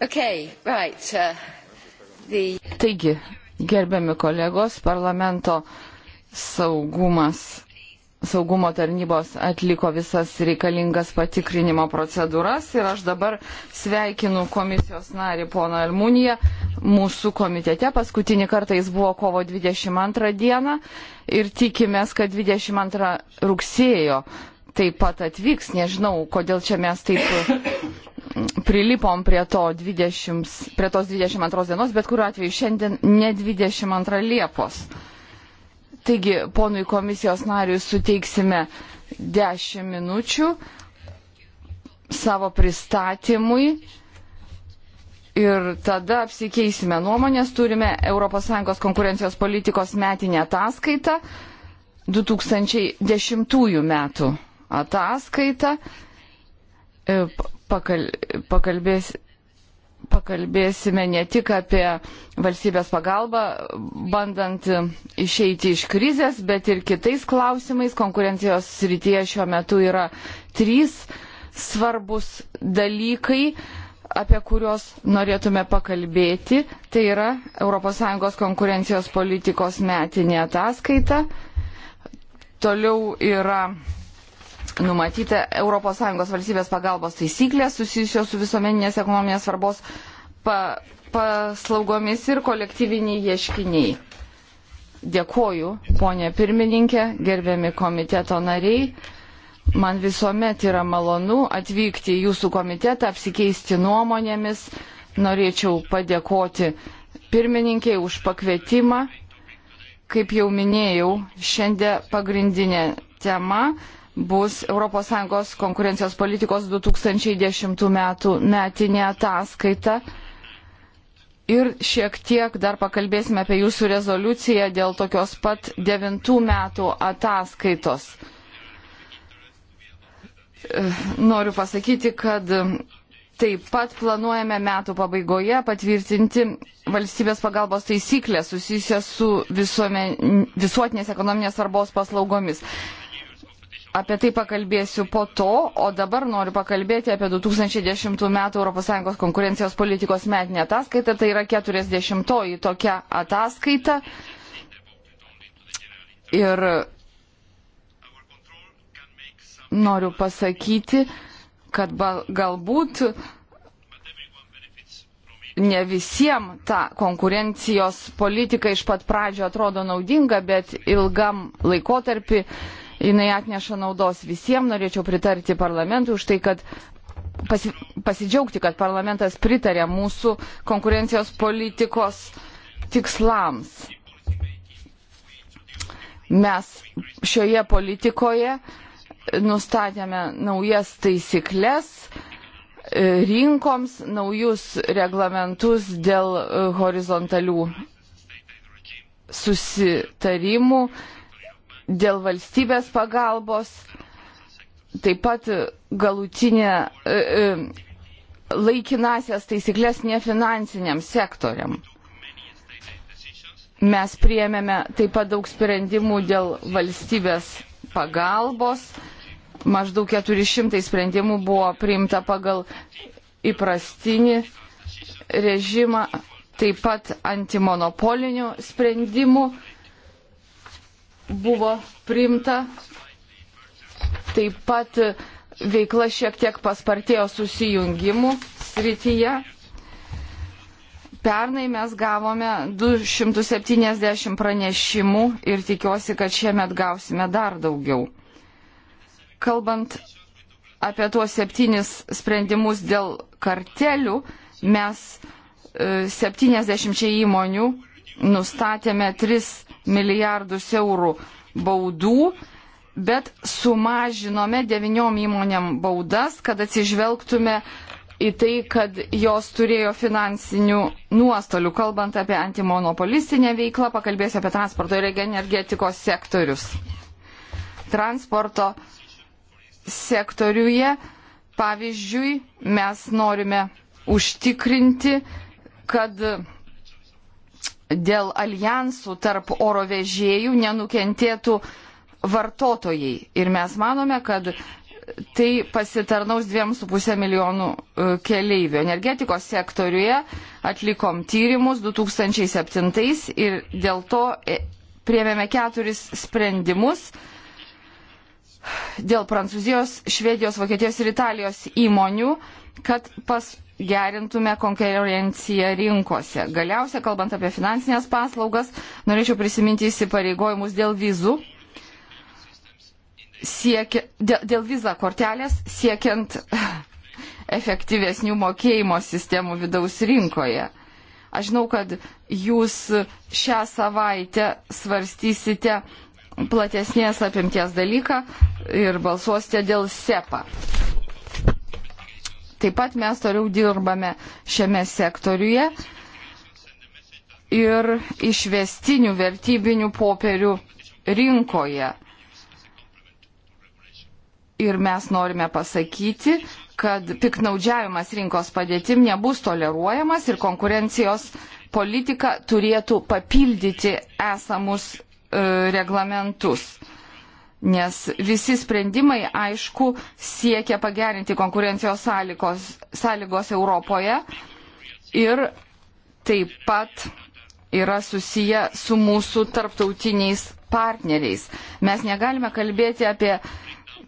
Okay, right, uh, the... Taigi, gerbiami kolegos, parlamento saugumas, saugumo tarnybos atliko visas reikalingas patikrinimo procedūras ir aš dabar sveikinu komisijos narį poną Almuniją mūsų komitete. Paskutinį kartą jis buvo kovo 22 dieną ir tikimės, kad 22 rugsėjo taip pat atvyks. Nežinau, kodėl čia mes taip mm, prilipom prie, to 20, prie tos 22 dienos, bet kuriuo atveju šiandien ne 22 Liepos. Taigi, ponui komisijos nariui suteiksime 10 minučių savo pristatymui ir tada apsikeisime nuomonės. Turime ES konkurencijos politikos metinę ataskaitą 2010 metų ataskaitą. E, pakal, pakalbės, pakalbėsime ne tik apie valstybės pagalbą, bandant išeiti iš krizės, bet ir kitais klausimais. Konkurencijos srityje šiuo metu yra trys svarbus dalykai, apie kuriuos norėtume pakalbėti. Tai yra ES konkurencijos politikos metinė ataskaita. Toliau yra numatyta ES valstybės pagalbos taisyklės susijusios su visuomeninės ekonominės svarbos pa, paslaugomis ir kolektyviniai ieškiniai. Dėkoju, ponė pirmininkė, gerbiami komiteto nariai. Man visuomet yra malonu atvykti į jūsų komitetą, apsikeisti nuomonėmis. Norėčiau padėkoti pirmininkiai už pakvietimą. Kaip jau minėjau, šiandien pagrindinė tema bus ES konkurencijos politikos 2010 metų metinė ataskaita. Ir šiek tiek dar pakalbėsime apie jūsų rezoliuciją dėl tokios pat 9 metų ataskaitos. Noriu pasakyti, kad Taip pat planuojame metų pabaigoje patvirtinti valstybės pagalbos taisyklės susijusias su visuomen, visuotinės ekonominės svarbos paslaugomis apie tai pakalbėsiu po to, o dabar noriu pakalbėti apie 2010 m. ES konkurencijos politikos metinę ataskaitą. Tai yra 40-oji tokia ataskaita. Ir noriu pasakyti, kad galbūt ne visiems ta konkurencijos politika iš pat pradžio atrodo naudinga, bet ilgam laikotarpį jinai atneša naudos visiems. Norėčiau pritarti parlamentui už tai, kad pasi, pasidžiaugti, kad parlamentas pritarė mūsų konkurencijos politikos tikslams. Mes šioje politikoje nustatėme naujas taisyklės e, rinkoms, naujus reglamentus dėl e, horizontalių susitarimų dėl valstybės pagalbos, taip pat galutinė e, e, laikinasias taisyklės nefinansiniam sektoriam. Mes priemėme taip pat daug sprendimų dėl valstybės pagalbos. Maždaug 400 sprendimų buvo priimta pagal įprastinį režimą, taip pat antimonopolinių sprendimų buvo priimta. Taip pat veikla šiek tiek paspartėjo susijungimų srityje. Pernai mes gavome 270 pranešimų ir tikiuosi, kad šiemet gausime dar daugiau. Kalbant apie tuos septynis sprendimus dėl kartelių, mes 70 e, įmonių nustatėme tris milijardus eurų baudų, bet sumažinome deviniom įmonėm baudas, kad atsižvelgtume į tai, kad jos turėjo finansinių nuostolių. Kalbant apie antimonopolistinę veiklą, pakalbėsiu apie transporto ir energetikos sektorius. Transporto sektoriuje, pavyzdžiui, mes norime užtikrinti, kad dėl alijansų tarp oro vežėjų nenukentėtų vartotojai. Ir mes manome, kad tai pasitarnaus 2,5 milijonų e, keleivių. Energetikos sektoriuje atlikom tyrimus 2007 ir dėl to e, priemėme keturis sprendimus dėl Prancūzijos, Švedijos, Vokietijos ir Italijos įmonių, kad pas gerintume konkurenciją rinkose. Galiausia, kalbant apie finansinės paslaugas, norėčiau prisiminti įsipareigojimus dėl vizų, siekia, dėl, dėl vizą kortelės siekiant efektyvesnių mokėjimo sistemų vidaus rinkoje. Aš žinau, kad jūs šią savaitę svarstysite platesnės apimties dalyką ir balsuosite dėl SEPA. Taip pat mes toliau dirbame šiame sektoriuje ir išvestinių vertybinių popierių rinkoje. Ir mes norime pasakyti, kad piknaudžiavimas rinkos padėtim nebus toleruojamas ir konkurencijos politika turėtų papildyti esamus e, reglamentus nes visi sprendimai, aišku, siekia pagerinti konkurencijos sąlygos, sąlygos Europoje ir taip pat yra susiję su mūsų tarptautiniais partneriais. Mes negalime kalbėti apie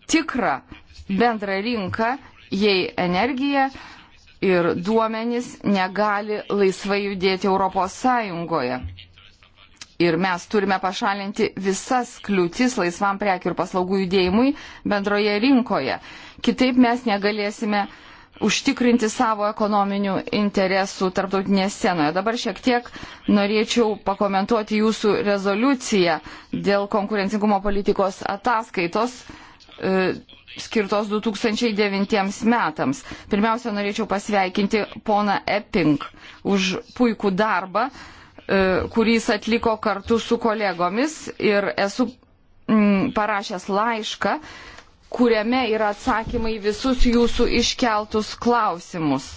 tikrą bendrą rinką, jei energija ir duomenys negali laisvai judėti Europos Sąjungoje. Ir mes turime pašalinti visas kliūtis laisvam prekių ir paslaugų judėjimui bendroje rinkoje. Kitaip mes negalėsime užtikrinti savo ekonominių interesų tarptautinėje scenoje. Dabar šiek tiek norėčiau pakomentuoti jūsų rezoliuciją dėl konkurencingumo politikos ataskaitos e, skirtos 2009 metams. Pirmiausia, norėčiau pasveikinti poną Epping už puikų darbą E, kurį jis atliko kartu su kolegomis ir esu mm, parašęs laišką, kuriame yra atsakymai visus jūsų iškeltus klausimus.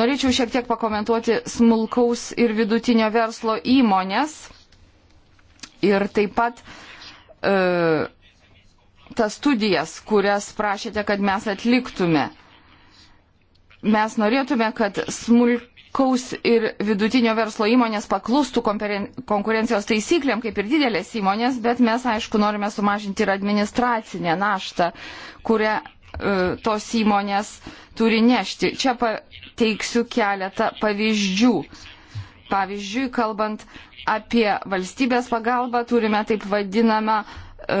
Norėčiau šiek tiek pakomentuoti smulkaus ir vidutinio verslo įmonės ir taip pat e, tas studijas, kurias prašėte, kad mes atliktume. Mes norėtume, kad smulk smulkaus ir vidutinio verslo įmonės paklustų konkurencijos taisyklėm, kaip ir didelės įmonės, bet mes, aišku, norime sumažinti ir administracinę naštą, kurią e, tos įmonės turi nešti. Čia pateiksiu keletą pavyzdžių. Pavyzdžiui, kalbant apie valstybės pagalbą, turime taip vadinamą e,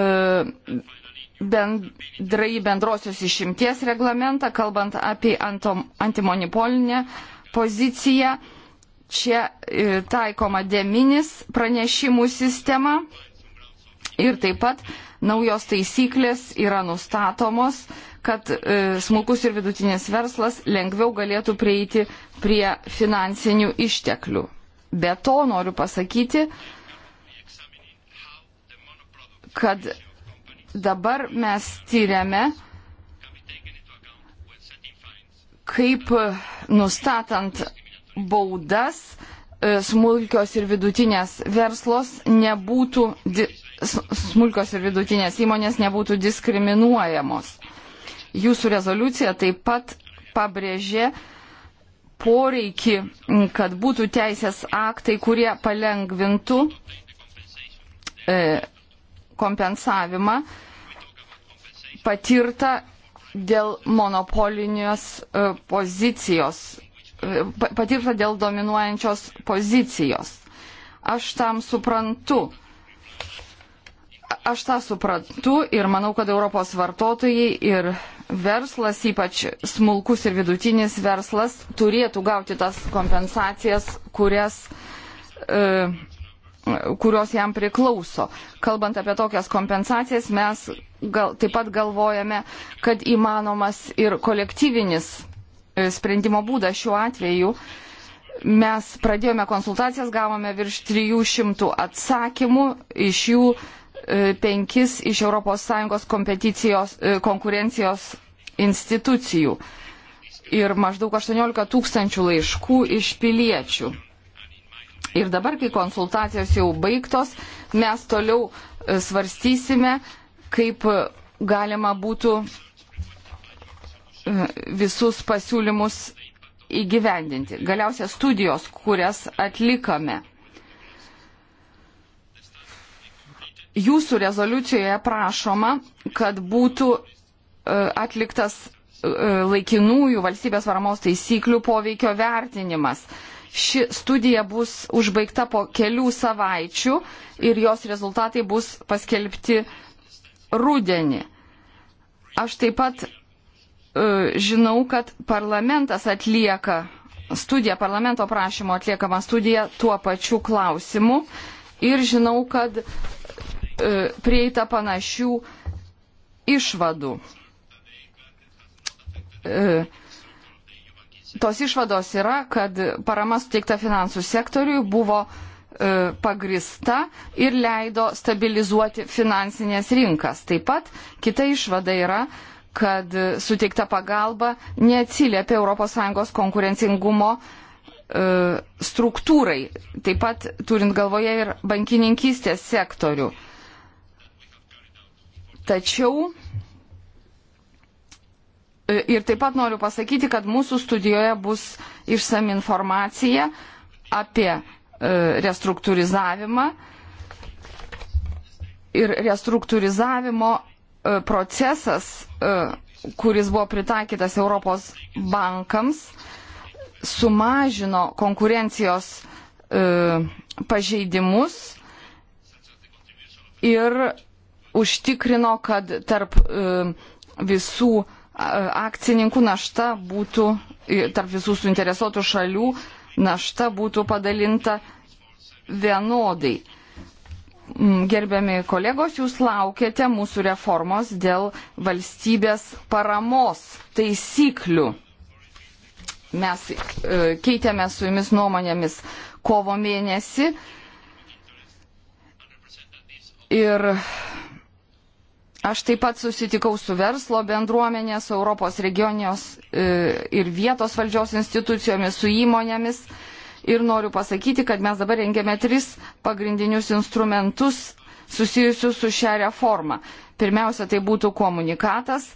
bendrai bendrosios išimties reglamentą, kalbant apie antom, antimonipolinę poziciją. Čia e, taikoma deminis pranešimų sistema ir taip pat naujos taisyklės yra nustatomos, kad e, smulkus ir vidutinis verslas lengviau galėtų prieiti prie finansinių išteklių. Be to noriu pasakyti, kad dabar mes tyriame, kaip e, nustatant baudas e, smulkios ir vidutinės verslos nebūtų, smulkios ir vidutinės įmonės nebūtų diskriminuojamos. Jūsų rezoliucija taip pat pabrėžė poreikį, kad būtų teisės aktai, kurie palengvintų e, kompensavimą patirtą dėl monopolinės e, pozicijos, e, patirta dėl dominuojančios pozicijos. Aš tam suprantu. Aš tą suprantu ir manau, kad Europos vartotojai ir verslas, ypač smulkus ir vidutinis verslas, turėtų gauti tas kompensacijas, kurias e, kurios jam priklauso. Kalbant apie tokias kompensacijas, mes gal, taip pat galvojame, kad įmanomas ir kolektyvinis e, sprendimo būdas šiuo atveju. Mes pradėjome konsultacijas, gavome virš 300 atsakymų, iš jų e, penkis iš ES kompeticijos, e, konkurencijos institucijų ir maždaug 18 tūkstančių laiškų iš piliečių. Ir dabar, kai konsultacijos jau baigtos, mes toliau e, svarstysime, kaip e, galima būtų e, visus pasiūlymus įgyvendinti. Galiausia studijos, kurias atlikome. Jūsų rezoliucijoje prašoma, kad būtų atliktas laikinųjų valstybės varamos taisyklių poveikio vertinimas. Ši studija bus užbaigta po kelių savaičių ir jos rezultatai bus paskelbti rudenį. Aš taip pat e, žinau, kad parlamentas atlieka studiją, parlamento prašymo atliekamą studiją tuo pačiu klausimu ir žinau, kad e, prieita panašių išvadų. E, tos išvados yra, kad parama suteikta finansų sektoriui buvo e, pagrista ir leido stabilizuoti finansinės rinkas. Taip pat kita išvada yra, kad suteikta pagalba neatsiliepia ES konkurencingumo e, struktūrai, taip pat turint galvoje ir bankininkystės sektorių. Tačiau Ir taip pat noriu pasakyti, kad mūsų studijoje bus išsami informacija apie e, restruktūrizavimą ir restruktūrizavimo e, procesas, e, kuris buvo pritaikytas Europos bankams, sumažino konkurencijos pažeidimus ir užtikrino, kad tarp visų akcininkų našta būtų, tarp visų suinteresuotų šalių, našta būtų padalinta vienodai. Mm, gerbiami kolegos, jūs laukiate mūsų reformos dėl valstybės paramos taisyklių. Mes e, keitėme su jumis nuomonėmis kovo mėnesį ir Aš taip pat susitikau su verslo bendruomenės, Europos regionios e, ir vietos valdžios institucijomis, su įmonėmis. Ir noriu pasakyti, kad mes dabar rengiame tris pagrindinius instrumentus susijusius su šią reformą. Pirmiausia, tai būtų komunikatas,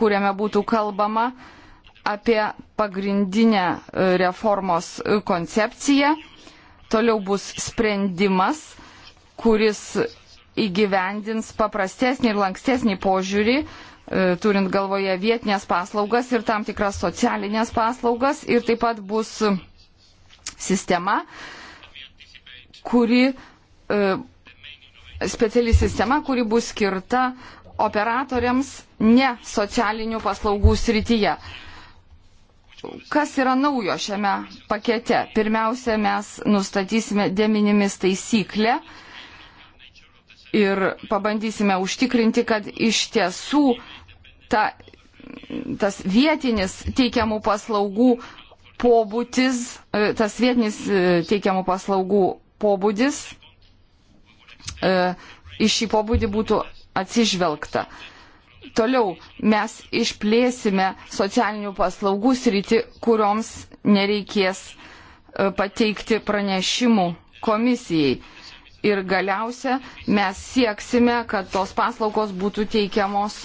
kuriame būtų kalbama apie pagrindinę e, reformos e, koncepciją. Toliau bus sprendimas, kuris įgyvendins paprastesnį ir lankstesnį požiūrį, e, turint galvoje vietinės paslaugas ir tam tikras socialinės paslaugas ir taip pat bus sistema, kuri e, speciali sistema, kuri bus skirta operatoriams ne socialinių paslaugų srityje. Kas yra naujo šiame pakete? Pirmiausia, mes nustatysime deminimis taisyklę, uh, ir pabandysime užtikrinti, kad iš tiesų ta, tas vietinis teikiamų paslaugų pobūtis, e, tas vietinis e, teikiamų paslaugų pobūdis, iš e, šį pobūdį būtų atsižvelgta. Toliau mes išplėsime socialinių paslaugų sritį, kurioms nereikės pateikti pranešimų komisijai ir galiausia mes sieksime, kad tos paslaugos būtų teikiamos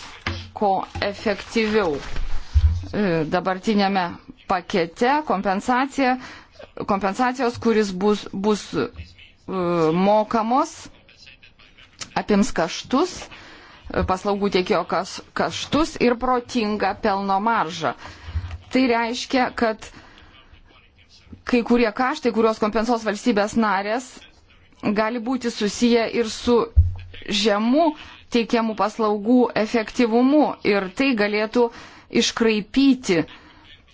ko efektyviau. E, Dabartinėme pakete kompensacija, kompensacijos, kuris bus, bus e, mokamos, apims kaštus, e, paslaugų tiekėjo kaštus ir protingą pelno maržą. Tai reiškia, kad kai kurie kaštai, kuriuos kompensuos valstybės narės, gali būti susiję ir su žemu teikiamų paslaugų efektyvumu ir tai galėtų iškraipyti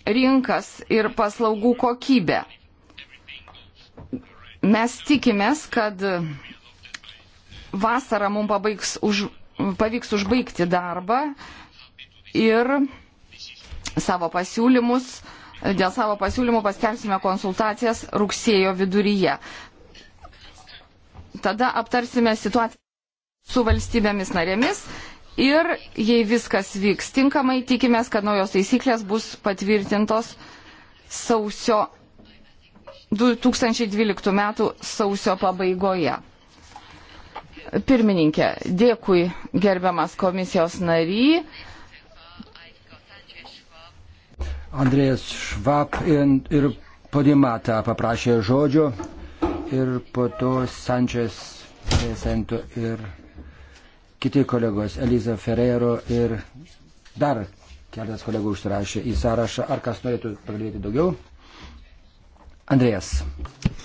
rinkas ir paslaugų kokybę. Mes tikimės, kad vasarą mums pabaigs už, pavyks užbaigti darbą ir savo pasiūlymus, dėl savo pasiūlymų paskelbsime konsultacijas rugsėjo viduryje. Tada aptarsime situaciją su valstybėmis narėmis ir jei viskas vyks tinkamai, tikimės, kad naujos taisyklės bus patvirtintos sausio 2012 m. sausio pabaigoje. Pirmininkė, dėkui gerbiamas komisijos nary. Andrėjas Švab ir, ir Podimata paprašė žodžio ir po to Sančias Presento ir kiti kolegos, Eliza Ferrero ir dar keletas kolegų užsirašė į sąrašą. Ar kas norėtų pakalbėti daugiau? Andrėjas.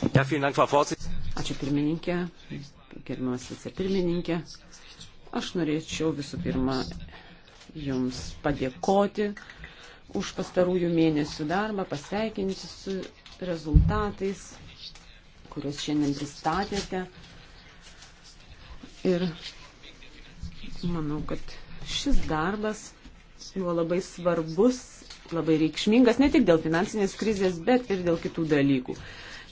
Ačiū pirmininkė, gerbiamas vicepirmininkė. Aš norėčiau visų pirma Jums padėkoti už pastarųjų mėnesių darbą, pasveikinti su rezultatais, kuriuos šiandien pristatėte. Ir manau, kad šis darbas buvo labai svarbus, labai reikšmingas, ne tik dėl finansinės krizės, bet ir dėl kitų dalykų.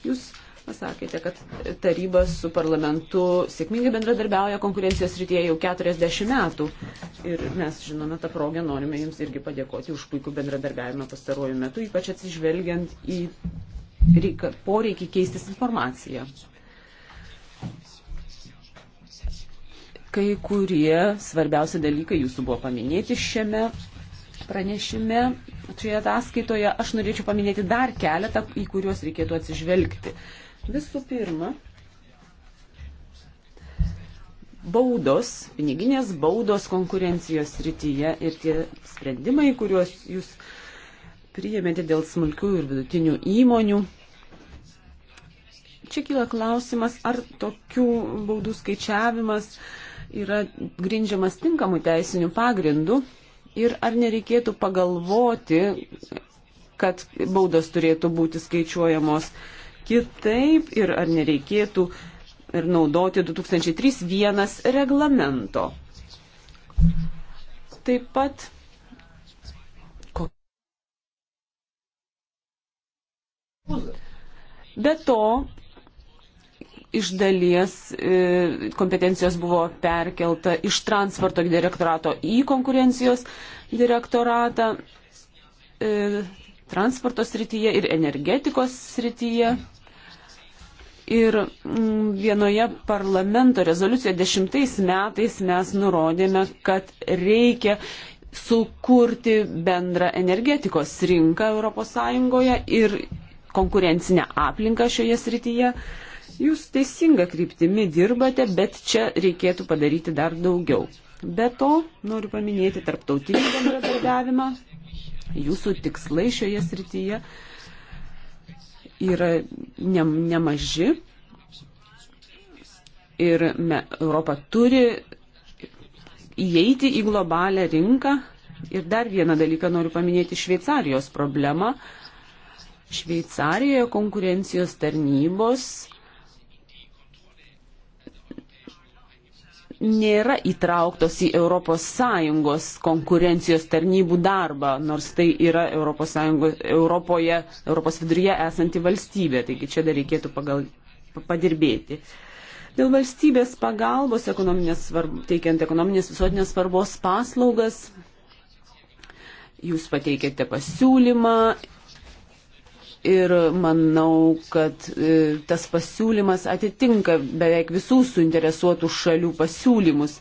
Jūs pasakėte, kad taryba su parlamentu sėkmingai bendradarbiauja konkurencijos rytyje jau 40 metų. Ir mes, žinome, tą progę norime Jums irgi padėkoti už puikų bendradarbiavimą pastaruoju metu, ypač atsižvelgiant į reika, poreikį keistis informaciją. Kai kurie svarbiausi dalykai jūsų buvo paminėti šiame pranešime, šioje ataskaitoje. Aš norėčiau paminėti dar keletą, į kuriuos reikėtų atsižvelgti. Visų pirma, baudos, piniginės baudos konkurencijos srityje ir tie sprendimai, kuriuos jūs priėmėte dėl smulkių ir vidutinių įmonių. Čia kyla klausimas, ar tokių baudų skaičiavimas yra grindžiamas tinkamų teisinių pagrindų ir ar nereikėtų pagalvoti, kad baudos turėtų būti skaičiuojamos kitaip ir ar nereikėtų ir naudoti 2003.1 reglamento. Taip pat Be to, iš dalies e, kompetencijos buvo perkelta iš transporto direktorato į konkurencijos direktoratą e, transporto srityje ir energetikos srityje. Ir mm, vienoje parlamento rezoliucijoje dešimtais metais mes nurodėme, kad reikia sukurti bendrą energetikos rinką ES ir konkurencinę aplinką šioje srityje. Jūs teisinga kryptimi dirbate, bet čia reikėtų padaryti dar daugiau. Be to, noriu paminėti tarptautinį bendradarbiavimą. Jūsų tikslai šioje srityje yra ne, nemaži ir me, Europa turi įeiti į globalią rinką. Ir dar vieną dalyką noriu paminėti - Šveicarijos problemą. Šveicarijoje konkurencijos tarnybos nėra įtrauktos į ES konkurencijos tarnybų darbą, nors tai yra ES, Europoje, Europos viduryje esanti valstybė, taigi čia dar reikėtų pagal, padirbėti. Dėl valstybės pagalbos ekonominės svarb, teikiant ekonominės visuotinės svarbos paslaugas, jūs pateikėte pasiūlymą Ir manau, kad e, tas pasiūlymas atitinka beveik visų suinteresuotų šalių pasiūlymus.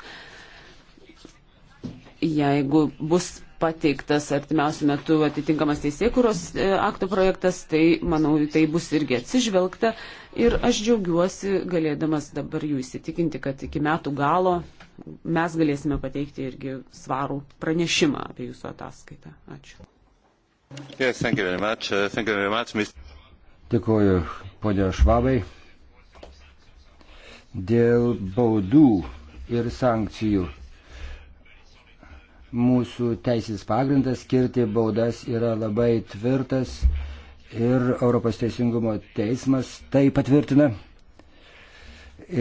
Jeigu bus pateiktas artimiausių metų atitinkamas teisėkuros e, akto projektas, tai manau, tai bus irgi atsižvelgta. Ir aš džiaugiuosi galėdamas dabar jų įsitikinti, kad iki metų galo mes galėsime pateikti irgi svarų pranešimą apie jūsų ataskaitą. Ačiū. Yes, thank you very much. Uh, thank you very much, Mr. Dėkuoju, ponia Švabai. Dėl baudų ir sankcijų mūsų teisės pagrindas skirti baudas yra labai tvirtas ir Europos teisingumo teismas tai patvirtina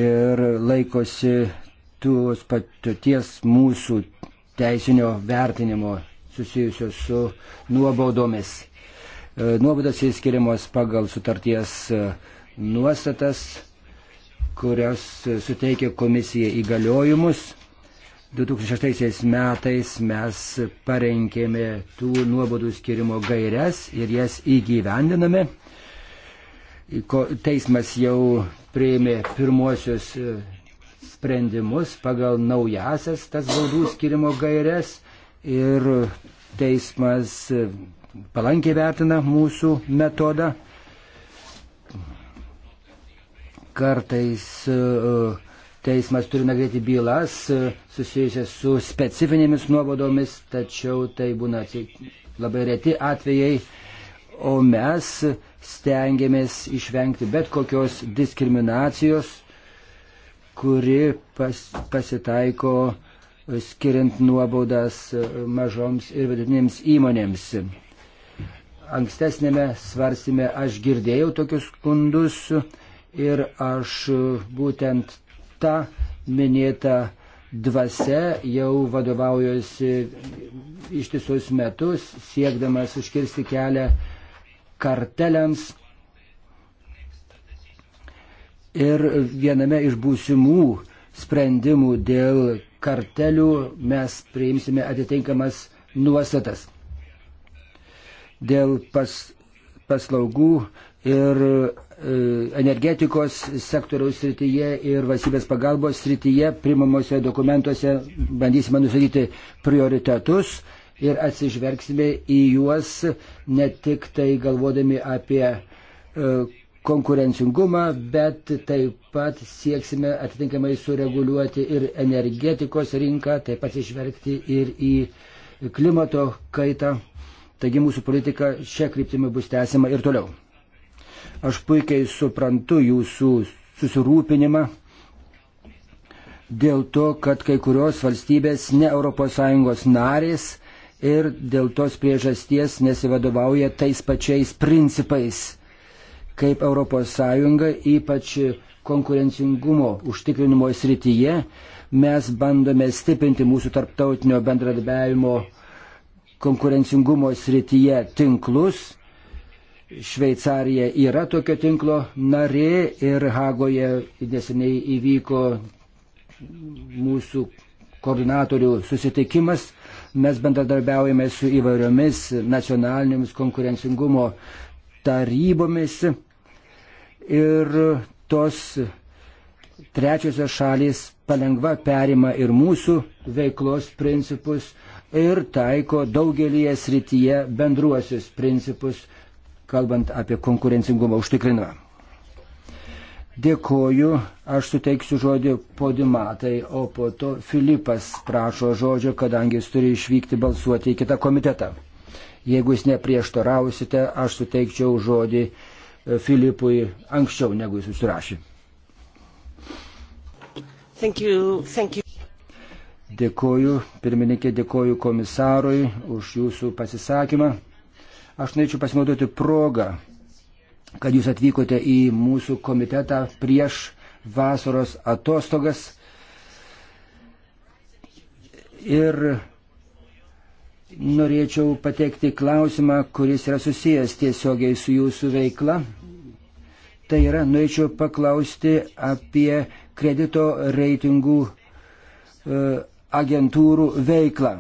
ir laikosi tuos paties mūsų teisinio vertinimo susijusios su nuobaudomis. E, nuobaudos įskiriamos pagal sutarties e, nuostatas, kurios suteikia komisija įgaliojimus. 2006 metais mes parengėme tų nuobaudų skirimo gairias ir jas įgyvendiname. Teismas jau prieimė pirmosius e, sprendimus pagal naujasias tas baudų skirimo gairias ir teismas palankiai vertina mūsų metodą. Kartais e, teismas turi nagrėti bylas e, susijusias su specifinėmis nuobodomis, tačiau tai būna labai reti atvejai, o mes stengiamės išvengti bet kokios diskriminacijos, kuri pas, pasitaiko skiriant nuobaudas mažoms ir vidutinėms įmonėms. Ankstesnėme svarstymė aš girdėjau tokius skundus ir aš būtent tą minėtą dvasia jau vadovaujuosi ištisus metus, siekdamas užkirsti kelią karteliams. Ir viename iš būsimų sprendimų dėl kartelių mes priimsime atitinkamas nuostatas. Dėl pas, paslaugų ir e, energetikos sektoriaus srityje ir valstybės pagalbos srityje primamosi dokumentuose bandysime nustatyti prioritetus ir atsižvelgsime į juos ne tik tai galvodami apie e, konkurencingumą, bet taip pat sieksime atitinkamai sureguliuoti ir energetikos rinką, taip pat išvelgti ir į klimato kaitą. Taigi mūsų politika šia kryptimi bus tęsiama ir toliau. Aš puikiai suprantu jūsų susirūpinimą dėl to, kad kai kurios valstybės ne ES narės ir dėl tos priežasties nesivadovauja tais pačiais principais kaip ES, ypač konkurencingumo užtikrinimo srityje, mes bandome stiprinti mūsų tarptautinio bendradarbiavimo konkurencingumo srityje tinklus. Šveicarija yra tokio tinklo narė ir Hagoje neseniai įvyko mūsų koordinatorių susitikimas. Mes bendradarbiaujame su įvairiomis nacionalinėmis konkurencingumo uh, tarybomis ir tos trečiosios šalys palengva perima ir mūsų veiklos principus ir taiko daugelį srityje bendruosius principus, kalbant apie konkurencingumo užtikrinimą. Dėkoju, aš suteiksiu žodį podimatai, o po to Filipas prašo žodžio, kadangi jis turi išvykti balsuoti į kitą komitetą. Jeigu jūs neprieštarausite, aš suteikčiau žodį e, Filipui anksčiau, negu jis užsirašė. Thank you, thank you. Dėkoju, pirmininkė, dėkoju komisarui už jūsų pasisakymą. Aš norėčiau pasinaudoti progą, kad jūs atvykote į mūsų komitetą prieš vasaros atostogas. Ir Norėčiau pateikti klausimą, kuris yra susijęs tiesiogiai su jūsų veikla. Tai yra, norėčiau paklausti apie kredito reitingų e, agentūrų veiklą.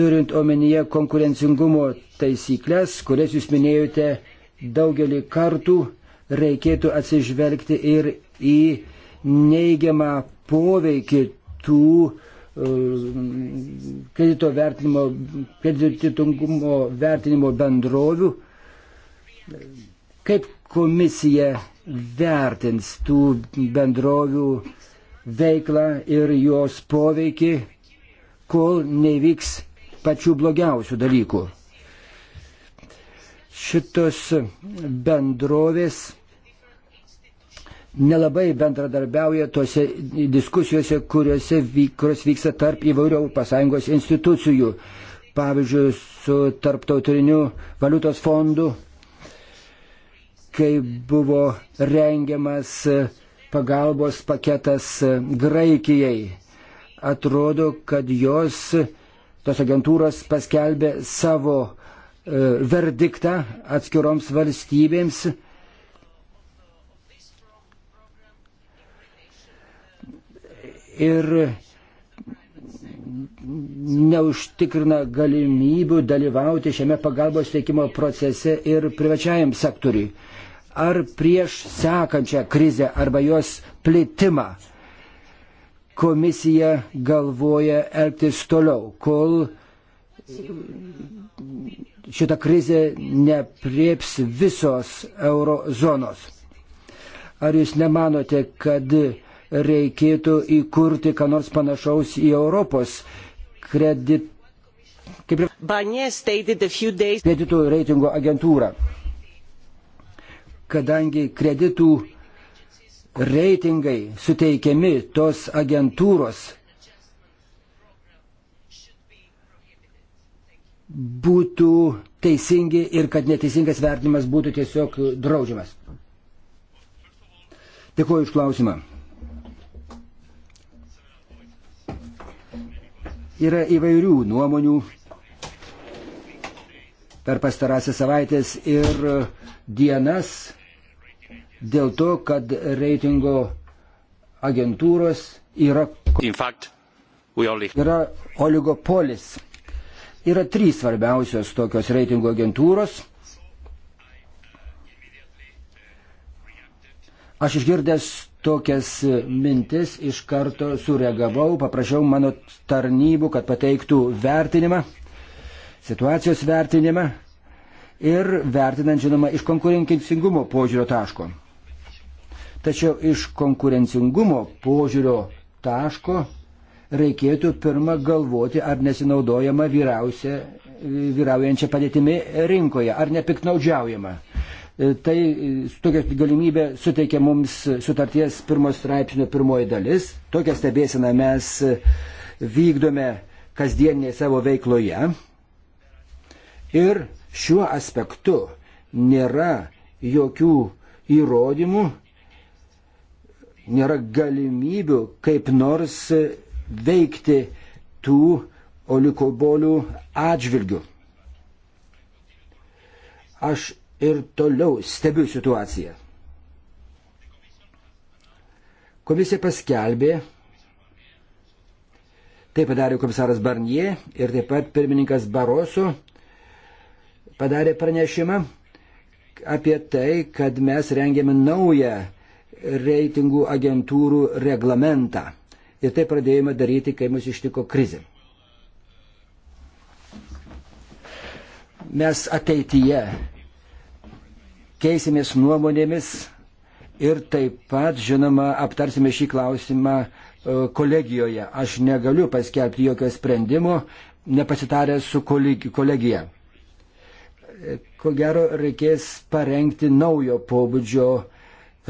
Turint omenyje konkurencingumo taisyklės, kurias jūs minėjote daugelį kartų, reikėtų atsižvelgti ir į neigiamą poveikį tų uh, E, kredito vertinimo, kreditingumo vertinimo bendrovių. Kaip komisija vertins tų bendrovių veiklą ir jos poveikį, kol nevyks pačių blogiausių dalykų. Šitos bendrovės nelabai bendradarbiauja tose diskusijose, kuriuose vyk, kurios vyksta tarp įvairių ES institucijų. Pavyzdžiui, su tarptautiniu valiutos fondu, kai buvo rengiamas pagalbos paketas Graikijai. Atrodo, kad jos, tos agentūros paskelbė savo e, verdiktą atskiroms valstybėms ir neužtikrina galimybių dalyvauti šiame pagalbos teikimo procese ir privačiajam sektoriui. Ar prieš sekančią krizę arba jos plitimą komisija galvoja elgtis toliau, kol šita krizė neprieps visos eurozonos. Ar jūs nemanote, kad reikėtų įkurti, ką nors panašaus į Europos kredit... Kaip ir... Days... kreditų reitingo agentūrą. Kadangi kreditų reitingai suteikiami tos agentūros būtų teisingi ir kad neteisingas vertinimas būtų tiesiog draudžiamas. Dėkuoju iš klausimą. Yra įvairių nuomonių per pastarąsias savaitės ir dienas dėl to, kad reitingo agentūros yra, fact, yra oligopolis. Yra trys svarbiausios tokios reitingo agentūros. Aš išgirdęs tokias mintis, iš karto sureagavau, paprašiau mano tarnybų, kad pateiktų vertinimą, situacijos vertinimą ir vertinant, žinoma, iš konkurencingumo požiūrio taško. Tačiau iš konkurencingumo požiūrio taško reikėtų pirmą galvoti, ar nesinaudojama vyrausia, vyraujančia padėtimi rinkoje, ar nepiknaudžiaujama. E, tai e, tokia galimybė suteikia mums sutarties pirmos straipsnio pirmoji dalis. Tokią stebėsiną mes e, vykdome kasdienėje savo veikloje. Ir šiuo aspektu nėra jokių įrodymų, nėra galimybių kaip nors veikti tų olikobolių atžvilgių. Aš ir toliau stebiu situaciją. Komisija paskelbė, tai padarė komisaras Barnie ir taip pat pirmininkas Baroso padarė pranešimą apie tai, kad mes rengėme naują reitingų agentūrų reglamentą. Ir tai pradėjome daryti, kai mus ištiko krizė. Mes ateityje keisimės nuomonėmis ir taip pat, žinoma, aptarsime šį klausimą e, kolegijoje. Aš negaliu paskelbti jokio sprendimo, nepasitaręs su kolegija. E, ko gero, reikės parengti naujo pobūdžio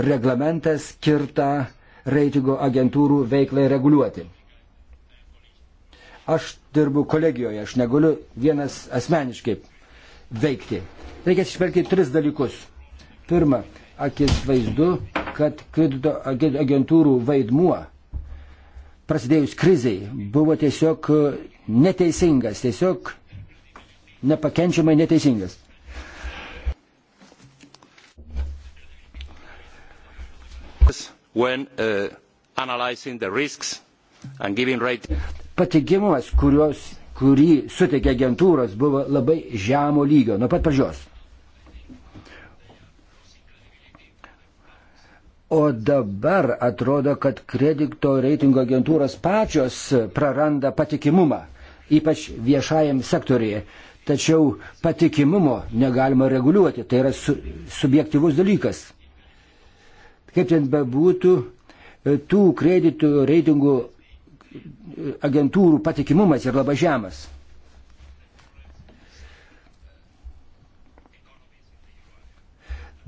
reglamentą skirtą reitingo agentūrų veiklai reguliuoti. Aš dirbu kolegijoje, aš negaliu vienas asmeniškai veikti. Reikės išvelgti tris dalykus. Pirma, akivaizdu, kad kredito agentūrų vaidmuo prasidėjus kriziai buvo tiesiog e, neteisingas, tiesiog nepakenčiamai neteisingas. When, uh, Patikimumas, kurios, kurį suteikė agentūros, buvo labai žemo lygio nuo pat pradžios. O dabar atrodo, kad kredito reitingo agentūros pačios praranda patikimumą, ypač viešajam sektorijoje. Tačiau patikimumo negalima reguliuoti, tai yra su, subjektivus dalykas. Kaip ten bebūtų, tų kreditų reitingų agentūrų patikimumas yra labai žemas.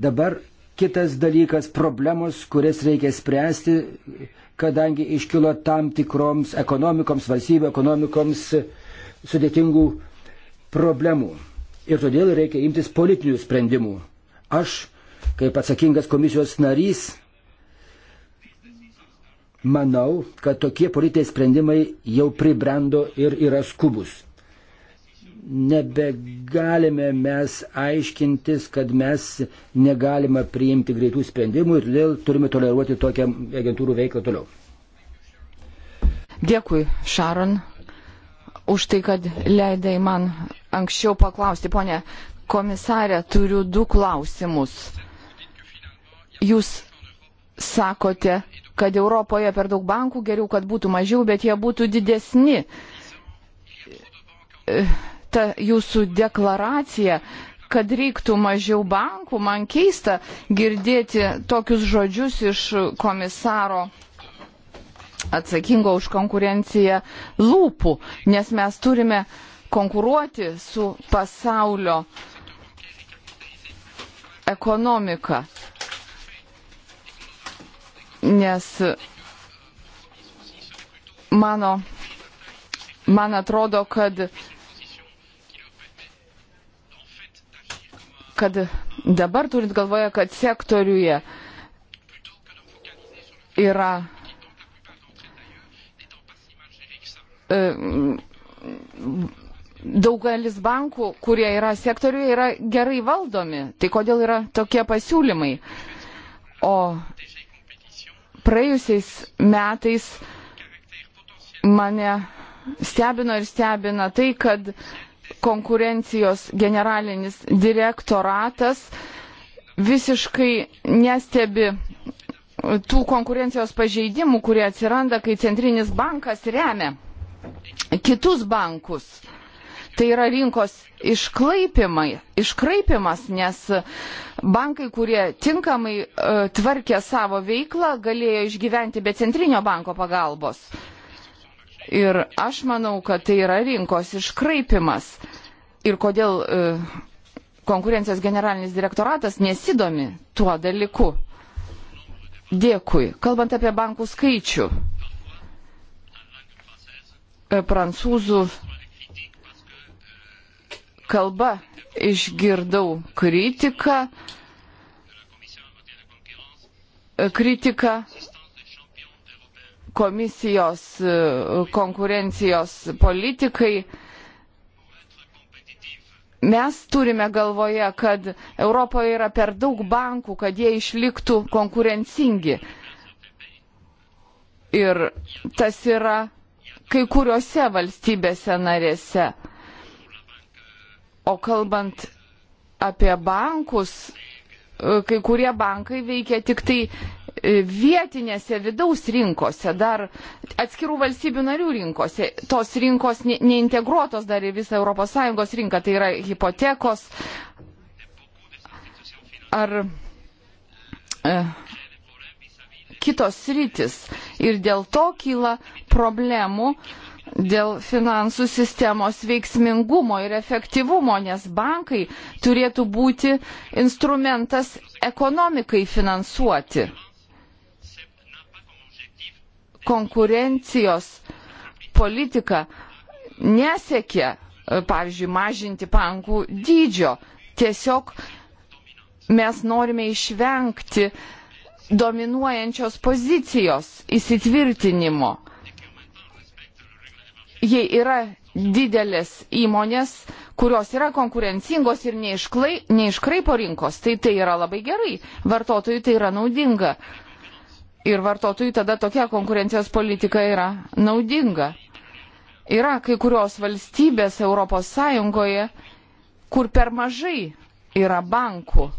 Dabar Kitas dalykas - problemos, kurias reikia spręsti, kadangi iškilo tam tikroms ekonomikoms, valstybių ekonomikoms sudėtingų problemų. Ir todėl reikia imtis politinių sprendimų. Aš, kaip atsakingas komisijos narys, manau, kad tokie politiniai sprendimai jau pribrendo ir yra skubus nebegalime mes aiškintis, kad mes negalime priimti greitų sprendimų ir todėl turime toleruoti tokią agentūrų veiklą toliau. Dėkui, Šaron, už tai, kad leidai man anksčiau paklausti. Pone komisarė, turiu du klausimus. Jūs sakote, kad Europoje per daug bankų geriau, kad būtų mažiau, bet jie būtų didesni ta jūsų deklaracija, kad reiktų mažiau bankų, man keista girdėti tokius žodžius iš komisaro atsakingo už konkurenciją lūpų, nes mes turime konkuruoti su pasaulio ekonomika. Nes mano, man atrodo, kad kad dabar turint galvoje, kad sektoriuje yra e, daugelis bankų, kurie yra sektoriuje, yra gerai valdomi. Tai kodėl yra tokie pasiūlymai? O praėjusiais metais mane stebino ir stebina tai, kad uh, konkurencijos generalinis direktoratas visiškai nestebi tų konkurencijos pažeidimų, kurie atsiranda, kai centrinis bankas remia kitus bankus. Tai yra rinkos iškraipimas, nes bankai, kurie tinkamai e, tvarkė savo veiklą, galėjo išgyventi be centrinio banko pagalbos. Ir aš manau, kad tai yra rinkos iškraipimas. Ir kodėl e, konkurencijos generalinis direktoratas nesidomi tuo dalyku. Dėkui. Kalbant apie bankų skaičių, e, prancūzų kalba išgirdau kritiką, e, kritiką komisijos e, konkurencijos politikai. Mes turime galvoje, kad Europoje yra per daug bankų, kad jie išliktų konkurencingi. Ir tas yra kai kuriuose valstybėse narėse. O kalbant apie bankus, e, kai kurie bankai veikia tik tai vietinėse vidaus rinkose, dar atskirų valstybių narių rinkose. Tos rinkos neintegruotos dar į visą ES rinką, tai yra hipotekos ar e, kitos rytis. Ir dėl to kyla problemų dėl finansų sistemos veiksmingumo ir efektyvumo, nes bankai turėtų būti instrumentas ekonomikai finansuoti konkurencijos politika nesiekia, e, pavyzdžiui, mažinti bankų dydžio. Tiesiog mes norime išvengti dominuojančios pozicijos įsitvirtinimo. Jei yra didelės įmonės, kurios yra konkurencingos ir neišklai, neiškraipo rinkos, tai tai yra labai gerai. Vartotojui tai yra naudinga ir vartotojui tada tokia konkurencijos politika yra naudinga. Yra kai kurios valstybės ES, kur per mažai yra bankų.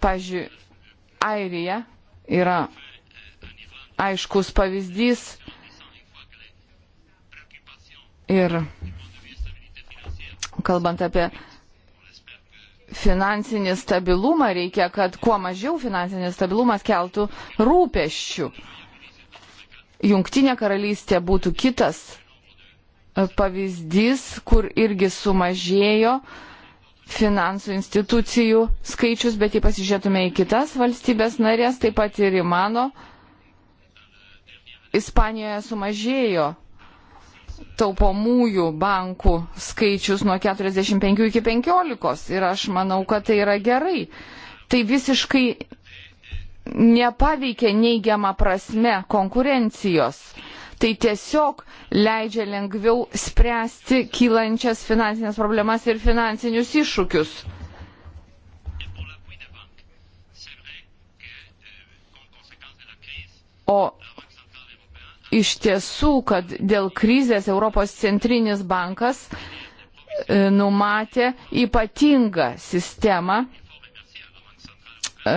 Pavyzdžiui, Airija yra aiškus pavyzdys ir kalbant apie finansinį stabilumą, reikia, kad kuo mažiau finansinis stabilumas keltų rūpeščių. Jungtinė karalystė būtų kitas e, pavyzdys, kur irgi sumažėjo finansų institucijų skaičius, bet jei pasižiūrėtume į kitas valstybės narės, taip pat ir į mano, Ispanijoje sumažėjo taupomųjų bankų skaičius nuo 45 iki 15 ir aš manau, kad tai yra gerai. Tai visiškai nepaveikia neigiamą prasme konkurencijos. Tai tiesiog leidžia lengviau spręsti kylančias finansinės problemas ir finansinius iššūkius. O iš tiesų, kad dėl krizės Europos centrinis bankas e, numatė ypatingą sistemą e,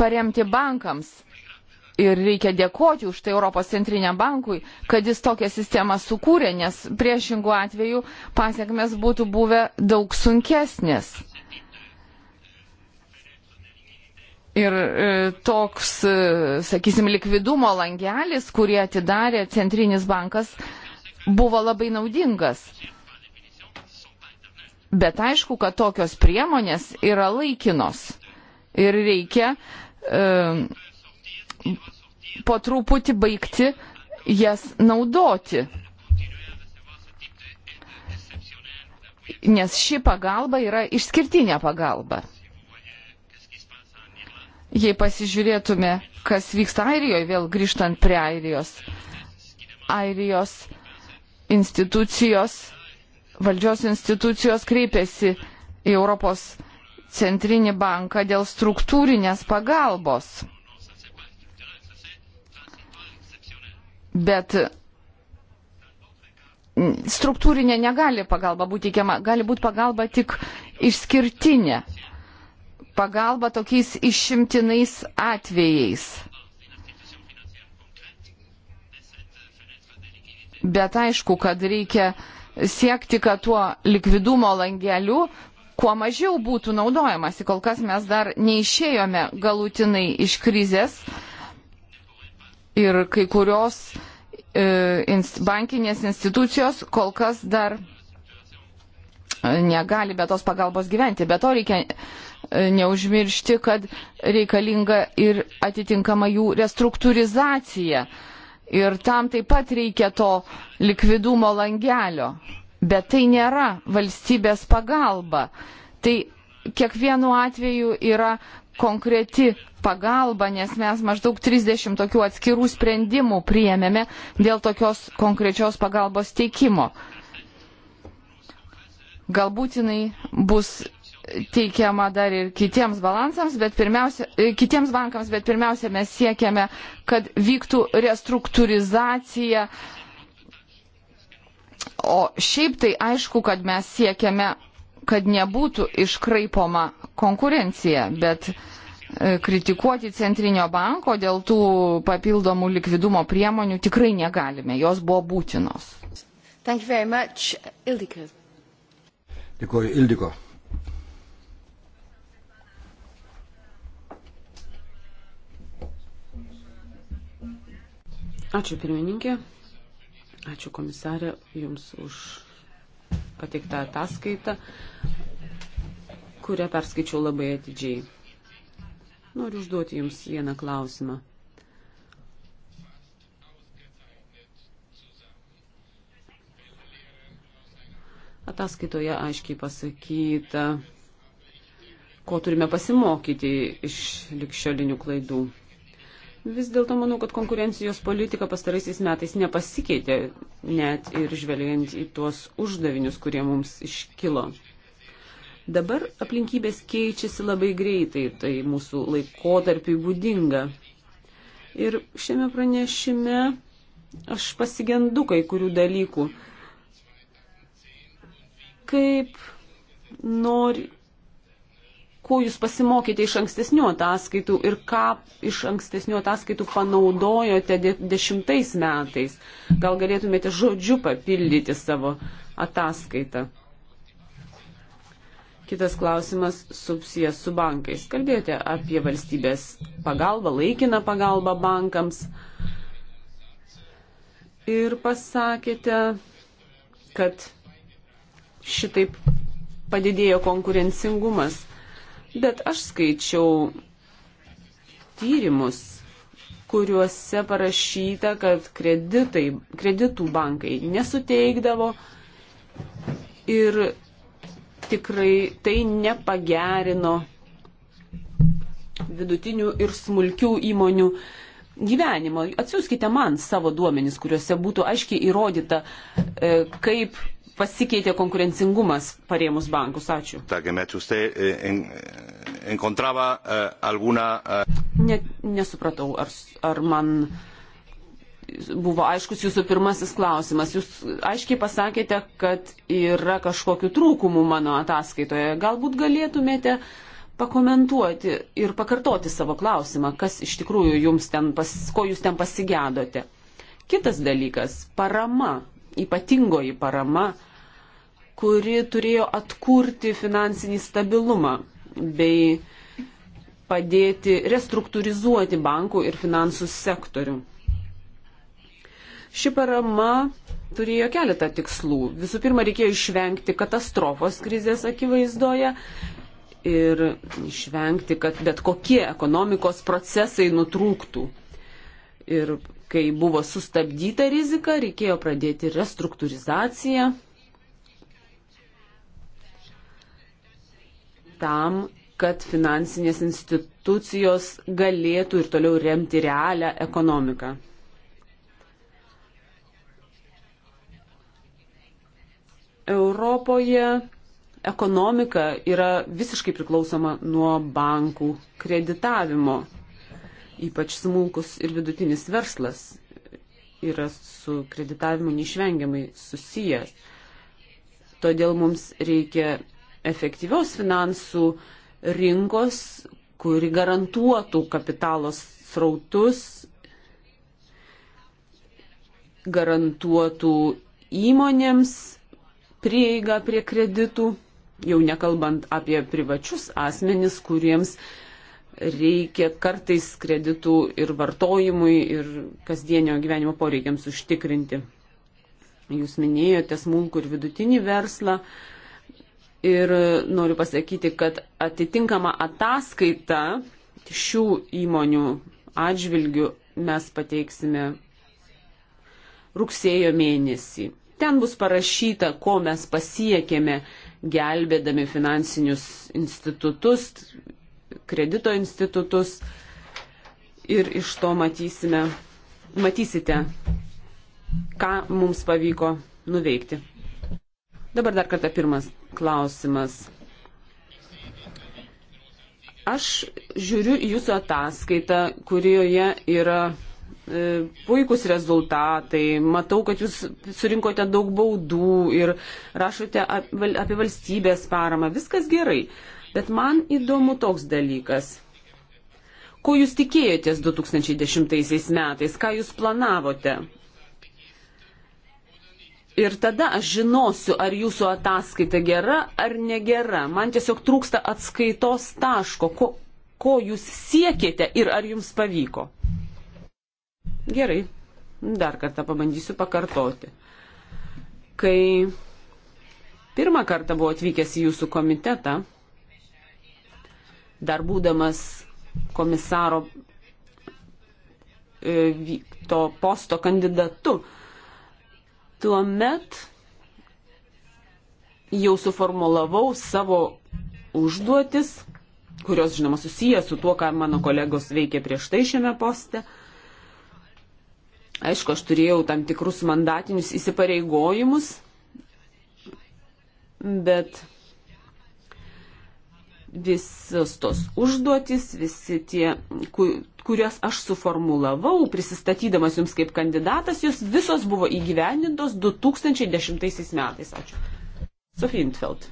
paremti bankams. Ir reikia dėkoti už tai Europos centriniam bankui, kad jis tokią sistemą sukūrė, nes priešingų atveju pasiekmes būtų buvę daug sunkesnės. Ir e, toks, e, sakysim, likvidumo langelis, kurį atidarė Centrinis bankas, buvo labai naudingas. Bet aišku, kad tokios priemonės yra laikinos ir reikia e, po truputį baigti jas naudoti. Nes ši pagalba yra išskirtinė pagalba. Jei pasižiūrėtume, kas vyksta Airijoje, vėl grįžtant prie Airijos, Airijos institucijos, valdžios institucijos kreipėsi į Europos centrinį banką dėl struktūrinės pagalbos. Bet struktūrinė negali pagalba būti teikiama, gali būti pagalba tik išskirtinė pagalbą tokiais išimtinais atvejais. Bet aišku, kad reikia siekti, kad tuo likvidumo langeliu kuo mažiau būtų naudojamasi. Kol kas mes dar neišėjome galutinai iš krizės ir kai kurios e, inst, bankinės institucijos kol kas dar e, negali be tos pagalbos gyventi. Be to reikia E, neužmiršti, kad reikalinga ir atitinkama jų restruktūrizacija. Ir tam taip pat reikia to likvidumo langelio. Bet tai nėra valstybės pagalba. Tai kiekvienu atveju yra konkreti pagalba, nes mes maždaug 30 tokių atskirų sprendimų priėmėme dėl tokios konkrečios pagalbos teikimo. Galbūt jinai bus teikiama dar ir kitiems balansams, bet pirmiausia, e, kitiems bankams, bet pirmiausia mes siekiame, kad vyktų restruktūrizacija. O šiaip tai aišku, kad mes siekiame, kad nebūtų iškraipoma konkurencija, bet e, kritikuoti Centrinio banko dėl tų papildomų likvidumo priemonių tikrai negalime, jos buvo būtinos. Dėkuoju, Ildiko. Ačiū pirmininkė, ačiū komisarė Jums už pateiktą ataskaitą, kurią perskaičiau labai atidžiai. Noriu užduoti Jums vieną klausimą. Ataskaitoje aiškiai pasakyta, ko turime pasimokyti iš likščiolinių klaidų. Vis dėlto manau, kad konkurencijos politika pastaraisiais metais nepasikeitė, net ir žvelgiant į tuos uždavinius, kurie mums iškilo. Dabar aplinkybės keičiasi labai greitai, tai mūsų laikotarpiai būdinga. Ir šiame pranešime aš pasigendu kai kurių dalykų. Kaip nori, ko jūs pasimokėte iš ankstesnių ataskaitų ir ką iš ankstesnių ataskaitų panaudojote de dešimtais metais. Gal galėtumėte žodžiu papildyti savo ataskaitą. Kitas klausimas susijęs su bankais. Kalbėjote apie valstybės pagalbą, laikiną pagalbą bankams. Ir pasakėte, kad šitaip padidėjo konkurencingumas. Bet aš skaičiau tyrimus, kuriuose parašyta, kad kreditai, kreditų bankai nesuteikdavo ir tikrai tai nepagerino vidutinių ir smulkių įmonių gyvenimo. Atsiųskite man savo duomenys, kuriuose būtų aiškiai įrodyta, e, kaip pasikeitė konkurencingumas parėmus bankus. Ačiū. Eh, eh, eh, ne, nesupratau, ar, ar man buvo aiškus jūsų pirmasis klausimas. Jūs aiškiai pasakėte, kad yra kažkokiu trūkumu mano ataskaitoje. Galbūt galėtumėte pakomentuoti ir pakartoti savo klausimą, kas iš tikrųjų jums ten, pas, ko jūs ten pasigėdote. Kitas dalykas - parama, ypatingoji parama kuri turėjo atkurti finansinį stabilumą bei padėti restruktūrizuoti bankų ir finansų sektorių. Ši parama turėjo keletą tikslų. Visų pirma, reikėjo išvengti katastrofos krizės akivaizdoje ir išvengti, kad bet kokie ekonomikos procesai nutrūktų. Ir kai buvo sustabdyta rizika, reikėjo pradėti restruktūrizaciją tam, kad finansinės institucijos galėtų ir toliau remti realią ekonomiką. Europoje ekonomika yra visiškai priklausoma nuo bankų kreditavimo. Ypač smulkus ir vidutinis verslas yra su kreditavimu neišvengiamai susijęs. Todėl mums reikia efektyvios finansų rinkos, kuri garantuotų kapitalos srautus, garantuotų įmonėms prieigą prie kreditų, jau nekalbant apie privačius asmenis, kuriems reikia kartais kreditų ir vartojimui, ir kasdienio gyvenimo poreikiams užtikrinti. Jūs minėjote smulkų ir vidutinį verslą, uh, Ir noriu pasakyti, kad atitinkama ataskaita šių įmonių atžvilgių mes pateiksime rugsėjo mėnesį. Ten bus parašyta, ko mes pasiekėme gelbėdami finansinius institutus, kredito institutus ir iš to matysime, matysite, ką mums pavyko nuveikti. Dabar dar kartą pirmas klausimas. Aš žiūriu jūsų ataskaitą, kurioje yra e, puikūs rezultatai, matau, kad jūs surinkote daug baudų ir rašote apie valstybės paramą, viskas gerai. Bet man įdomu toks dalykas. Ko jūs tikėjotės 2010 metais, ką jūs planavote? Ir tada aš žinosiu, ar jūsų ataskaita gera ar negera. Man tiesiog trūksta atskaitos taško, ko, ko jūs siekėte ir ar jums pavyko. Gerai, dar kartą pabandysiu pakartoti. Kai pirmą kartą buvau atvykęs į jūsų komitetą, dar būdamas komisaro e, to posto kandidatu, Tuomet jau suformulavau savo užduotis, kurios, žinoma, susijęs su tuo, ką mano kolegos veikė prieš tai šiame poste. Aišku, aš turėjau tam tikrus mandatinius įsipareigojimus, bet visos tos užduotis, visi tie kurias aš suformulavau, prisistatydamas jums kaip kandidatas, jos visos buvo įgyvendintos 2010 metais. Ačiū. Sofija Intfeld.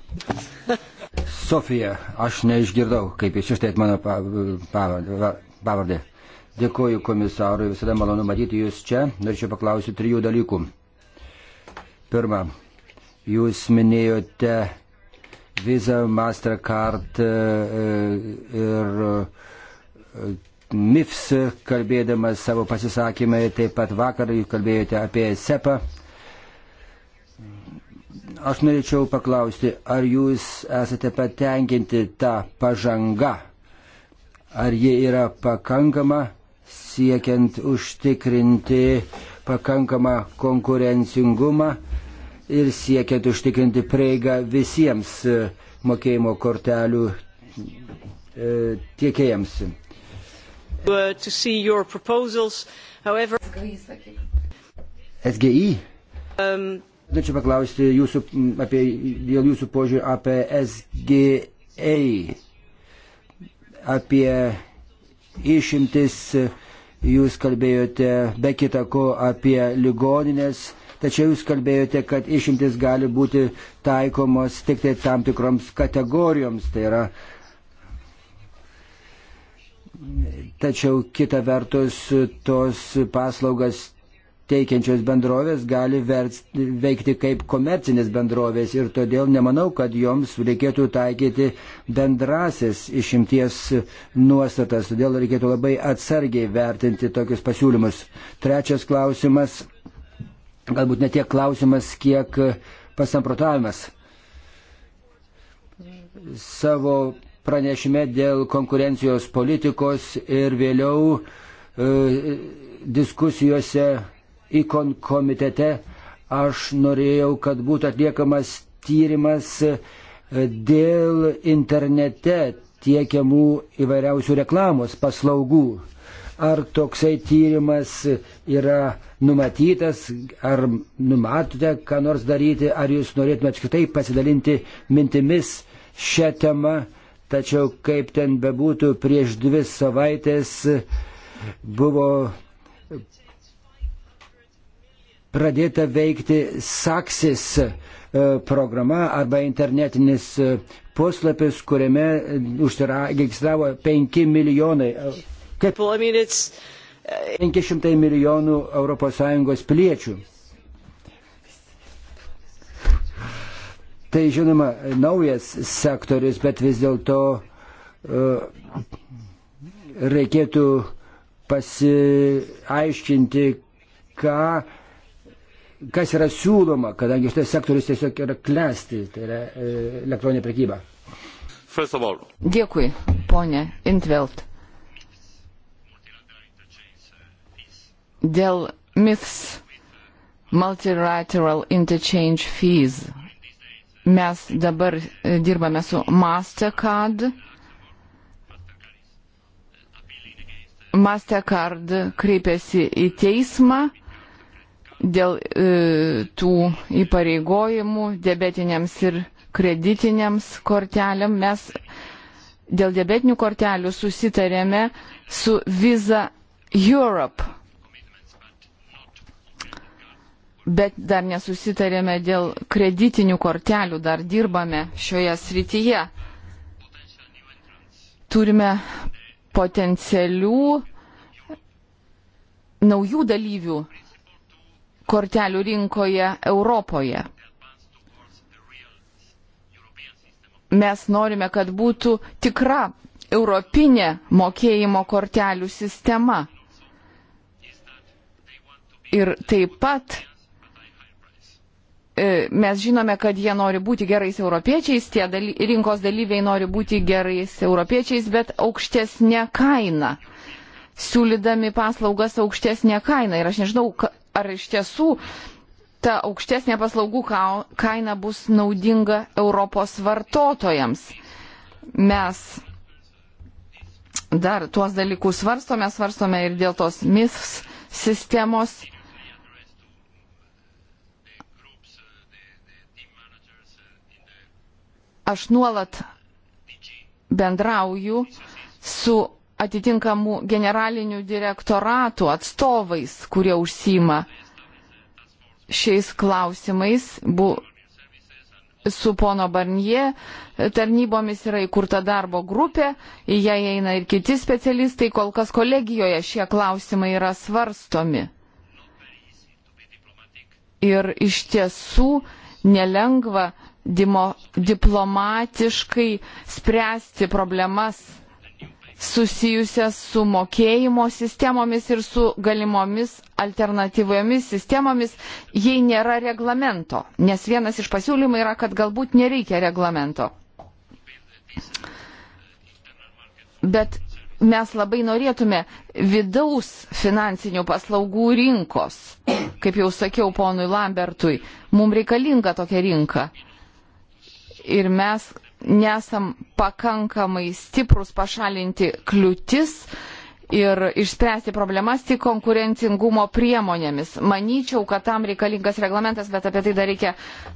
Sofija, aš neišgirdau, kaip jūs išteit mano pavardę. Dėkuoju komisarui, visada malonu matyti jūs čia. Norėčiau paklausyti trijų dalykų. Pirma, jūs minėjote Visa, Mastercard e, e, ir e, MIFS kalbėdamas savo pasisakymai, taip pat vakar kalbėjote apie SEPA. Aš norėčiau paklausti, ar jūs esate patenkinti tą pažangą, ar ji yra pakankama siekiant užtikrinti pakankamą konkurencingumą ir siekiant užtikrinti prieigą visiems mokėjimo kortelių e, tiekėjams uh, to see your proposals. However, SGI. Um, Norėčiau paklausti jūsų, apie, dėl jūsų požiūrį apie SGA, apie išimtis, jūs kalbėjote be kita ko apie ligoninės, tačiau jūs kalbėjote, kad išimtis gali būti taikomos tik tai tam tikroms kategorijoms, tai yra Tačiau kita vertus tos paslaugas teikiančios bendrovės gali veikti kaip komercinės bendrovės ir todėl nemanau, kad joms reikėtų taikyti bendrasis išimties nuostatas, todėl reikėtų labai atsargiai vertinti tokius pasiūlymus. Trečias klausimas, galbūt ne tiek klausimas, kiek pasamprotavimas. Savo pranešime dėl konkurencijos politikos ir vėliau e, diskusijose ikon komitete aš norėjau, kad būtų atliekamas tyrimas e, dėl internete tiekiamų įvairiausių reklamos paslaugų. Ar toksai tyrimas yra numatytas, ar numatote, ką nors daryti, ar jūs norėtumėte apskritai pasidalinti mintimis šią temą Tačiau kaip ten bebūtų, prieš dvi savaitės buvo pradėta veikti Saksis e, programa arba internetinis e, puslapis, kuriame užsiregistravo 5 milijonai. E, kaip 500 milijonų ES piliečių. Tai žinoma, naujas sektorius, bet vis dėlto uh, reikėtų pasiaiškinti, ką, kas yra siūloma, kadangi šitas sektorius tiesiog yra klesti, tai yra uh, elektroninė prekyba. Dėkui, ponė Intvelt. Dėl MIFS Multilateral Interchange Fees Mes dabar e, dirbame su Mastercard. Mastercard kreipėsi į teismą dėl e, tų įpareigojimų debetiniams ir kreditiniams kortelėm. Mes dėl debetinių kortelių susitarėme su Visa Europe bet dar nesusitarėme dėl kreditinių kortelių, dar dirbame šioje srityje. Turime potencialių naujų dalyvių kortelių rinkoje Europoje. Mes norime, kad būtų tikra europinė mokėjimo kortelių sistema. Ir taip pat E, mes žinome, kad jie nori būti gerais europiečiais, tie daly, rinkos dalyviai nori būti gerais europiečiais, bet aukštesnė kaina, siūlydami paslaugas aukštesnė kaina. Ir aš nežinau, ar iš tiesų ta aukštesnė paslaugų kaina bus naudinga Europos vartotojams. Mes dar tuos dalykus svarstome, svarstome ir dėl tos MIFS sistemos Aš nuolat bendrauju su atitinkamų generalinių direktoratų atstovais, kurie užsima šiais klausimais. Bu, su pono Barnie tarnybomis yra įkurta darbo grupė, į ją eina ir kiti specialistai, kol kas kolegijoje šie klausimai yra svarstomi. Ir iš tiesų nelengva dimo, diplomatiškai spręsti problemas susijusias su mokėjimo sistemomis ir su galimomis alternatyviomis sistemomis, jei nėra reglamento. Nes vienas iš pasiūlymų yra, kad galbūt nereikia reglamento. Bet mes labai norėtume vidaus finansinių paslaugų rinkos. Kaip jau sakiau ponui Lambertui, mums reikalinga tokia rinka ir mes nesam pakankamai stiprus pašalinti kliūtis ir išspręsti problemas tik konkurencingumo priemonėmis. Manyčiau, kad tam reikalingas reglamentas, bet apie tai dar reikia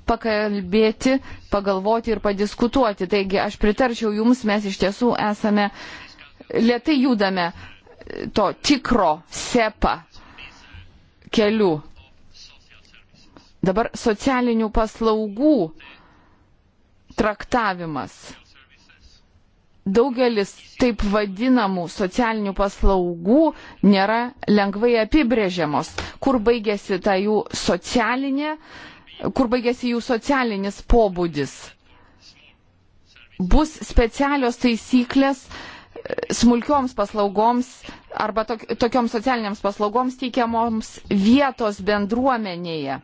pakalbėti, pagalvoti ir padiskutuoti. Taigi aš pritarčiau Jums, mes iš tiesų esame lietai judame to tikro sepa keliu. Dabar socialinių paslaugų traktavimas. Daugelis taip vadinamų socialinių paslaugų nėra lengvai apibrėžiamos, kur baigėsi ta jų socialinė, kur baigėsi jų socialinis pobūdis. Bus specialios taisyklės e, smulkioms paslaugoms arba tokioms socialiniams paslaugoms teikiamoms vietos bendruomenėje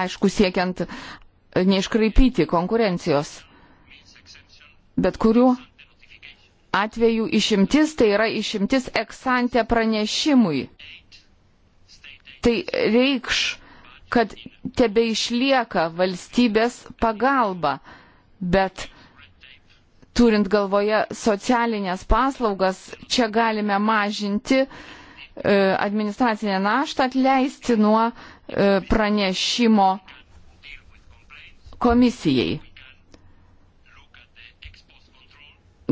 aišku, siekiant neiškraipyti konkurencijos. Bet kuriuo atveju išimtis tai yra išimtis eksantė pranešimui. Tai reikš, kad tebe išlieka valstybės pagalba, bet turint galvoje socialinės paslaugas, čia galime mažinti e, administracinę naštą, atleisti nuo e, pranešimo komisijai.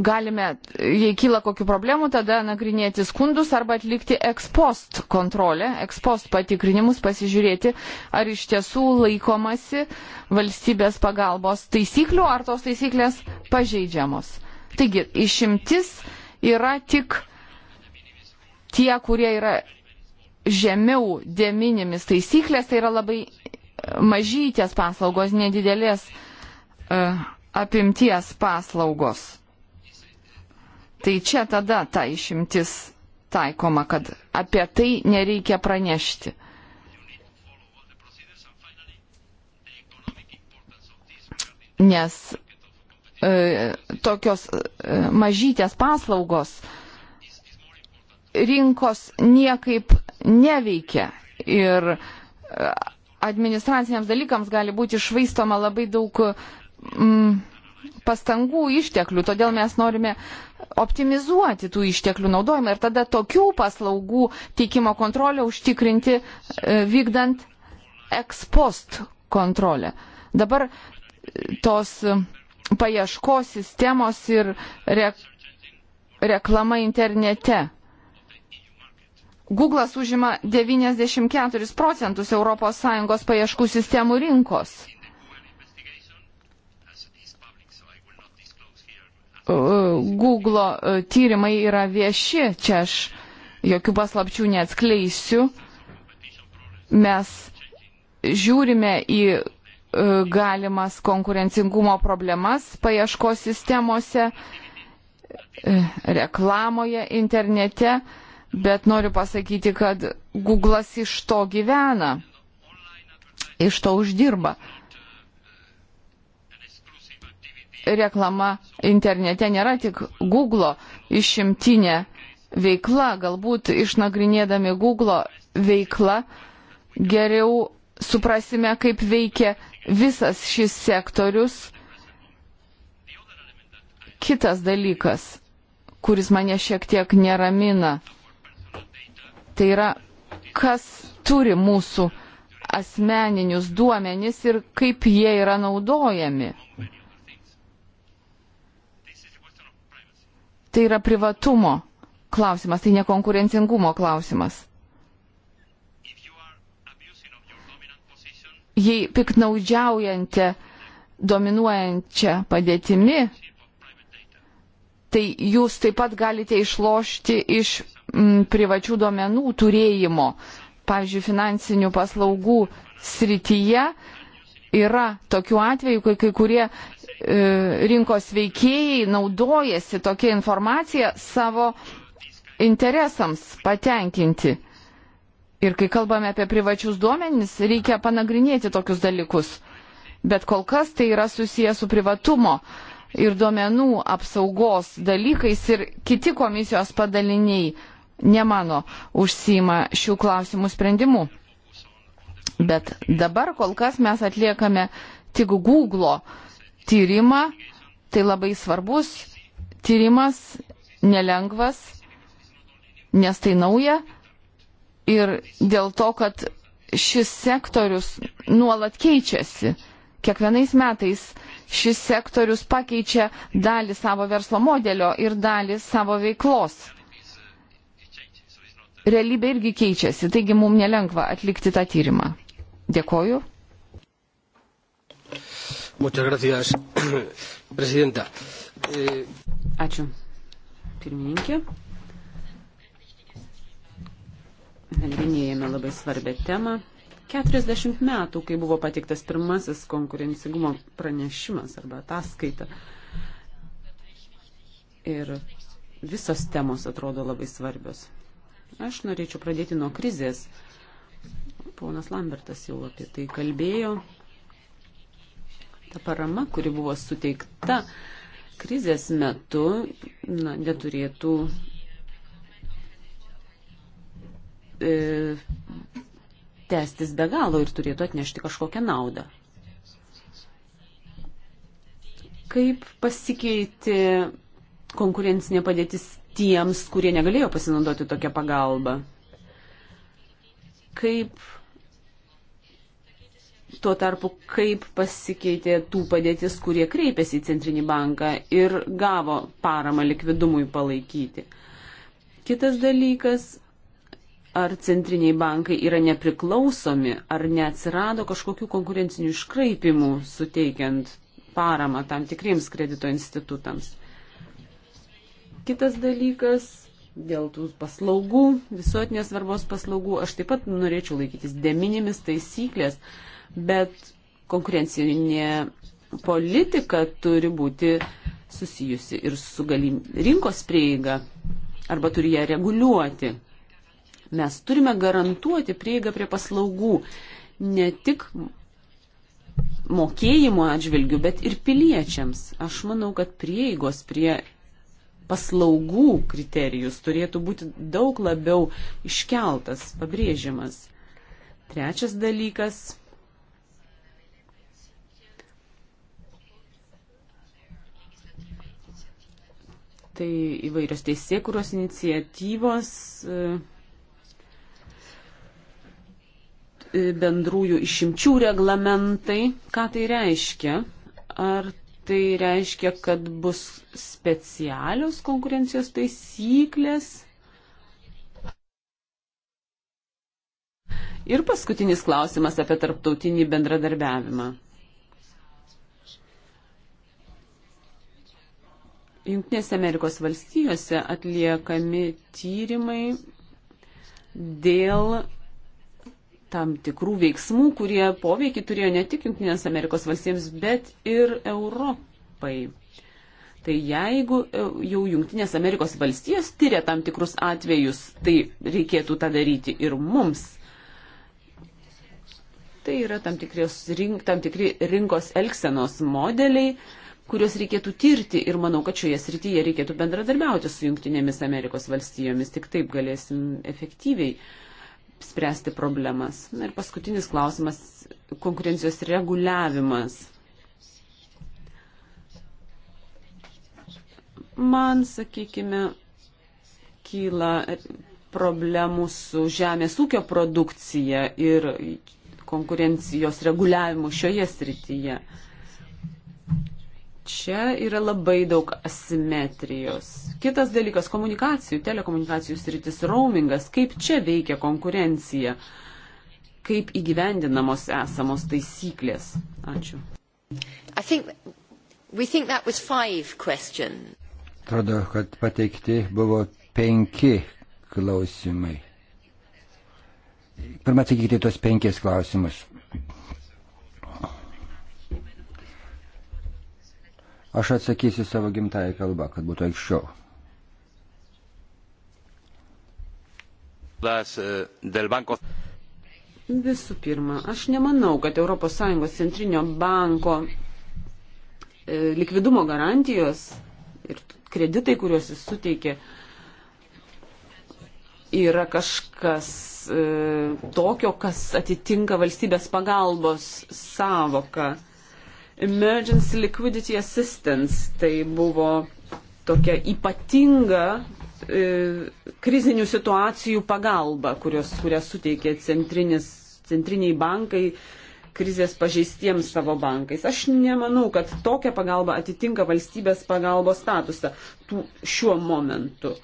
Galime, jei kyla kokių problemų, tada nagrinėti skundus arba atlikti ekspost kontrolę, ekspost patikrinimus, pasižiūrėti, ar iš tiesų laikomasi valstybės pagalbos taisyklių, ar tos taisyklės pažeidžiamos. Taigi, išimtis yra tik tie, kurie yra žemiau dėminimis taisyklės, tai yra labai mažytės paslaugos, nedidelės e, apimties paslaugos. Tai čia tada ta išimtis taikoma, kad apie tai nereikia pranešti. Nes e, tokios e, mažytės paslaugos rinkos niekaip neveikia ir e, administraciniams dalykams gali būti išvaistoma labai daug mm, pastangų išteklių, todėl mes norime optimizuoti tų išteklių naudojimą ir tada tokių paslaugų teikimo kontrolę užtikrinti e, vykdant ekspost kontrolę. Dabar e, tos e, paieškos sistemos ir re, reklama internete Google'as užima 94 procentus ES paieškų sistemų rinkos. E, Google e, tyrimai yra vieši, čia aš jokių paslapčių neatskleisiu. Mes žiūrime į e, galimas konkurencingumo problemas paieškos sistemose, reklamoje, internete bet noriu pasakyti, kad Google'as iš to gyvena, iš to uždirba. Reklama internete nėra tik Google'o išimtinė veikla, galbūt išnagrinėdami Google'o veiklą geriau suprasime, kaip veikia visas šis sektorius. Kitas dalykas, kuris mane šiek tiek neramina Tai yra, kas turi mūsų asmeninius duomenis ir kaip jie yra naudojami. Tai yra privatumo klausimas, tai nekonkurencingumo klausimas. Jei piknaudžiaujantė dominuojančią padėtimi, tai jūs taip pat galite išlošti iš m, mm, privačių duomenų turėjimo, pavyzdžiui, finansinių paslaugų srityje yra tokių atvejų, kai kai kurie e, rinkos veikėjai naudojasi tokia informacija savo interesams patenkinti. Ir kai kalbame apie privačius duomenys, reikia panagrinėti tokius dalykus. Bet kol kas tai yra susijęs su privatumo ir duomenų apsaugos dalykais ir kiti komisijos padaliniai ne mano užsima šių klausimų sprendimu. Bet dabar kol kas mes atliekame tik Google tyrimą, tai labai svarbus tyrimas, nelengvas, nes tai nauja ir dėl to, kad šis sektorius nuolat keičiasi. Kiekvienais metais šis sektorius pakeičia dalį savo verslo modelio ir dalį savo veiklos realybė irgi keičiasi, taigi mums nelengva atlikti tą tyrimą. Dėkoju. Eh, Ačiū. Pirmininkė. Nagrinėjame labai svarbę temą. 40 metų, kai buvo patiktas pirmasis konkurencingumo pranešimas arba ataskaita. Ir visos temos atrodo labai svarbios. Aš norėčiau pradėti nuo krizės. Ponas Lambertas jau apie tai kalbėjo. Ta parama, kuri buvo suteikta krizės metu, na, neturėtų e, tęstis be galo ir turėtų atnešti kažkokią naudą. Kaip pasikeitė konkurencinė padėtis tiems, kurie negalėjo pasinaudoti tokią pagalbą. Kaip tuo tarpu, kaip pasikeitė tų padėtis, kurie kreipėsi į Centrinį banką ir gavo paramą likvidumui palaikyti. Kitas dalykas, ar centriniai bankai yra nepriklausomi, ar neatsirado kažkokių konkurencinių iškraipimų suteikiant paramą tam tikriems kredito institutams. Kitas dalykas, dėl tų paslaugų, visuotinės svarbos paslaugų, aš taip pat norėčiau laikytis deminimis taisyklės, bet konkurencinė politika turi būti susijusi ir su galim, rinkos prieiga arba turi ją reguliuoti. Mes turime garantuoti prieigą prie paslaugų ne tik mokėjimo atžvilgių, bet ir piliečiams. Aš manau, kad prieigos prie paslaugų kriterijus turėtų būti daug labiau iškeltas, pabrėžiamas. Trečias dalykas tai įvairios teisėkuros iniciatyvos, e, e, bendrųjų išimčių reglamentai. Ką tai reiškia? Ar tai reiškia, kad bus specialios konkurencijos taisyklės. Ir paskutinis klausimas apie tarptautinį bendradarbiavimą. Junktinėse Amerikos valstijose atliekami tyrimai dėl tam tikrų veiksmų, kurie poveikį turėjo ne tik Junktinės Amerikos valstybėms, bet ir Europai. Tai jeigu e, jau Junktinės Amerikos valstijos tyria tam tikrus atvejus, tai reikėtų tą daryti ir mums. Tai yra tam, rink, tam tikri rinkos elksenos modeliai, kuriuos reikėtų tirti ir manau, kad šioje srityje reikėtų bendradarbiauti su Junktinėmis Amerikos valstijomis, tik taip galėsim efektyviai uh, spręsti problemas. Na ir paskutinis klausimas - konkurencijos reguliavimas. Man, sakykime, kyla problemų su žemės ūkio produkcija ir konkurencijos reguliavimu šioje srityje. Uh, čia yra labai daug asimetrijos. Kitas dalykas - komunikacijų, telekomunikacijų sritis, roamingas, kaip čia veikia konkurencija, kaip įgyvendinamos esamos taisyklės. Ačiū. Think, think Atrodo, kad pateikti buvo penki klausimai. Pirmą atsakykite tuos penkis klausimus. Aš atsakysiu savo gimtąją kalbą, kad būtų aikščiau. E, Visų pirma, aš nemanau, kad ES centrinio banko e, likvidumo garantijos ir kreditai, kuriuos jis suteikė, yra kažkas e, tokio, kas atitinka valstybės pagalbos savoką. Ka Emergency Liquidity Assistance. Tai buvo tokia ypatinga e, krizinių situacijų pagalba, kurios, kurią suteikė centriniai bankai krizės pažeistiems savo bankais. Aš nemanau, kad tokia pagalba atitinka valstybės pagalbos statusą tų, šiuo momentu.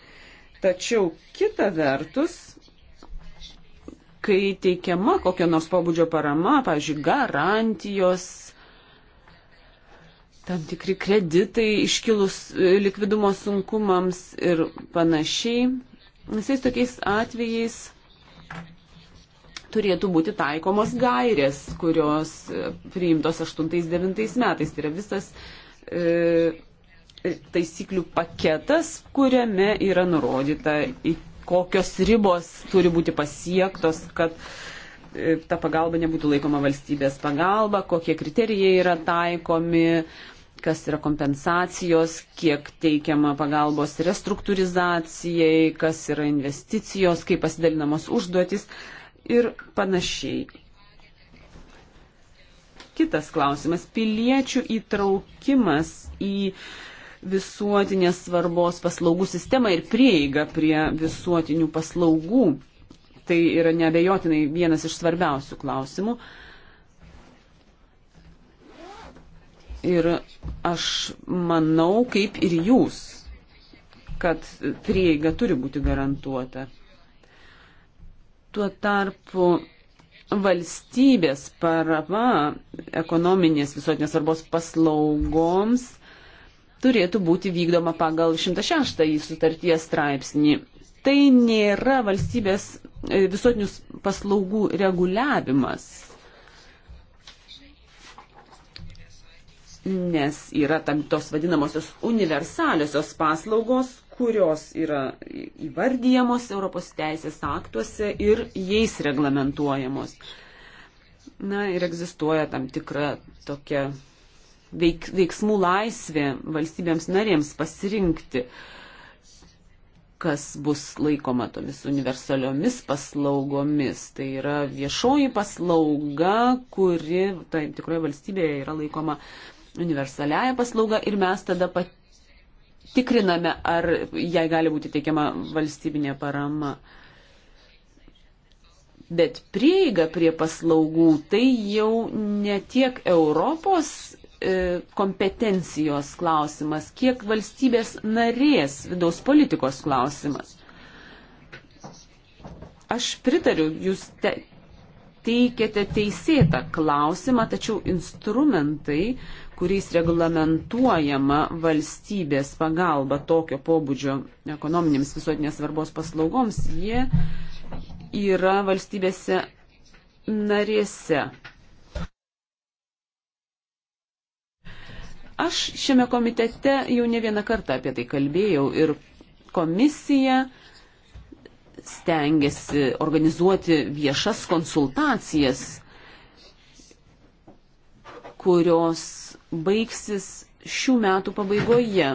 Tačiau kita vertus, kai teikiama kokio nors pobūdžio parama, pavyzdžiui, garantijos tam tikri kreditai iškilus e, likvidumo sunkumams ir panašiai. Visais tokiais atvejais turėtų būti taikomos gairės, kurios e, priimtos 8-9 metais. Tai yra visas e, taisyklių paketas, kuriame yra nurodyta, kokios ribos turi būti pasiektos, kad e, ta pagalba nebūtų laikoma valstybės pagalba, kokie kriterijai yra taikomi, e, kas yra kompensacijos, kiek teikiama pagalbos restruktūrizacijai, kas yra investicijos, kaip pasidalinamos užduotis ir panašiai. Kitas klausimas - piliečių įtraukimas į visuotinės svarbos paslaugų sistemą ir prieiga prie visuotinių paslaugų. Tai yra nebejotinai vienas iš svarbiausių klausimų. Uh, Ir aš manau, kaip ir jūs, kad prieiga turi būti garantuota. Tuo tarpu valstybės parama ekonominės visuotinės svarbos paslaugoms turėtų būti vykdoma pagal 106 sutarties straipsnį. Tai nėra valstybės e, visuotinius paslaugų reguliavimas nes yra tam tos vadinamosios universaliosios paslaugos, kurios yra įvardyjamos Europos teisės aktuose ir jais reglamentuojamos. Na ir egzistuoja tam tikra tokia veik, veiksmų laisvė valstybėms narėms pasirinkti, kas bus laikoma tomis universaliomis paslaugomis. Tai yra viešoji paslauga, kuri tam tikroje valstybėje yra laikoma uh, universaliaja paslauga ir mes tada tikriname, ar jai gali būti teikiama valstybinė parama. Bet prieiga prie paslaugų tai jau ne tiek Europos e, kompetencijos klausimas, kiek valstybės narės vidaus politikos klausimas. Aš pritariu, jūs te, teikiate teisėtą klausimą, tačiau instrumentai, kuriais reglamentuojama valstybės pagalba tokio pobūdžio ekonominėms visuotinės svarbos paslaugoms, jie yra valstybėse narėse. Aš šiame komitete jau ne vieną kartą apie tai kalbėjau ir komisija stengiasi organizuoti viešas konsultacijas kurios baigsis šių metų pabaigoje.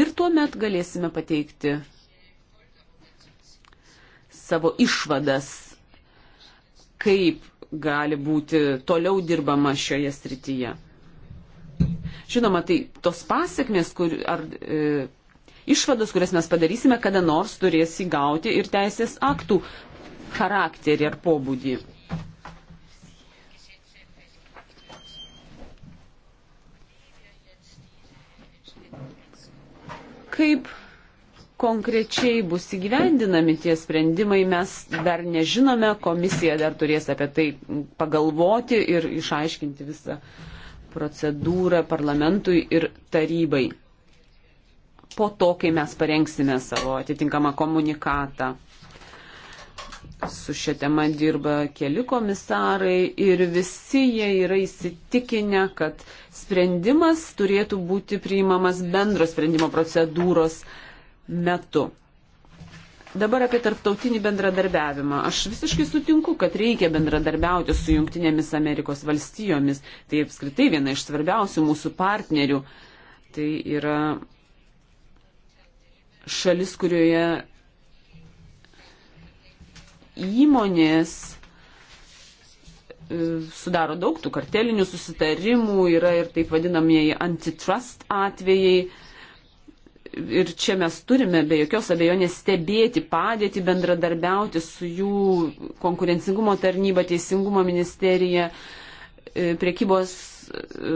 Ir tuomet galėsime pateikti savo išvadas, kaip gali būti toliau dirbama šioje srityje. Žinoma, tai tos pasiekmes, kur, ar e, išvados, kurias mes padarysime, kada nors turės įgauti ir teisės aktų charakterį ar pobūdį. Kaip konkrečiai bus įgyvendinami tie sprendimai, mes dar nežinome, komisija dar turės apie tai pagalvoti ir išaiškinti visą procedūrą parlamentui ir tarybai. Po to, kai mes parengsime savo atitinkamą komunikatą su šia tema dirba keli komisarai ir visi jie yra įsitikinę, kad sprendimas turėtų būti priimamas bendro sprendimo procedūros metu. Dabar apie tarptautinį bendradarbiavimą. Aš visiškai sutinku, kad reikia bendradarbiauti su Junktinėmis Amerikos valstijomis. Tai apskritai viena iš svarbiausių mūsų partnerių. Tai yra šalis, kurioje įmonės e, sudaro daug tų kartelinių susitarimų, yra ir taip vadinamieji antitrust atvejai. Ir čia mes turime be jokios abejonės stebėti padėtį, bendradarbiauti su jų konkurencingumo tarnyba, teisingumo ministerija, e, priekybos E,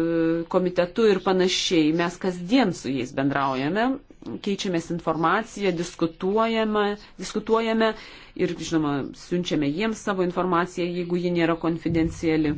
komitetu ir panašiai. Mes kasdien su jais bendraujame, keičiamės informaciją, diskutuojame, diskutuojame ir, žinoma, siunčiame jiems savo informaciją, jeigu ji nėra konfidenciali.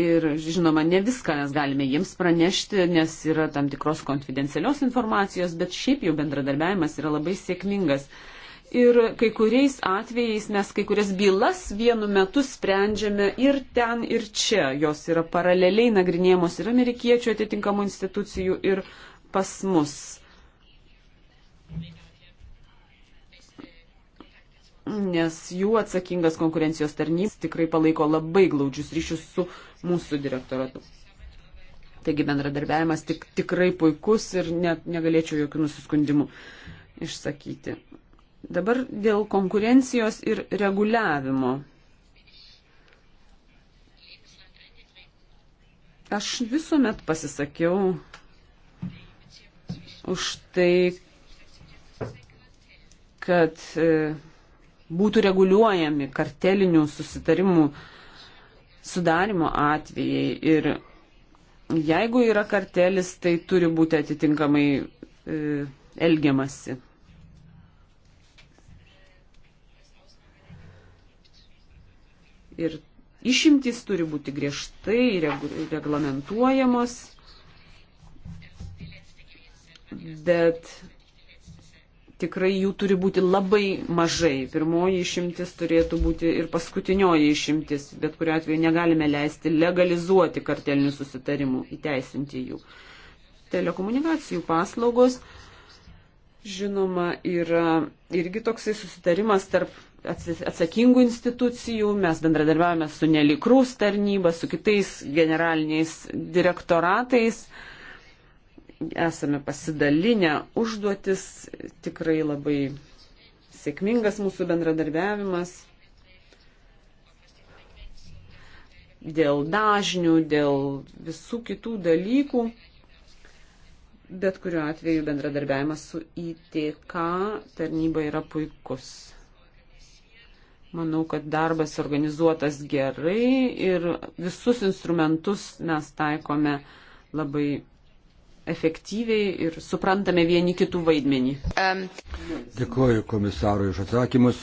Ir žinoma, ne viską mes galime jiems pranešti, nes yra tam tikros konfidencialios informacijos, bet šiaip jau bendradarbiavimas yra labai sėkmingas. Ir kai kuriais atvejais mes kai kurias bylas vienu metu sprendžiame ir ten, ir čia. Jos yra paraleliai nagrinėjamos ir amerikiečių atitinkamų institucijų, ir pas mus. nes jų atsakingas konkurencijos tarnybas tikrai palaiko labai glaudžius ryšius su mūsų direktoratu. Taigi bendradarbiavimas tik, tikrai puikus ir net negalėčiau jokių nusiskundimų išsakyti. Dabar dėl konkurencijos ir reguliavimo. Aš visuomet pasisakiau už tai, kad e, būtų reguliuojami kartelinių susitarimų sudarimo atvejai. Ir jeigu yra kartelis, tai turi būti atitinkamai e, elgiamasi. Ir išimtys turi būti griežtai reglamentuojamos, bet tikrai jų turi būti labai mažai. Pirmoji išimtis turėtų būti ir paskutinioji išimtis, bet kuriu atveju negalime leisti legalizuoti kartelinių susitarimų, įteisinti jų. Telekomunikacijų paslaugos, žinoma, yra irgi toksai susitarimas tarp atsakingų institucijų, mes bendradarbiavame su Nelikrus tarnyba, su kitais generaliniais direktoratais. Uh, esame pasidalinę užduotis, tikrai labai sėkmingas mūsų bendradarbiavimas dėl dažnių, dėl visų kitų dalykų. Bet kuriuo atveju bendradarbiavimas su ITK tarnyba yra puikus. Manau, kad darbas organizuotas gerai ir visus instrumentus mes taikome labai efektyviai ir suprantame vieni kitų vaidmenį. Um. Dėkuoju komisarui už atsakymus.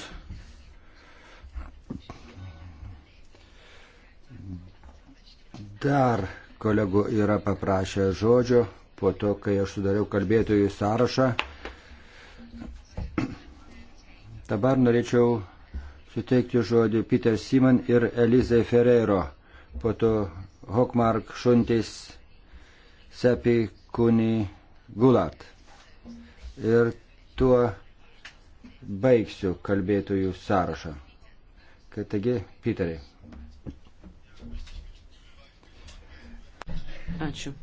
Dar kolegų yra paprašę žodžio po to, kai aš sudariau kalbėtojų sąrašą. Dabar norėčiau suteikti žodį Peter Simon ir Elizai Ferreiro, po to Hokmark Šuntis, Sepi Kuni Gulat. Ir tuo baigsiu kalbėtojų sąrašą. Kad taigi, Piterį. Ačiū.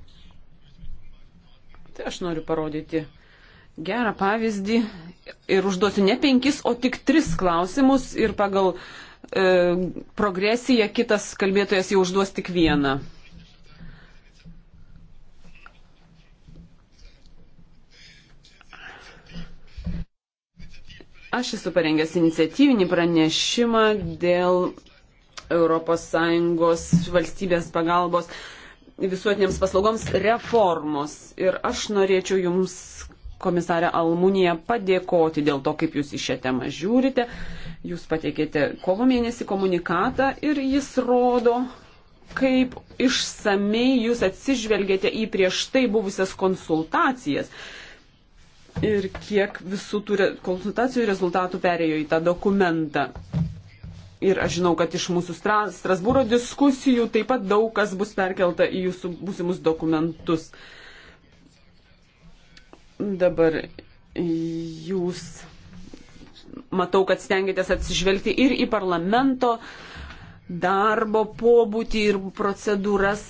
Tai aš noriu parodyti gerą pavyzdį ir užduosiu ne penkis, o tik tris klausimus ir pagal e, progresiją kitas kalbėtojas jau užduos tik vieną. Aš esu parengęs iniciatyvinį pranešimą dėl ES valstybės pagalbos visuotinėms paslaugoms reformos. Ir aš norėčiau Jums, komisarė Almunija, padėkoti dėl to, kaip Jūs į šią temą žiūrite. Jūs pateikėte kovo mėnesį komunikatą ir jis rodo, kaip išsamei Jūs atsižvelgėte į prieš tai buvusias konsultacijas ir kiek visų tų konsultacijų rezultatų perėjo į tą dokumentą. Ir aš žinau, kad iš mūsų Strasbūro diskusijų taip pat daug kas bus perkelta į jūsų būsimus dokumentus. Dabar jūs, matau, kad stengiatės atsižvelgti ir į parlamento darbo pobūtį ir procedūras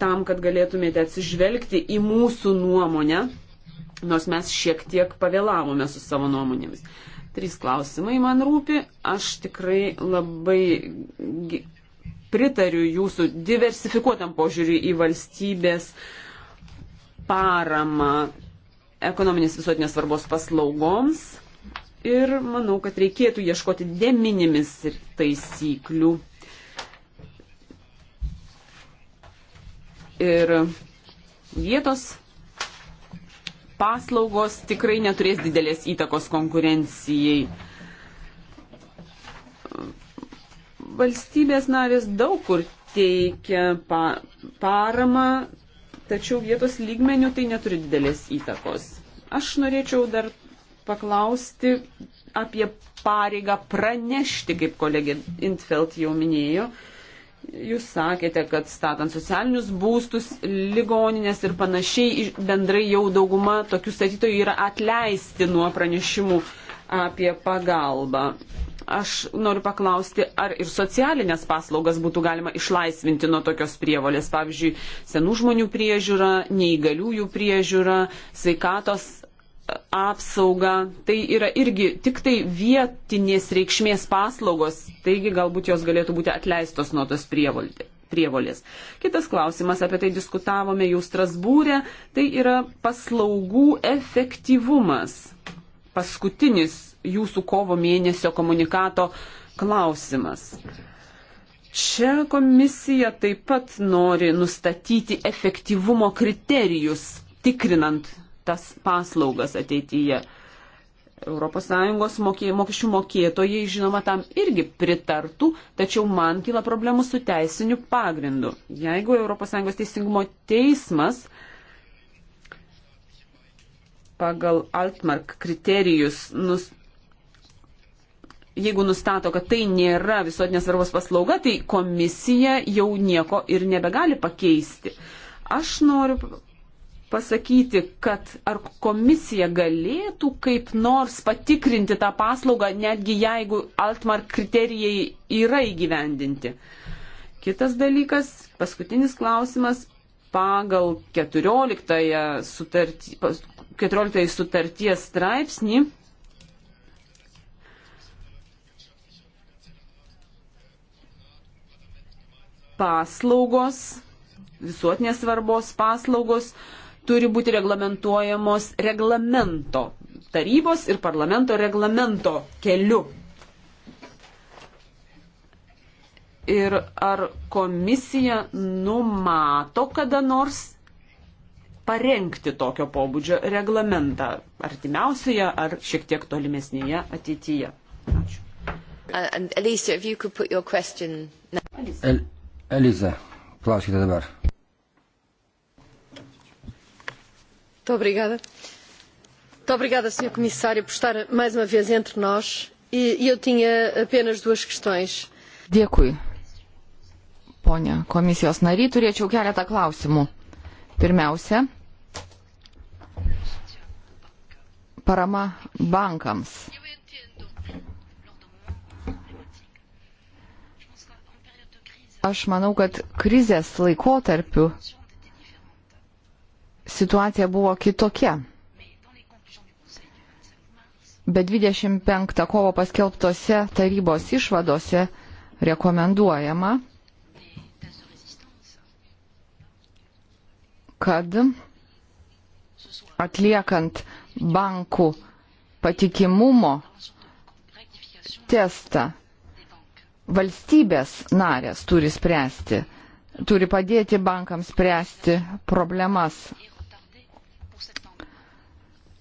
tam, kad galėtumėte atsižvelgti į mūsų nuomonę nors mes šiek tiek pavėlavome su savo nuomonėmis. Trys klausimai man rūpi. Aš tikrai labai pritariu jūsų diversifikuotam požiūriui į valstybės paramą ekonominės visuotinės svarbos paslaugoms. Ir manau, kad reikėtų ieškoti deminimis ir taisyklių. Ir vietos paslaugos tikrai neturės didelės įtakos konkurencijai. Valstybės narės daug kur teikia pa paramą, tačiau vietos lygmenių tai neturi didelės įtakos. Aš norėčiau dar paklausti apie pareigą pranešti, kaip kolegė Intfeld jau minėjo. Uh, Jūs sakėte, kad statant socialinius būstus, ligoninės ir panašiai, bendrai jau dauguma tokių statytojų yra atleisti nuo pranešimų apie pagalbą. Aš noriu paklausti, ar ir socialinės paslaugas būtų galima išlaisvinti nuo tokios prievolės, pavyzdžiui, senų žmonių priežiūra, neįgaliųjų priežiūra, sveikatos apsaugą, tai yra irgi tik tai vietinės reikšmės paslaugos, taigi galbūt jos galėtų būti atleistos nuo tos prievolės. Kitas klausimas, apie tai diskutavome jau Strasbūrė, tai yra paslaugų efektyvumas. Paskutinis jūsų kovo mėnesio komunikato klausimas. Čia komisija taip pat nori nustatyti efektyvumo kriterijus, tikrinant tas paslaugas ateityje. ES mokė, mokesčių mokėtojai, žinoma, tam irgi pritartų, tačiau man kyla problemų su teisiniu pagrindu. Jeigu ES teisingumo teismas pagal Altmark kriterijus, nus, jeigu nustato, kad tai nėra visuotinės svarbos paslauga, tai komisija jau nieko ir nebegali pakeisti. Aš noriu pasakyti, kad ar komisija galėtų kaip nors patikrinti tą paslaugą, netgi jeigu Altmark kriterijai yra įgyvendinti. Kitas dalykas, paskutinis klausimas, pagal 14 sutartį, 14 sutarties straipsnį paslaugos, visuotinės svarbos paslaugos turi būti reglamentuojamos reglamento tarybos ir parlamento reglamento keliu. Ir ar komisija numato kada nors parengti tokio pobūdžio reglamentą artimiausioje ar šiek tiek tolimesnėje ateityje? Ačiū. Uh, Elisa, Eliza, klauskite dabar. Muito obrigada. Muito obrigada, Sr. Comissário, por estar mais uma vez entre nós. E, e eu tinha apenas duas questões. Dėkui. Pone komisijos nary, turėčiau keletą klausimų. Pirmiausia, parama bankams. Aš manau, kad krizės laikotarpiu situacija buvo kitokia. Bet 25 kovo paskelbtose tarybos išvadose rekomenduojama, kad atliekant bankų patikimumo testą valstybės narės turi spręsti, turi padėti bankams spręsti problemas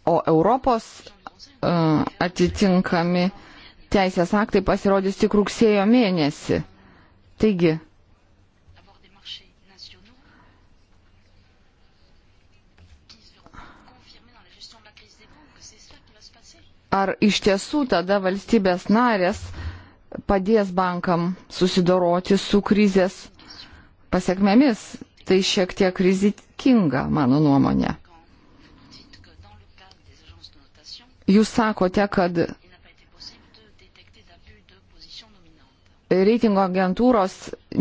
o Europos e, atitinkami teisės aktai pasirodys tik rugsėjo mėnesį. Taigi, ar iš tiesų tada valstybės narės padės bankam susidoroti su krizės pasiekmėmis, tai šiek tiek rizikinga, mano nuomonė. jūs sakote, kad reitingo agentūros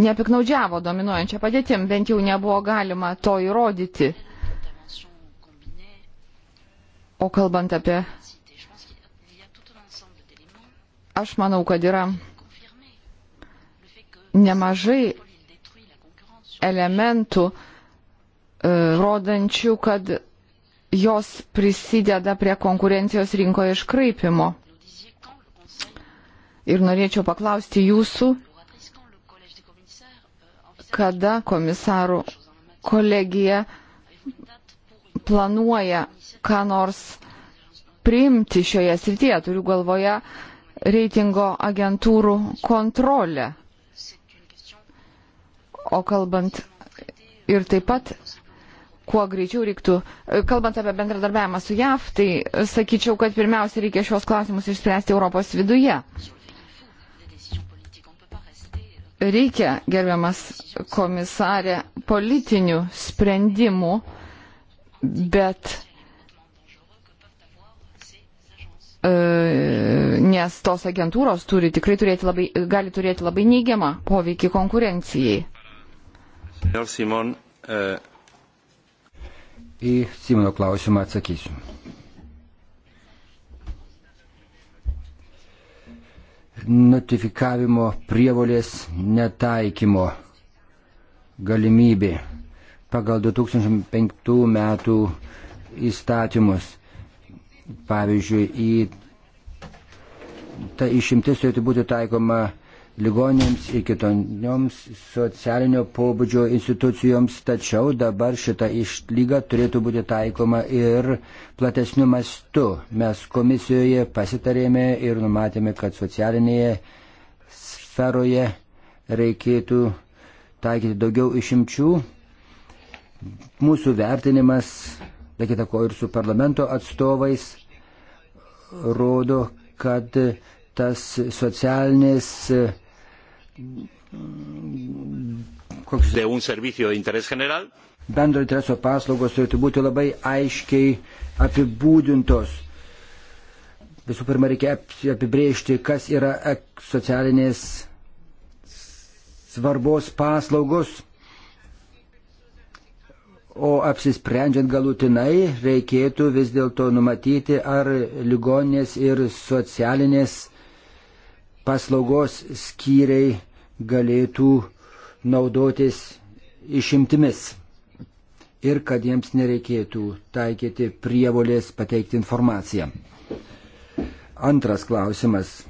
nepiknaudžiavo dominuojančią padėtim, bent jau nebuvo galima to įrodyti. O kalbant apie. Aš manau, kad yra nemažai elementų, e, rodančių, kad jos prisideda prie konkurencijos rinkoje iškraipimo. Ir norėčiau paklausti jūsų, kada komisarų kolegija planuoja ką nors priimti šioje srityje, turiu galvoje reitingo agentūrų kontrolę. O kalbant ir taip pat kuo greičiau reiktų, e, kalbant apie bendradarbiavimą su JAV, tai e, sakyčiau, kad pirmiausia reikia šios klausimus išspręsti Europos viduje. Reikia, gerbiamas komisarė, politinių sprendimų, bet e, nes tos agentūros turi tikrai turėti labai, gali turėti labai neigiamą poveikį konkurencijai. Simon, uh... Eh, į Simono klausimą atsakysiu. Notifikavimo prievolės netaikymo galimybė pagal 2005 metų įstatymus. Pavyzdžiui, į ta išimtis turėtų būti taikoma ligonėms ir kitonioms socialinio pobūdžio institucijoms, tačiau dabar šita išlyga turėtų būti taikoma ir platesniu mastu. Mes komisijoje pasitarėme ir numatėme, kad socialinėje sferoje reikėtų taikyti daugiau išimčių. Mūsų vertinimas, be kita ko ir su parlamento atstovais, rodo, kad tas socialinės koks de un servicio de interés general. Bendro intereso paslaugos turėtų būti labai aiškiai apibūdintos. Visų pirma, reikia apibrėžti, kas yra socialinės svarbos paslaugos, o apsisprendžiant galutinai reikėtų vis dėlto numatyti, ar ligoninės ir socialinės paslaugos skyriai galėtų naudotis išimtimis ir kad jiems nereikėtų taikyti prievolės pateikti informaciją. Antras klausimas.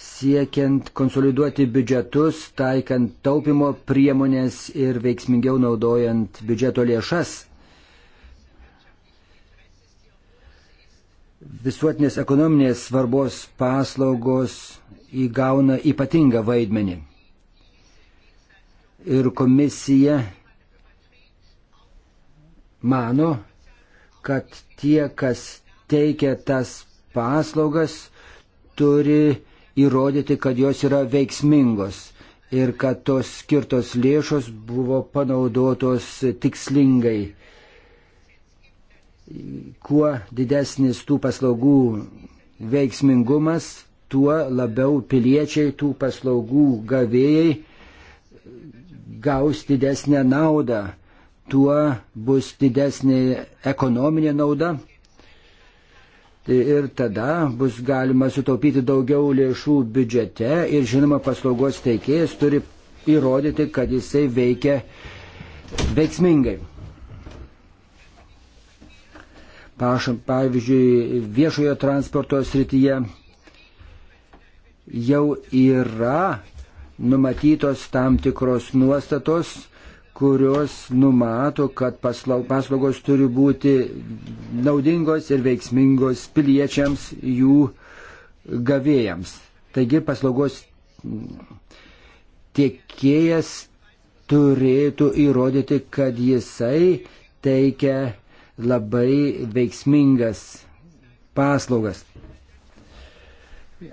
Siekiant konsoliduoti biudžetus, taikant taupimo priemonės ir veiksmingiau naudojant biudžeto lėšas, visuotinės ekonominės svarbos paslaugos įgauna ypatingą vaidmenį. Ir komisija mano, kad tie, kas teikia tas paslaugas, turi įrodyti, kad jos yra veiksmingos ir kad tos skirtos lėšos buvo panaudotos tikslingai kuo didesnis tų paslaugų veiksmingumas, tuo labiau piliečiai tų paslaugų gavėjai gaus didesnę naudą, tuo bus didesnė ekonominė nauda. Tai ir tada bus galima sutaupyti daugiau lėšų biudžete ir žinoma paslaugos teikėjas turi įrodyti, kad jisai veikia veiksmingai. Pašam, pavyzdžiui, viešojo transporto srityje jau yra numatytos tam tikros nuostatos, kurios numato, kad paslaugos turi būti naudingos ir veiksmingos piliečiams, jų gavėjams. Taigi paslaugos tiekėjas turėtų įrodyti, kad jisai teikia labai veiksmingas paslaugas.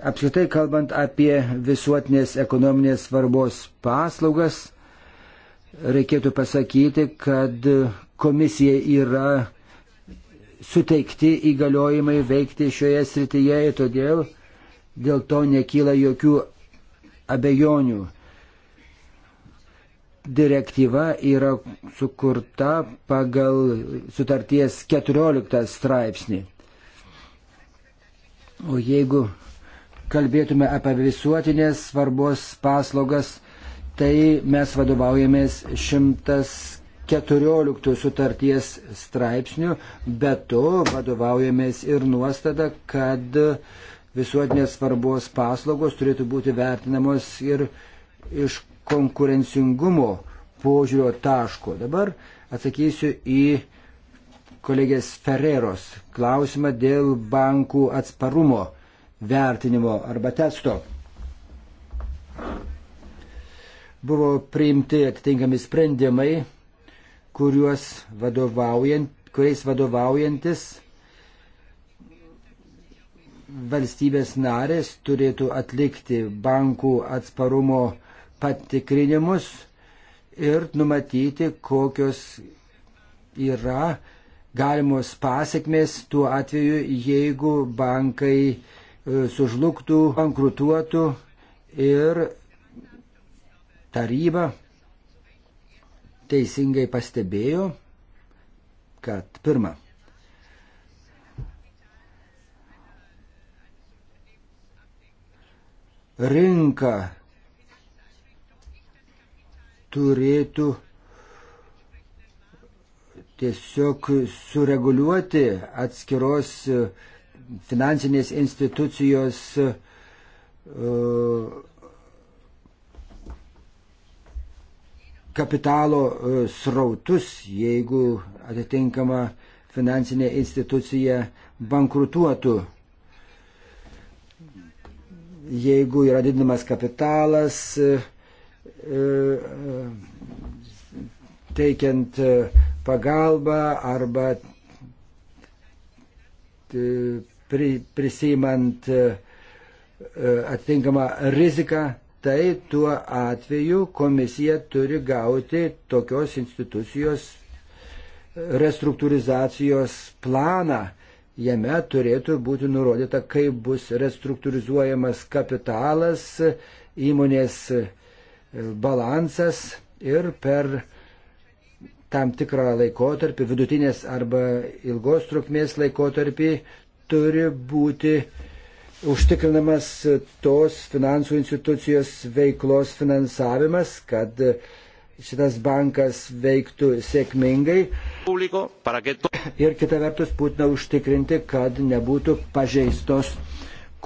Apskritai kalbant apie visuotinės ekonominės svarbos paslaugas, reikėtų pasakyti, kad komisija yra suteikti įgaliojimai veikti šioje srityje ir todėl dėl to nekyla jokių abejonių direktyva yra sukurta pagal sutarties 14 straipsnį. O jeigu kalbėtume apie visuotinės svarbos paslaugas, tai mes vadovaujamės 114 sutarties straipsnių, bet to vadovaujamės ir nuostada, kad visuotinės svarbos paslaugos turėtų būti vertinamos ir iš konkurencingumo požiūrio taško. Dabar atsakysiu į kolegės Ferreros klausimą dėl bankų atsparumo vertinimo arba testo. Buvo priimti atitinkami sprendimai, kuriuos vadovaujant, kuriais vadovaujantis valstybės narės turėtų atlikti bankų atsparumo patikrinimus ir numatyti, kokios yra galimos pasiekmės tuo atveju, jeigu bankai e, sužlugtų, bankrutuotų ir taryba teisingai pastebėjo, kad pirma, rinka turėtų tiesiog sureguliuoti atskiros e, finansinės institucijos e, kapitalo e, srautus, jeigu atitinkama finansinė institucija bankrutuotų. Jeigu yra didinamas kapitalas, E, e, teikiant e, pagalbą arba prisimant atitinkamą riziką, tai tuo atveju komisija turi gauti tokios institucijos restruktūrizacijos planą. Jame turėtų būti nurodyta, kaip bus restruktūrizuojamas kapitalas, įmonės balansas ir per tam tikrą laikotarpį, vidutinės arba ilgos trukmės laikotarpį, turi būti užtikrinamas tos finansų institucijos veiklos finansavimas, kad šitas bankas veiktų sėkmingai. Ir kita vertus būtina užtikrinti, kad nebūtų pažeistos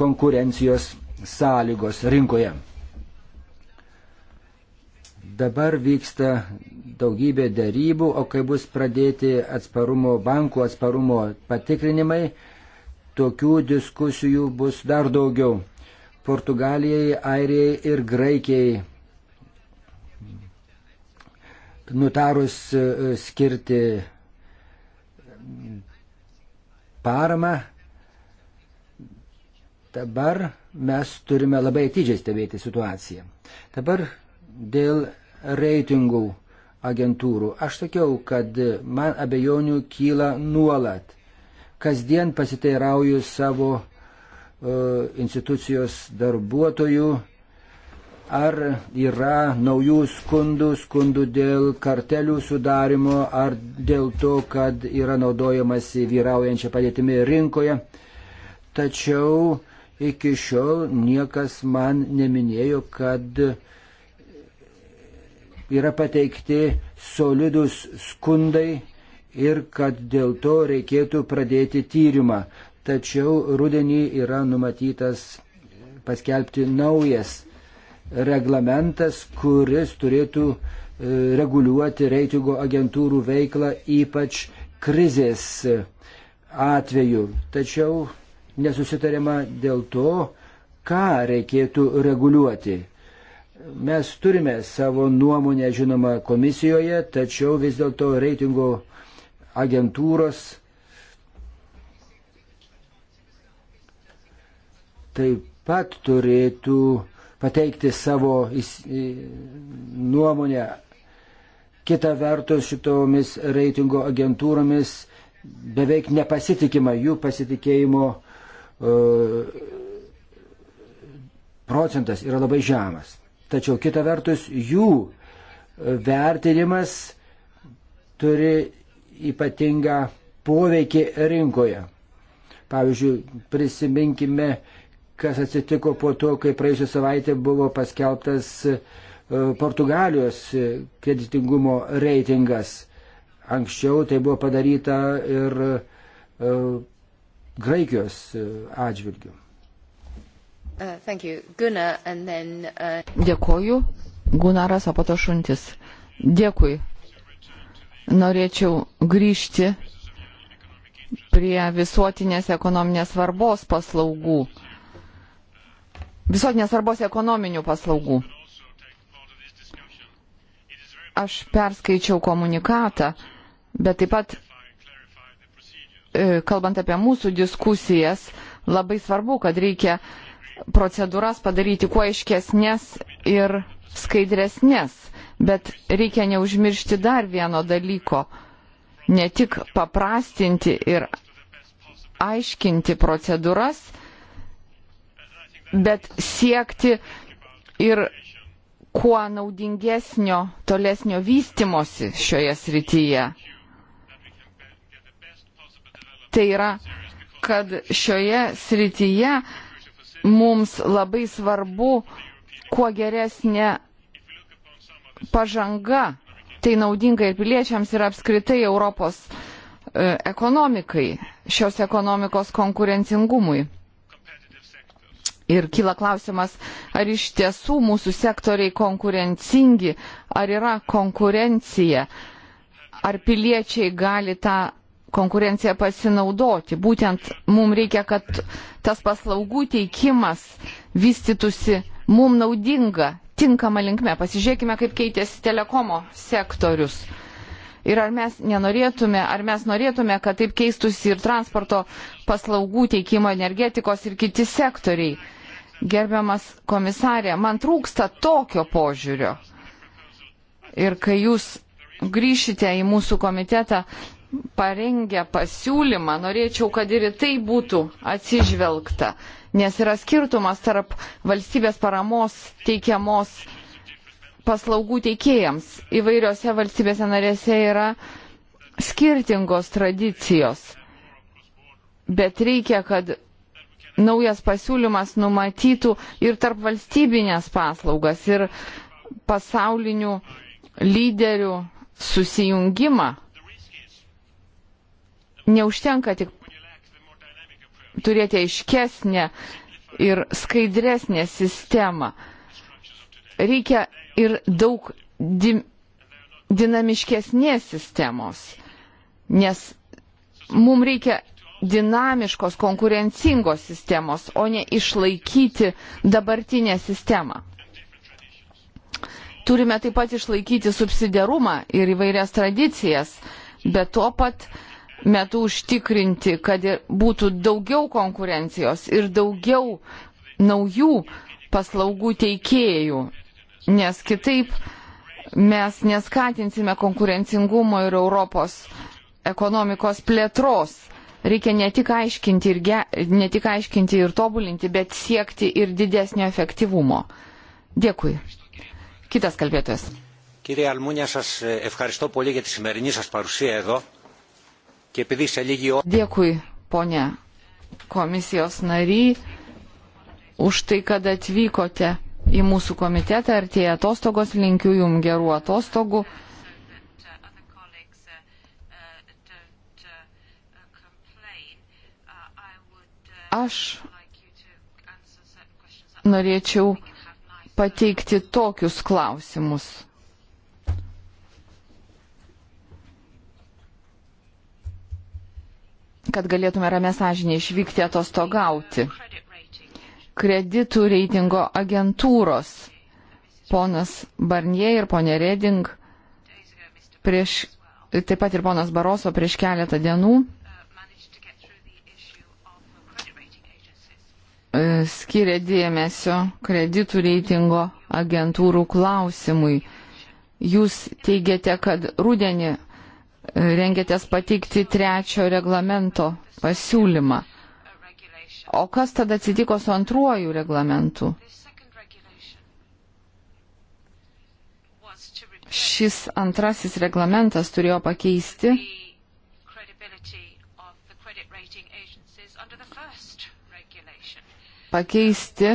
konkurencijos sąlygos rinkoje. Dabar vyksta daugybė darybų, o kai bus pradėti atsparumo, bankų atsparumo patikrinimai, tokių diskusijų bus dar daugiau. Portugalijai, Airijai ir Graikijai nutarus e, skirti paramą, dabar mes turime labai atidžiai stebėti situaciją. Dabar dėl reitingų agentūrų. Aš sakiau, kad man abejonių kyla nuolat. Kasdien pasiteirauju savo e, institucijos darbuotojų, ar yra naujų skundų, skundų dėl kartelių sudarimo, ar dėl to, kad yra naudojamasi vyraujančia padėtimi rinkoje. Tačiau iki šiol niekas man neminėjo, kad uh, yra pateikti solidus skundai ir kad dėl to reikėtų pradėti tyrimą. Tačiau rudenį yra numatytas paskelbti naujas reglamentas, kuris turėtų e, reguliuoti reitingo agentūrų veiklą, ypač krizės atveju. Tačiau nesusitarima dėl to, ką reikėtų reguliuoti. Mes turime savo nuomonę, žinoma, komisijoje, tačiau vis dėlto reitingų agentūros taip pat turėtų pateikti savo nuomonę. Kita vertus šitomis reitingo agentūromis beveik nepasitikima jų pasitikėjimo e, procentas yra labai žemas tačiau kita vertus jų vertinimas turi ypatingą poveikį rinkoje. Pavyzdžiui, prisiminkime, kas atsitiko po to, kai praėjusią savaitę buvo paskelbtas e, Portugalijos kreditingumo reitingas. Anksčiau tai buvo padaryta ir e, Graikijos e, atžvilgių. Uh, Guna, then, uh... Dėkoju. Gunaras, o pato šuntis. Dėkui. Norėčiau grįžti prie visuotinės ekonominės svarbos paslaugų. Visuotinės svarbos ekonominių paslaugų. Aš perskaičiau komunikatą, bet taip pat, e, kalbant apie mūsų diskusijas, labai svarbu, kad reikia uh, procedūras padaryti kuo aiškesnės ir skaidresnės. Bet reikia neužmiršti dar vieno dalyko. Ne tik paprastinti ir aiškinti procedūras, bet siekti ir kuo naudingesnio tolesnio vystimosi šioje srityje. Tai yra, kad šioje srityje mums labai svarbu, kuo geresnė pažanga, tai naudinga ir piliečiams, ir apskritai Europos e, ekonomikai, šios ekonomikos konkurencingumui. Ir kyla klausimas, ar iš tiesų mūsų sektoriai konkurencingi, ar yra konkurencija, ar piliečiai gali tą konkurenciją pasinaudoti. Būtent mums reikia, kad tas paslaugų teikimas vystytųsi mums naudinga, tinkama linkme. Pasižiūrėkime, kaip keitėsi telekomo sektorius. Ir ar mes nenorėtume, ar mes norėtume, kad taip keistųsi ir transporto paslaugų teikimo energetikos ir kiti sektoriai. Gerbiamas komisarė, man trūksta tokio požiūrio. Ir kai jūs grįšite į mūsų komitetą, parengę pasiūlymą, norėčiau, kad ir į tai būtų atsižvelgta, nes yra skirtumas tarp valstybės paramos teikiamos paslaugų teikėjams. Įvairiose valstybėse narėse yra skirtingos tradicijos, bet reikia, kad naujas pasiūlymas numatytų ir tarp valstybinės paslaugas, ir pasaulinių lyderių susijungimą neužtenka tik turėti aiškesnę ir skaidresnę sistemą. Reikia ir daug di dinamiškesnės sistemos, nes mums reikia dinamiškos, konkurencingos sistemos, o ne išlaikyti dabartinę sistemą. Turime taip pat išlaikyti subsidiarumą ir įvairias tradicijas, bet tuo pat uh, metu užtikrinti, kad būtų daugiau konkurencijos ir daugiau naujų paslaugų teikėjų, nes kitaip mes neskatinsime konkurencingumo ir Europos ekonomikos plėtros. Reikia ne tik aiškinti ir, ge, ne tik aiškinti ir tobulinti, bet siekti ir didesnio efektyvumo. Dėkui. Kitas kalbėtojas. Kyrie Almūnė, aš ευχαριστώ πολύ για τη σημερινή σας παρουσία εδώ. Dėkui, ponė komisijos nary, už tai, kad atvykote į mūsų komitetą ir tie atostogos linkiu jum gerų atostogų. Aš norėčiau pateikti tokius klausimus. kad galėtume ramę sąžinę išvykti atostogauti. Kreditų reitingo agentūros ponas Barnie ir ponė Reding prieš, taip pat ir ponas Baroso prieš keletą dienų e, skiria dėmesio kreditų reitingo agentūrų klausimui. Jūs teigiate, kad rūdienį rengėtės pateikti trečio reglamento pasiūlymą. O kas tada atsitiko su antruoju reglamentu? Šis antrasis reglamentas turėjo pakeisti pakeisti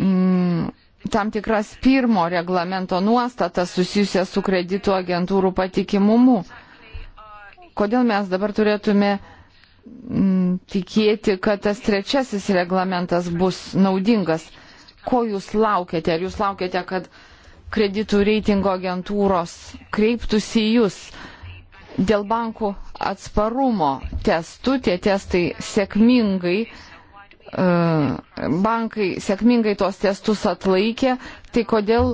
mm, tam tikras pirmo reglamento nuostatas susijusias su kreditų agentūrų patikimumu. Kodėl mes dabar turėtume m, mm, tikėti, kad tas trečiasis reglamentas bus naudingas? Ko jūs laukiate? Ar jūs laukiate, kad kreditų reitingo agentūros kreiptųsi į jūs? Dėl bankų atsparumo testų tie testai sėkmingai E, bankai sėkmingai tuos testus atlaikė, tai kodėl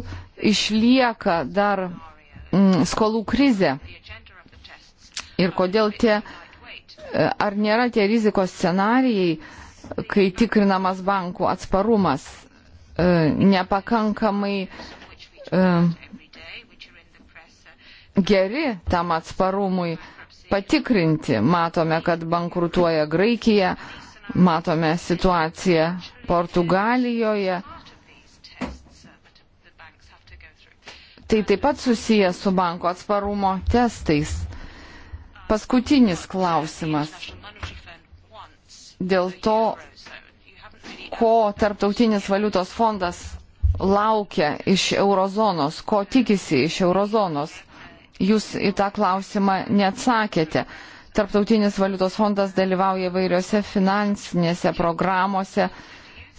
išlieka dar mm, skolų krizė ir kodėl tie, e, ar nėra tie rizikos scenarijai, kai tikrinamas bankų atsparumas e, nepakankamai geri tam atsparumui patikrinti. Matome, kad bankrutuoja Graikija, Matome situaciją Portugalijoje. Tai taip pat susiję su banko atsparumo testais. Paskutinis klausimas. Dėl to, ko Tarptautinis valiutos fondas laukia iš eurozonos, ko tikisi iš eurozonos. Jūs į tą klausimą neatsakėte. Tarptautinis valiutos fondas dalyvauja vairiose finansinėse programuose,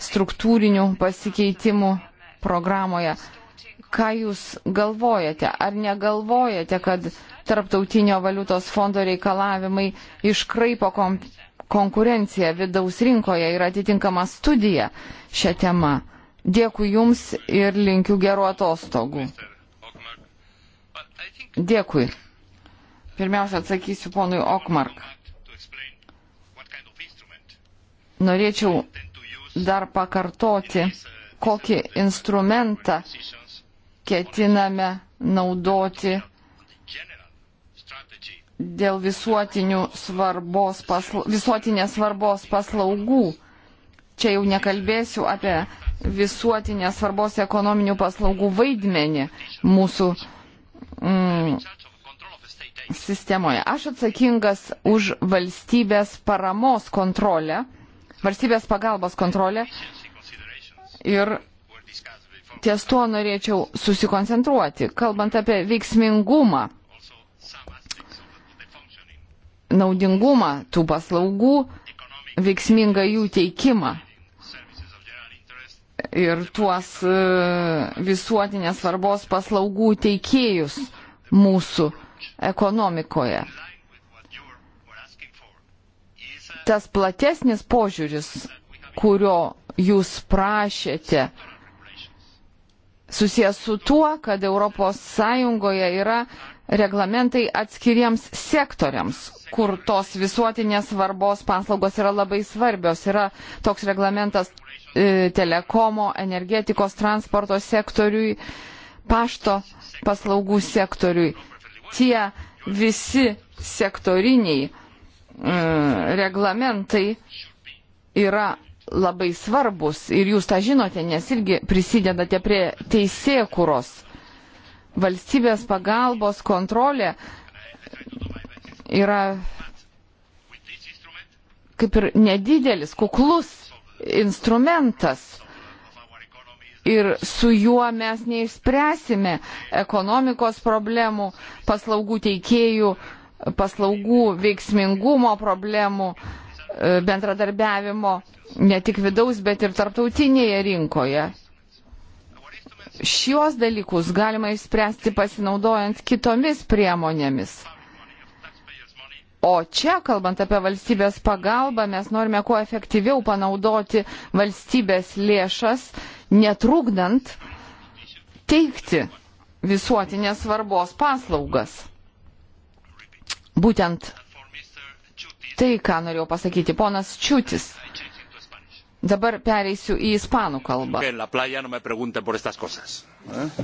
struktūrinių pasikeitimų programoje. Ką Jūs galvojate? Ar negalvojate, kad Tarptautinio valiutos fondo reikalavimai iškraipo kom konkurenciją vidaus rinkoje ir atitinkama studija šią temą? Dėkui Jums ir linkiu gerų atostogų. Dėkui. Pirmiausia, atsakysiu ponui Okmark. Norėčiau dar pakartoti, kokį instrumentą ketiname naudoti dėl svarbos pasla, visuotinės svarbos paslaugų. Čia jau nekalbėsiu apie visuotinės svarbos ekonominių paslaugų vaidmenį mūsų mm, sistemoje. Aš atsakingas už valstybės paramos kontrolę, valstybės pagalbos kontrolę ir ties tuo norėčiau susikoncentruoti, kalbant apie veiksmingumą, naudingumą tų paslaugų, veiksmingą jų teikimą ir tuos e, visuotinės svarbos paslaugų teikėjus mūsų ekonomikoje. Tas platesnis požiūris, kurio jūs prašėte, susijęs su tuo, kad ES yra reglamentai atskiriems sektoriams, kur tos visuotinės svarbos paslaugos yra labai svarbios. Yra toks reglamentas e, telekomo, energetikos, transporto sektoriui, pašto paslaugų sektoriui tie visi sektoriniai mm, reglamentai yra labai svarbus ir jūs tą žinote, nes irgi prisidedate prie teisėkuros. Valstybės pagalbos kontrolė yra kaip ir nedidelis, kuklus instrumentas, ir su juo mes neišspręsime ekonomikos problemų, paslaugų teikėjų, paslaugų veiksmingumo problemų, e, bendradarbiavimo ne tik vidaus, bet ir tarptautinėje rinkoje. Šios dalykus galima išspręsti pasinaudojant kitomis priemonėmis. O čia, kalbant apie valstybės pagalbą, mes norime kuo efektyviau panaudoti valstybės lėšas netrukdant teikti visuotinės svarbos paslaugas. Būtent tai, ką norėjau pasakyti, ponas Čiūtis. Dabar pereisiu į ispanų kalbą. Eh?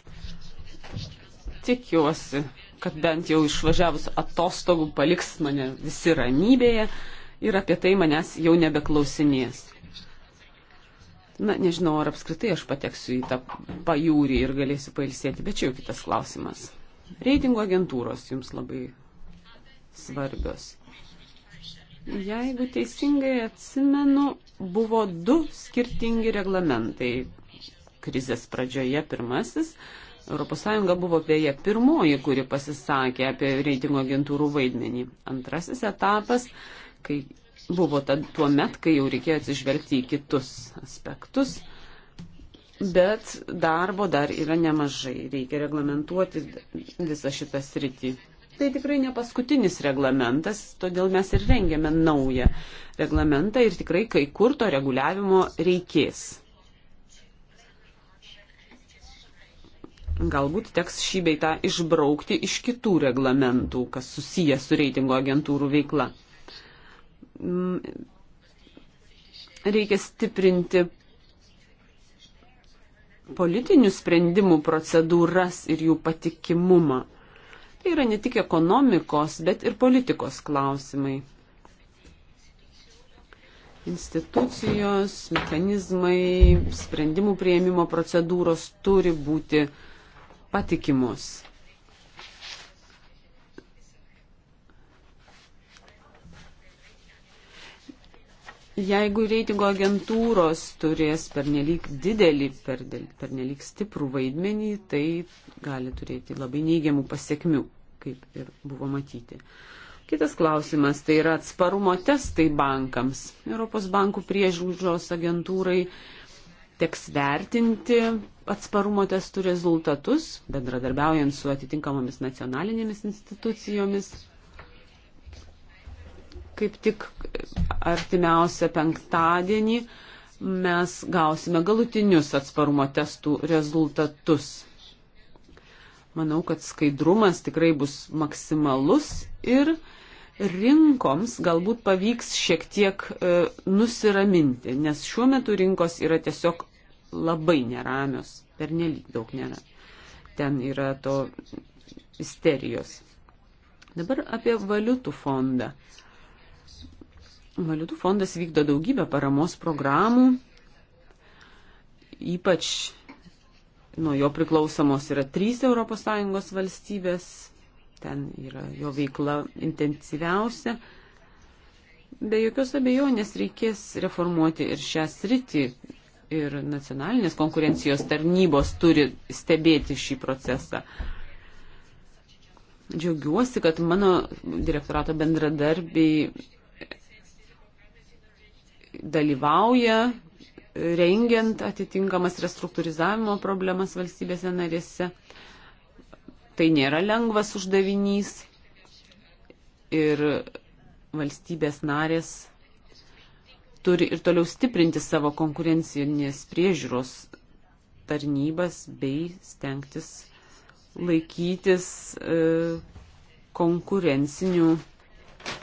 Tikiuosi, kad bent jau išvažiavus atostogų paliks mane visi ramybėje ir apie tai manęs jau nebeklausinės. Na, nežinau, ar apskritai aš pateksiu į tą pajūrį ir galėsiu pailsėti, bet čia jau kitas klausimas. Reitingo agentūros jums labai svarbios. Jeigu teisingai atsimenu, buvo du skirtingi reglamentai. Krizės pradžioje pirmasis. ES buvo beje pirmoji, kuri pasisakė apie reitingo agentūrų vaidmenį. Antrasis etapas, kai buvo tad tuo met, kai jau reikėjo atsižvelgti į kitus aspektus. Bet darbo dar yra nemažai. Reikia reglamentuoti visą šitą sritį. Tai tikrai ne paskutinis reglamentas, todėl mes ir rengėme naują reglamentą ir tikrai kai kur to reguliavimo reikės. galbūt teks šį beitą išbraukti iš kitų reglamentų, kas susijęs su reitingo agentūrų veikla. Mm, reikia stiprinti politinių sprendimų procedūras ir jų patikimumą. Tai yra ne tik ekonomikos, bet ir politikos klausimai. Institucijos, mechanizmai, sprendimų prieimimo procedūros turi būti patikimos. Jeigu reitingo agentūros turės pernelyg didelį, pernelyg stiprų vaidmenį, tai gali turėti labai neigiamų pasiekmių, kaip ir buvo matyti. Kitas klausimas tai yra atsparumo testai bankams. Europos bankų priežiūros agentūrai teks vertinti atsparumo testų rezultatus, bendradarbiaujant su atitinkamomis nacionalinėmis institucijomis kaip tik artimiausią penktadienį mes gausime galutinius atsparumo testų rezultatus. Manau, kad skaidrumas tikrai bus maksimalus ir rinkoms galbūt pavyks šiek tiek e, nusiraminti, nes šiuo metu rinkos yra tiesiog labai neramios, per nelik daug nėra. Ten yra to isterijos. Dabar apie valiutų fondą. E, Valiutų fondas vykdo daugybę paramos programų, ypač nuo jo priklausomos yra trys ES valstybės, ten yra jo veikla intensyviausia. Be jokios abejonės reikės reformuoti ir šią sritį, ir nacionalinės konkurencijos tarnybos turi stebėti šį procesą. Džiaugiuosi, kad mano direktorato bendradarbiai dalyvauja rengiant atitinkamas restruktūrizavimo problemas valstybėse narėse. Tai nėra lengvas uždavinys ir valstybės narės turi ir toliau stiprinti savo konkurencinės priežiūros tarnybas bei stengtis laikytis e, konkurencinių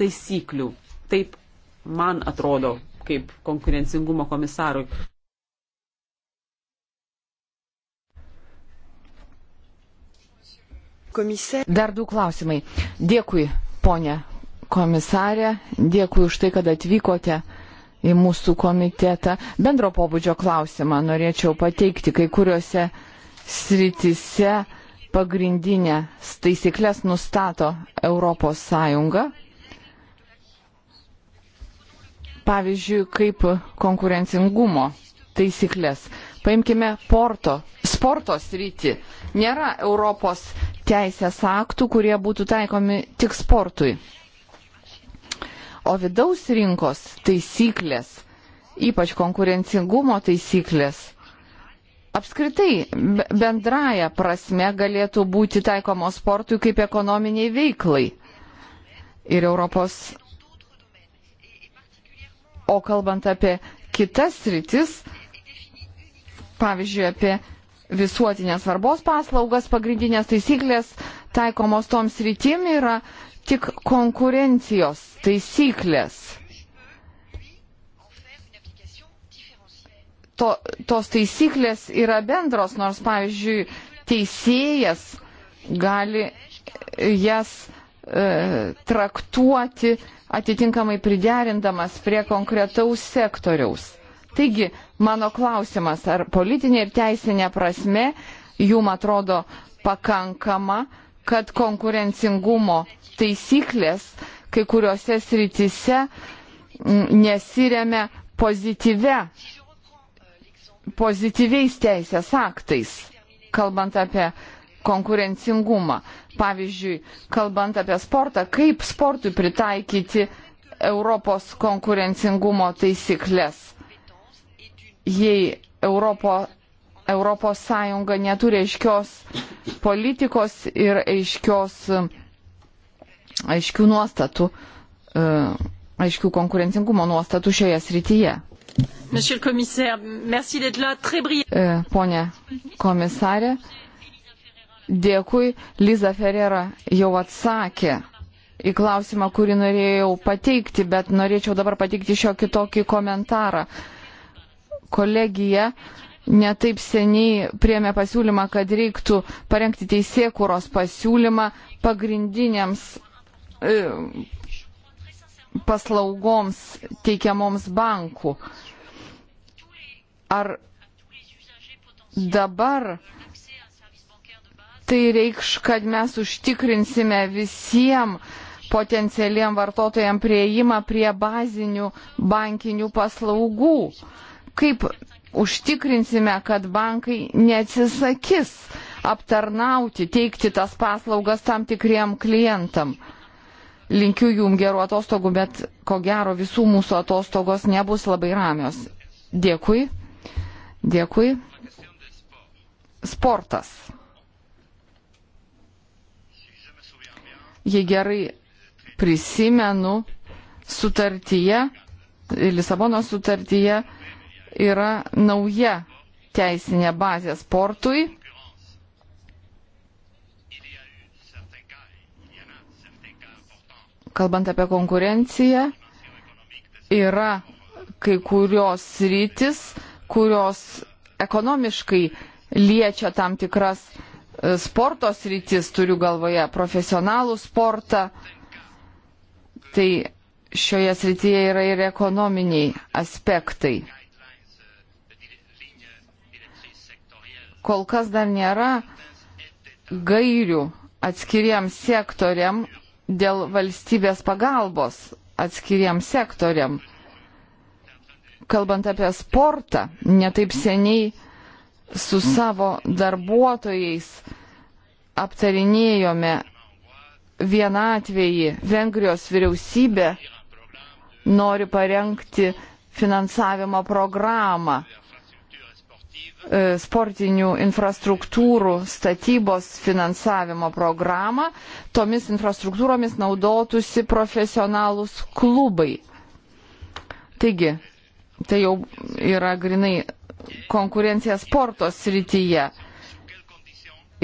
taisyklių. Taip man atrodo, kaip konkurencingumo komisarui. Dar du klausimai. Dėkui, ponė komisarė, dėkui už tai, kad atvykote į mūsų komitetą. Bendro pobūdžio klausimą norėčiau pateikti kai kuriuose sritise pagrindinės taisyklės nustato Europos Sąjunga, pavyzdžiui, kaip konkurencingumo taisyklės. Paimkime porto, sporto sritį. Nėra Europos teisės aktų, kurie būtų taikomi tik sportui. O vidaus rinkos taisyklės, ypač konkurencingumo taisyklės, apskritai bendraja prasme galėtų būti taikomos sportui kaip ekonominiai veiklai. Ir Europos O kalbant apie kitas rytis, pavyzdžiui, apie visuotinės svarbos paslaugas, pagrindinės taisyklės taikomos toms rytim yra tik konkurencijos taisyklės. To, tos taisyklės yra bendros, nors, pavyzdžiui, teisėjas gali jas e, traktuoti e, atitinkamai priderindamas prie konkretaus sektoriaus. Taigi, mano klausimas, ar politinė ir teisinė prasme jum atrodo pakankama, kad konkurencingumo taisyklės kai kuriuose srityse nesiremia pozityve, pozityviais teisės aktais, kalbant apie konkurencingumą. Pavyzdžiui, kalbant apie sportą, kaip sportui pritaikyti Europos konkurencingumo taisyklės, jei Europo, Europos Sąjunga neturi aiškios politikos ir aiškios, aiškių nuostatų, e, aiškių konkurencingumo nuostatų šioje srityje. Monsieur le commissaire, merci d'être là, très brillant. E, Pone komisarė, Dėkui, Liza Ferrera jau atsakė į klausimą, kurį norėjau pateikti, bet norėčiau dabar pateikti šio kitokį komentarą. Kolegija netaip seniai priemė pasiūlymą, kad reiktų parengti teisėkuros pasiūlymą pagrindiniams e, paslaugoms teikiamoms bankų. Ar dabar tai reikš, kad mes užtikrinsime visiems potencialiem vartotojam prieimą prie bazinių bankinių paslaugų. Kaip užtikrinsime, kad bankai neatsisakys aptarnauti, teikti tas paslaugas tam tikriem klientam. Linkiu jum gerų atostogų, bet ko gero visų mūsų atostogos nebus labai ramios. Dėkui. Dėkui. Sportas. jei gerai prisimenu, sutartyje, Lisabono sutartyje yra nauja teisinė bazė sportui. Kalbant apie konkurenciją, yra kai kurios rytis, kurios ekonomiškai liečia tam tikras uh, sporto sritis, turiu galvoje profesionalų sportą. Tai šioje srityje yra ir ekonominiai aspektai. Kol kas dar nėra gairių atskiriem sektoriam dėl valstybės pagalbos atskiriem sektoriam. Kalbant apie sportą, netaip seniai su savo darbuotojais aptarinėjome vieną atvejį. Vengrijos vyriausybė nori parengti finansavimo programą e, sportinių infrastruktūrų statybos finansavimo programą. Tomis infrastruktūromis naudotųsi profesionalūs klubai. Taigi, tai jau yra grinai konkurenciją sporto srityje.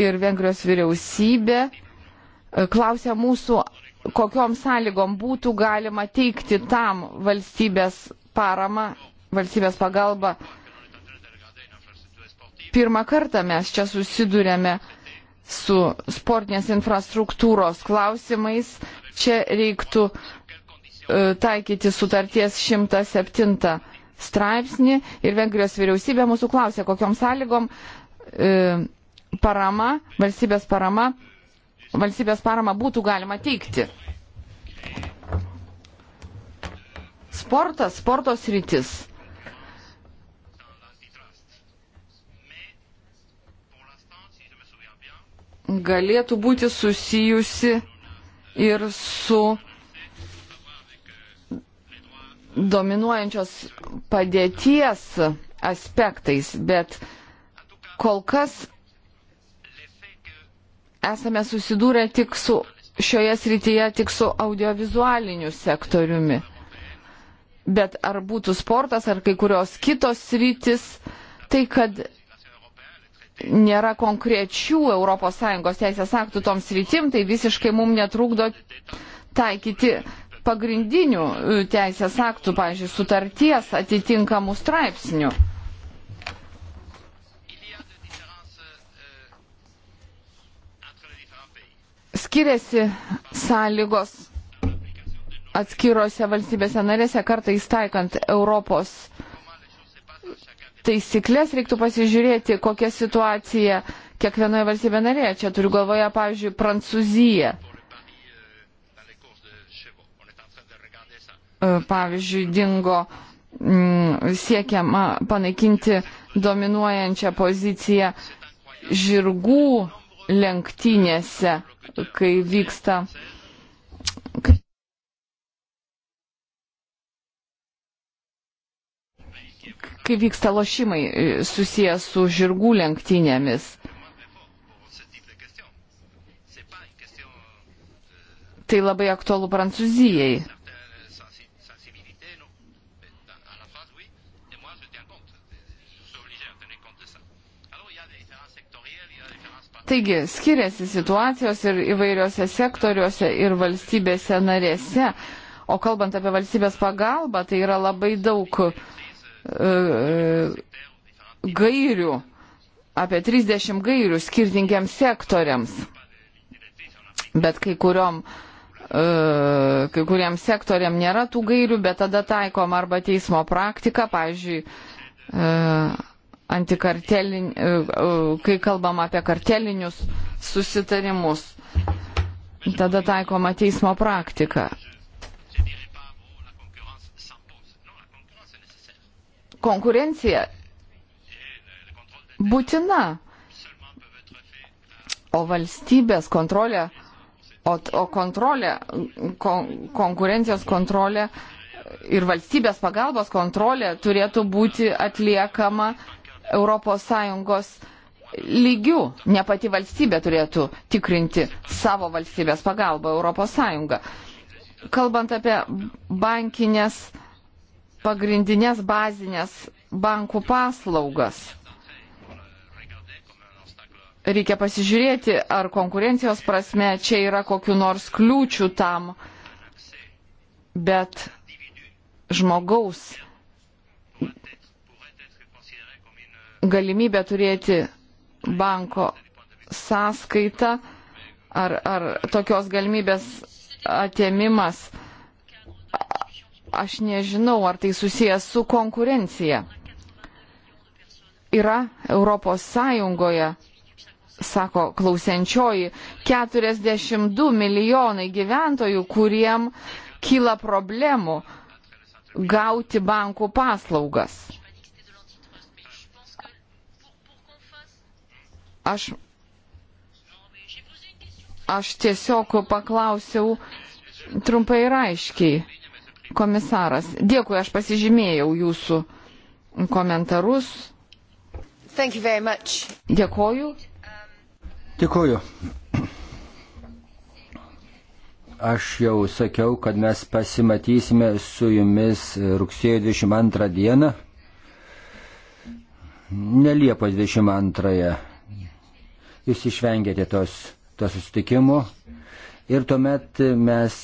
Ir Vengrijos vyriausybė e, klausia mūsų, kokiom sąlygom būtų galima teikti tam valstybės paramą, valstybės pagalbą. Pirmą kartą mes čia susidurėme su sportinės infrastruktūros klausimais. Čia reiktų e, taikyti sutarties 107 straipsnį ir Vengrijos vyriausybė mūsų klausė, kokiom sąlygom e, parama, valstybės parama, valstybės parama būtų galima teikti. Sportas, sportos rytis. galėtų būti susijusi ir su dominuojančios padėties aspektais, bet kol kas esame susidūrę tik su šioje srityje tik su audiovizualiniu sektoriumi. Bet ar būtų sportas, ar kai kurios kitos sritis, tai kad nėra konkrečių ES teisės aktų tom sritim, tai visiškai mums netrukdo taikyti pagrindinių e, teisės aktų, pavyzdžiui, sutarties atitinkamų straipsnių. Skiriasi sąlygos atskirose valstybėse narėse, kartais taikant Europos taisyklės, reiktų pasižiūrėti, kokia situacija kiekvienoje valstybėje narėje. Čia turiu galvoje, pavyzdžiui, Prancūziją. E, pavyzdžiui, dingo mm, siekiama panaikinti dominuojančią poziciją žirgų lenktynėse, kai vyksta. Kai vyksta lošimai e, susijęs su žirgų lenktynėmis. Tai labai aktualu Prancūzijai. Taigi, skiriasi situacijos ir įvairiuose sektoriuose ir valstybėse narėse. O kalbant apie valstybės pagalbą, tai yra labai daug e, gairių, apie 30 gairių skirtingiams sektoriams. Bet kai, kuriom, e, kai kuriem sektoriam nėra tų gairių, bet tada taikom arba teismo praktika, pavyzdžiui, e, antikartelin, e, e, kai kalbam apie kartelinius susitarimus, tada taikoma teismo praktika. Konkurencija būtina, o valstybės kontrolė, o, o kontrolė, kon, konkurencijos kontrolė ir valstybės pagalbos kontrolė turėtų būti atliekama ES lygių. Ne pati valstybė turėtų tikrinti savo valstybės pagalbą ES. Kalbant apie bankinės pagrindinės bazinės bankų paslaugas. Reikia pasižiūrėti, ar konkurencijos prasme čia yra kokiu nors kliūčių tam, bet žmogaus galimybė turėti banko sąskaitą ar, ar tokios galimybės atėmimas, aš nežinau, ar tai susijęs su konkurencija. Yra Europos Sąjungoje, sako klausiančioji, 42 milijonai gyventojų, kuriem kyla problemų gauti bankų paslaugas. Aš, aš tiesiog paklausiau trumpai ir aiškiai, komisaras. Dėkui, aš pasižymėjau jūsų komentarus. Dėkoju. Dėkoju. Aš jau sakiau, kad mes pasimatysime su jumis rugsėjo 22 dieną, ne Liepos 22. -ąją jūs išvengėte tos, to susitikimo. Ir tuomet mes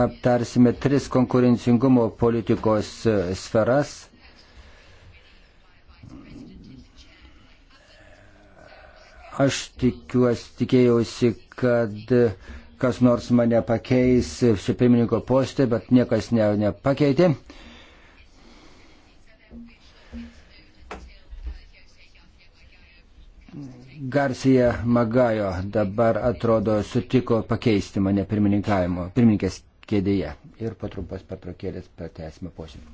aptarsime tris konkurencingumo politikos e, sferas. Aš tikiuosi, tikėjausi, kad kas nors mane pakeis su e, pirmininko postė, bet niekas ne, nepakeitė. Garcija Magajo dabar atrodo sutiko pakeisti mane pirmininkės kėdėje ir po trumpos pertraukėlės pratęsime posėdį.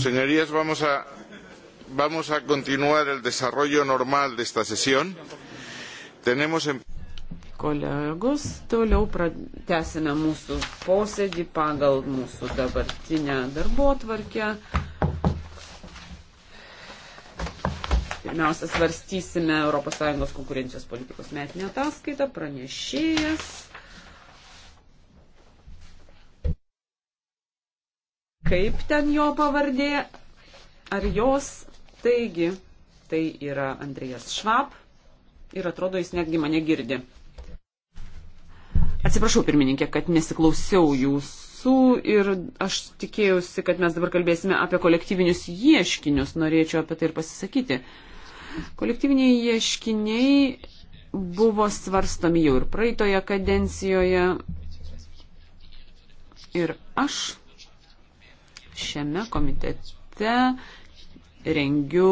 Señorías, vamos a, vamos a continuar el desarrollo normal de esta sesión. Tenemos en... Kolegos, toliau tęsime mūsų posėdį pagal mūsų dabartinę darbo tvarkę. Pirmiausia, svarstysime ES konkurencijos politikos metinę ataskaitą, pranešėjas. kaip ten jo pavardė, ar jos. Taigi, tai yra Andrėjas Švab ir atrodo, jis netgi mane girdi. Atsiprašau, pirmininkė, kad nesiklausiau jūsų ir aš tikėjausi, kad mes dabar kalbėsime apie kolektyvinius ieškinius, norėčiau apie tai ir pasisakyti. Kolektyviniai ieškiniai buvo svarstomi jau ir praeitoje kadencijoje. Ir aš šiame komitete rengiu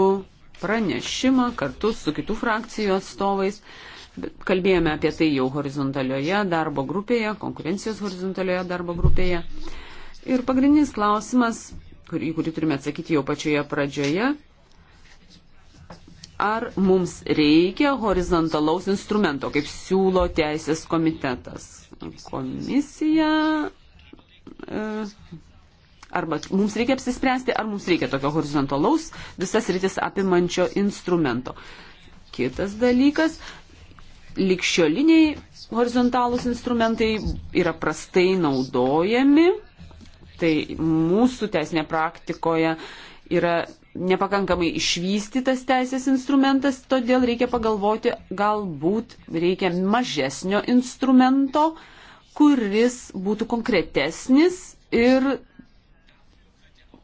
pranešimą kartu su kitų frakcijų atstovais. Kalbėjome apie tai jau horizontalioje darbo grupėje, konkurencijos horizontalioje darbo grupėje. Ir pagrindinis klausimas, kurį, kurį turime atsakyti jau pačioje pradžioje, ar mums reikia horizontalaus instrumento, kaip siūlo teisės komitetas. Komisija e, Arba mums reikia apsispręsti, ar mums reikia tokio horizontalaus visas rytis apimančio instrumento. Kitas dalykas, likščioliniai horizontalūs instrumentai yra prastai naudojami. Tai mūsų teisinė praktikoje yra nepakankamai išvystytas teisės instrumentas, todėl reikia pagalvoti, galbūt reikia mažesnio instrumento, kuris būtų konkretesnis ir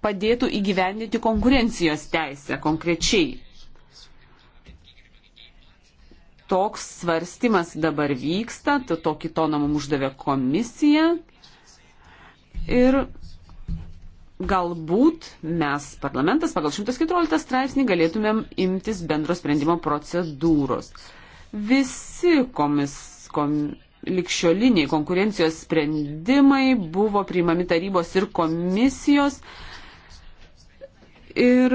padėtų įgyvendinti konkurencijos teisę konkrečiai. Toks svarstymas dabar vyksta, to tokį toną mums uždavė komisija ir galbūt mes, parlamentas, pagal 114 straipsnį galėtumėm imtis bendro sprendimo procedūros. Visi komis, kom, likščioliniai konkurencijos sprendimai buvo priimami tarybos ir komisijos ir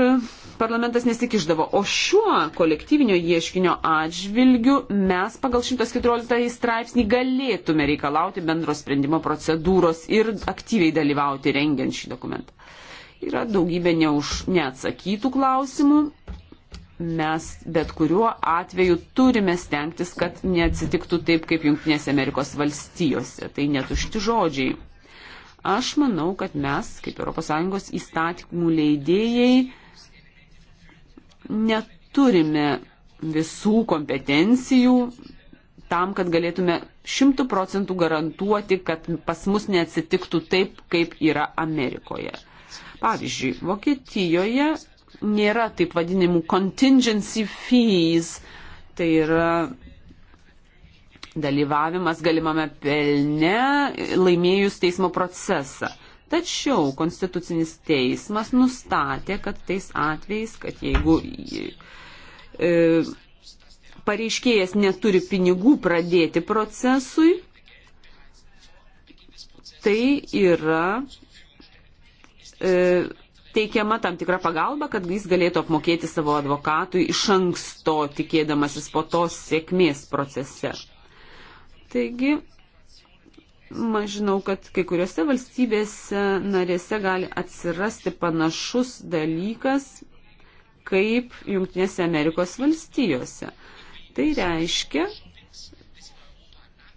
parlamentas nesikiždavo. O šiuo kolektyvinio ieškinio atžvilgiu mes pagal 114 straipsnį galėtume reikalauti bendro sprendimo procedūros ir aktyviai dalyvauti rengiant šį dokumentą. Yra daugybė neuž, neatsakytų klausimų. Mes bet kuriuo atveju turime stengtis, kad neatsitiktų taip, kaip Junktinėse Amerikos valstijose. Tai netušti žodžiai. Aš manau, kad mes, kaip ES įstatymų leidėjai, neturime visų kompetencijų tam, kad galėtume šimtų procentų garantuoti, kad pas mus neatsitiktų taip, kaip yra Amerikoje. Pavyzdžiui, Vokietijoje nėra taip vadinimų contingency fees, tai yra dalyvavimas galimame pelne laimėjus teismo procesą. Tačiau Konstitucinis teismas nustatė, kad tais atvejais, kad jeigu e, pareiškėjas neturi pinigų pradėti procesui, tai yra e, teikiama tam tikra pagalba, kad jis galėtų apmokėti savo advokatui iš anksto, tikėdamasis po tos sėkmės procese. Taigi, mažinau, kad kai kuriuose valstybėse narėse gali atsirasti panašus dalykas kaip Junktinėse Amerikos valstijose. Tai reiškia,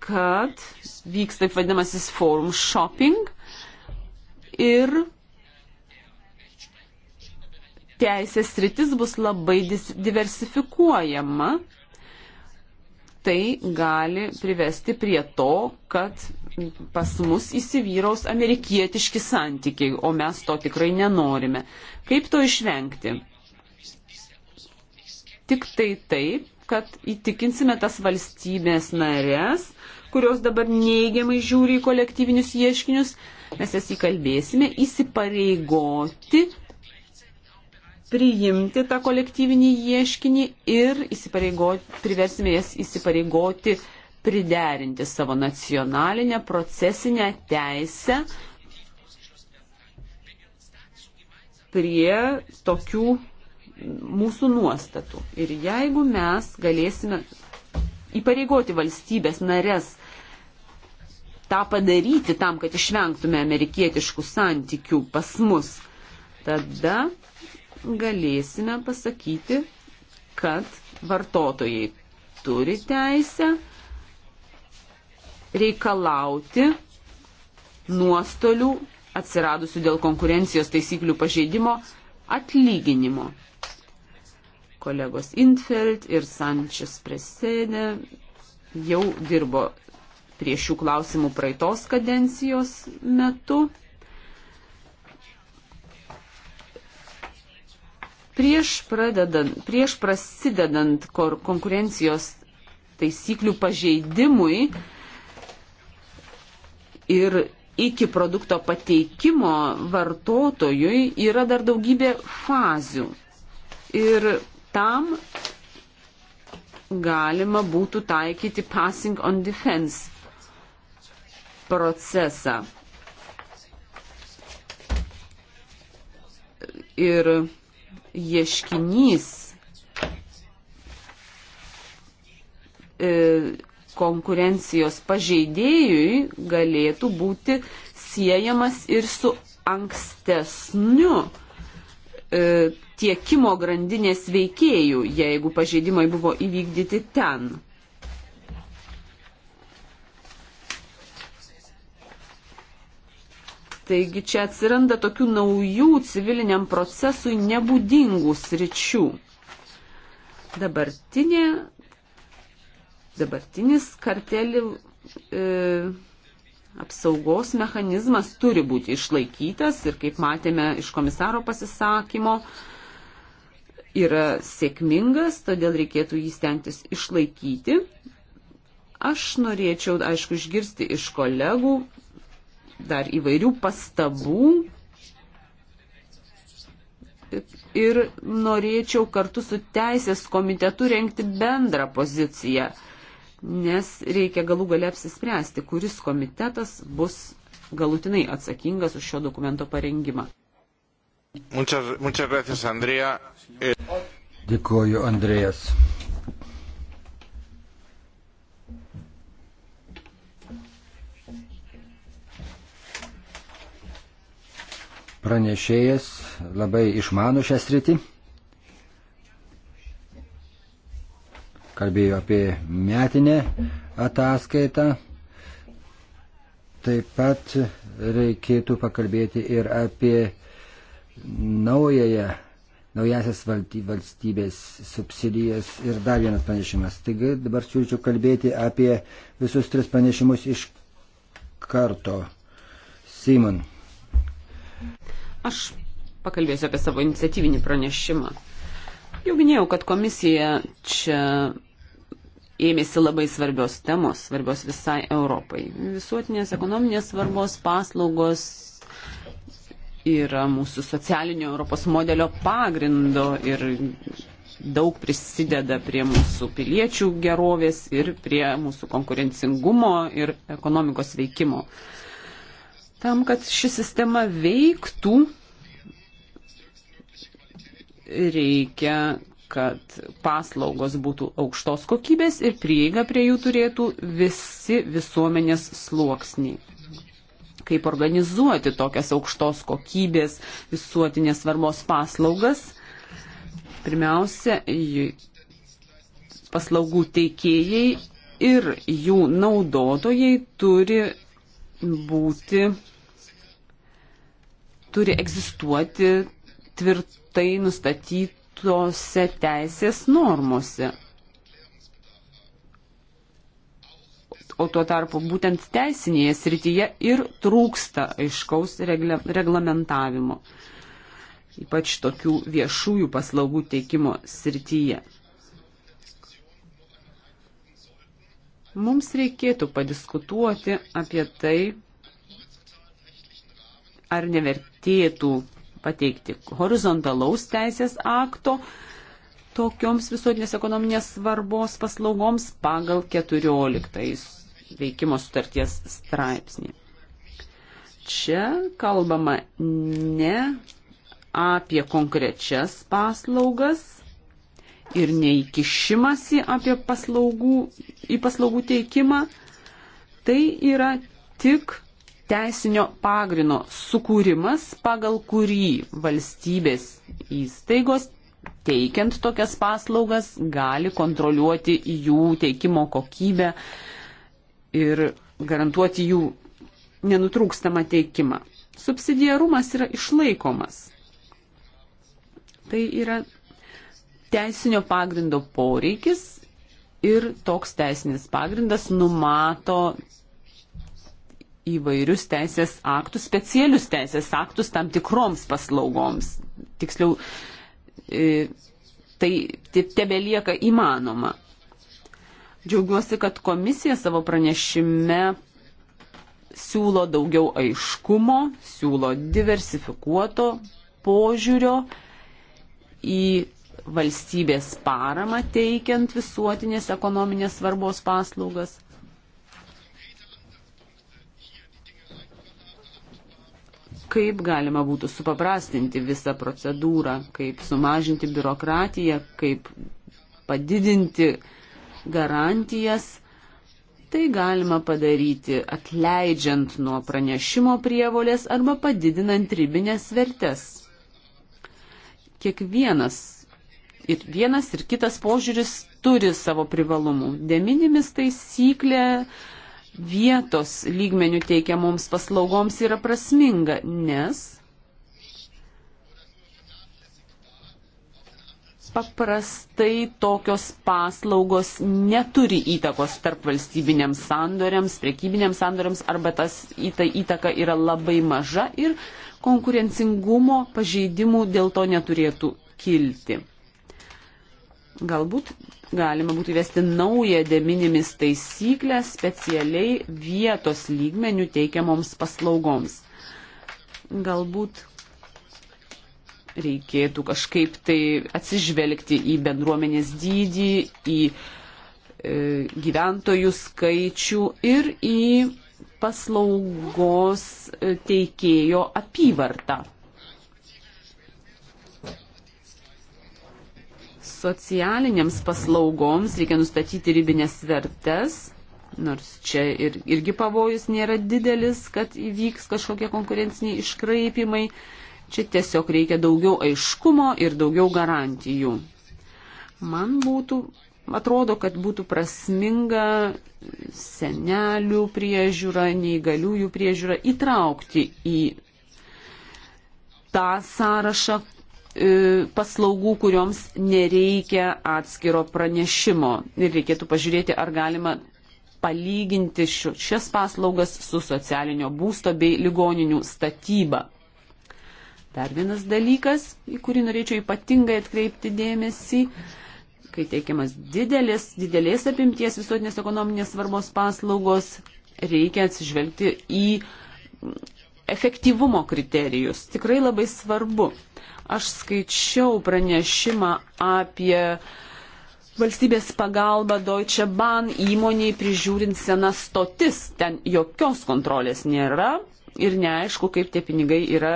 kad vyks taip vadinamasis forum shopping ir teisės rytis bus labai diversifikuojama tai gali privesti prie to, kad pas mus įsivyraus amerikietiški santykiai, o mes to tikrai nenorime. Kaip to išvengti? Tik tai taip, kad įtikinsime tas valstybės narės, kurios dabar neigiamai žiūri į kolektyvinius ieškinius, mes jas įkalbėsime įsipareigoti priimti tą kolektyvinį ieškinį ir priversime jas įsipareigoti priderinti savo nacionalinę procesinę teisę prie tokių mūsų nuostatų. Ir jeigu mes galėsime įpareigoti valstybės narės tą padaryti tam, kad išvengtume amerikietiškų santykių pas mus, tada galėsime pasakyti, kad vartotojai turi teisę reikalauti nuostolių atsiradusių dėl konkurencijos taisyklių pažeidimo atlyginimo. Kolegos Intfeld ir Sančias Presedė jau dirbo prie šių klausimų praeitos kadencijos metu. Prieš, pradedant, prieš prasidedant konkurencijos taisyklių pažeidimui ir iki produkto pateikimo vartotojui yra dar daugybė fazių. Ir tam galima būtų taikyti passing on defense procesą. Ir ieškinys e, konkurencijos pažeidėjui galėtų būti siejamas ir su ankstesniu e, tiekimo grandinės veikėjų, jeigu pažeidimai buvo įvykdyti ten. Taigi čia atsiranda tokių naujų civiliniam procesui nebūdingų sričių. Dabartinė, dabartinis kartelį e, apsaugos mechanizmas turi būti išlaikytas ir kaip matėme iš komisaro pasisakymo, yra sėkmingas, todėl reikėtų jį stengtis išlaikyti. Aš norėčiau, aišku, išgirsti iš kolegų dar įvairių pastabų. Ir norėčiau kartu su Teisės komitetu renkti bendrą poziciją, nes reikia galų gale apsispręsti, kuris komitetas bus galutinai atsakingas už šio dokumento parengimą. Muchas, muchas gracias, Andrija. Eh, Dėkuoju, Andrėjas. pranešėjas labai išmano šią sritį. Kalbėjo apie metinę ataskaitą. Taip pat reikėtų pakalbėti ir apie naująją, naujasias valstybės subsidijas ir dar vienas pranešimas. Taigi dabar siūlyčiau kalbėti apie visus tris pranešimus iš karto. Simon. Aš pakalbėsiu apie savo iniciatyvinį pranešimą. Jau minėjau, kad komisija čia ėmėsi labai svarbios temos, svarbios visai Europai. Visuotinės ekonominės svarbos paslaugos yra mūsų socialinio Europos modelio pagrindo ir daug prisideda prie mūsų piliečių gerovės ir prie mūsų konkurencingumo ir ekonomikos veikimo. Uh, Tam, kad ši sistema veiktų, reikia, kad paslaugos būtų aukštos kokybės ir prieiga prie jų turėtų visi visuomenės sluoksniai. Kaip organizuoti tokias aukštos kokybės visuotinės svarbos paslaugas? Pirmiausia, paslaugų teikėjai ir jų naudotojai turi būti turi egzistuoti tvirtai nustatytose teisės normose. O tuo tarpu būtent teisinėje srityje ir trūksta aiškaus regla, reglamentavimo, ypač tokių viešųjų paslaugų teikimo srityje. Mums reikėtų padiskutuoti apie tai, ar nevertėtų reikėtų pateikti horizontalaus teisės akto tokioms visuotinės ekonominės svarbos paslaugoms pagal 14 veikimo sutarties straipsnį. Čia kalbama ne apie konkrečias paslaugas ir neįkišimasi apie paslaugų, į paslaugų teikimą, tai yra tik teisinio pagrino sukūrimas, pagal kurį valstybės įstaigos teikiant tokias paslaugas gali kontroliuoti jų teikimo kokybę ir garantuoti jų nenutrūkstamą teikimą. Subsidiarumas yra išlaikomas. Tai yra teisinio pagrindo poreikis ir toks teisinis pagrindas numato įvairius teisės aktus, specialius teisės aktus tam tikroms paslaugoms. Tiksliau, e, tai tebelieka įmanoma. Džiaugiuosi, kad komisija savo pranešime siūlo daugiau aiškumo, siūlo diversifikuoto požiūrio į valstybės paramą teikiant visuotinės ekonominės svarbos paslaugas. kaip galima būtų supaprastinti visą procedūrą, kaip sumažinti biurokratiją, kaip padidinti garantijas. Tai galima padaryti atleidžiant nuo pranešimo prievolės arba padidinant ribinės vertes. Kiekvienas ir vienas ir kitas požiūris turi savo privalumų. Deminimis taisyklė uh, vietos lygmenių teikiamoms paslaugoms yra prasminga, nes paprastai tokios paslaugos neturi įtakos tarp valstybiniams sandoriams, priekybiniams sandoriams arba tas įtaka yra labai maža ir konkurencingumo pažeidimų dėl to neturėtų kilti. Galbūt galima būtų įvesti naują deminimis taisyklę specialiai vietos lygmenių teikiamoms paslaugoms. Galbūt reikėtų kažkaip tai atsižvelgti į bendruomenės dydį, į e, gyventojų skaičių ir į paslaugos e, teikėjo apyvartą. socialinėms paslaugoms reikia nustatyti ribinės vertes, nors čia ir, irgi pavojus nėra didelis, kad įvyks kažkokie konkurenciniai iškraipimai. Čia tiesiog reikia daugiau aiškumo ir daugiau garantijų. Man būtų, atrodo, kad būtų prasminga senelių priežiūrą, neįgaliųjų priežiūrą įtraukti į tą sąrašą, E, paslaugų, kurioms nereikia atskiro pranešimo. Ir reikėtų pažiūrėti, ar galima palyginti šias paslaugas su socialinio būsto bei ligoninių statyba. Dar vienas dalykas, į kurį norėčiau ypatingai atkreipti dėmesį, kai teikiamas didelės, didelės apimties visuotinės ekonominės svarbos paslaugos, reikia atsižvelgti į efektyvumo kriterijus. Tikrai labai svarbu. Aš skaičiau pranešimą apie valstybės pagalbą Deutsche Bahn įmoniai prižiūrint senas stotis. Ten jokios kontrolės nėra ir neaišku, kaip tie pinigai yra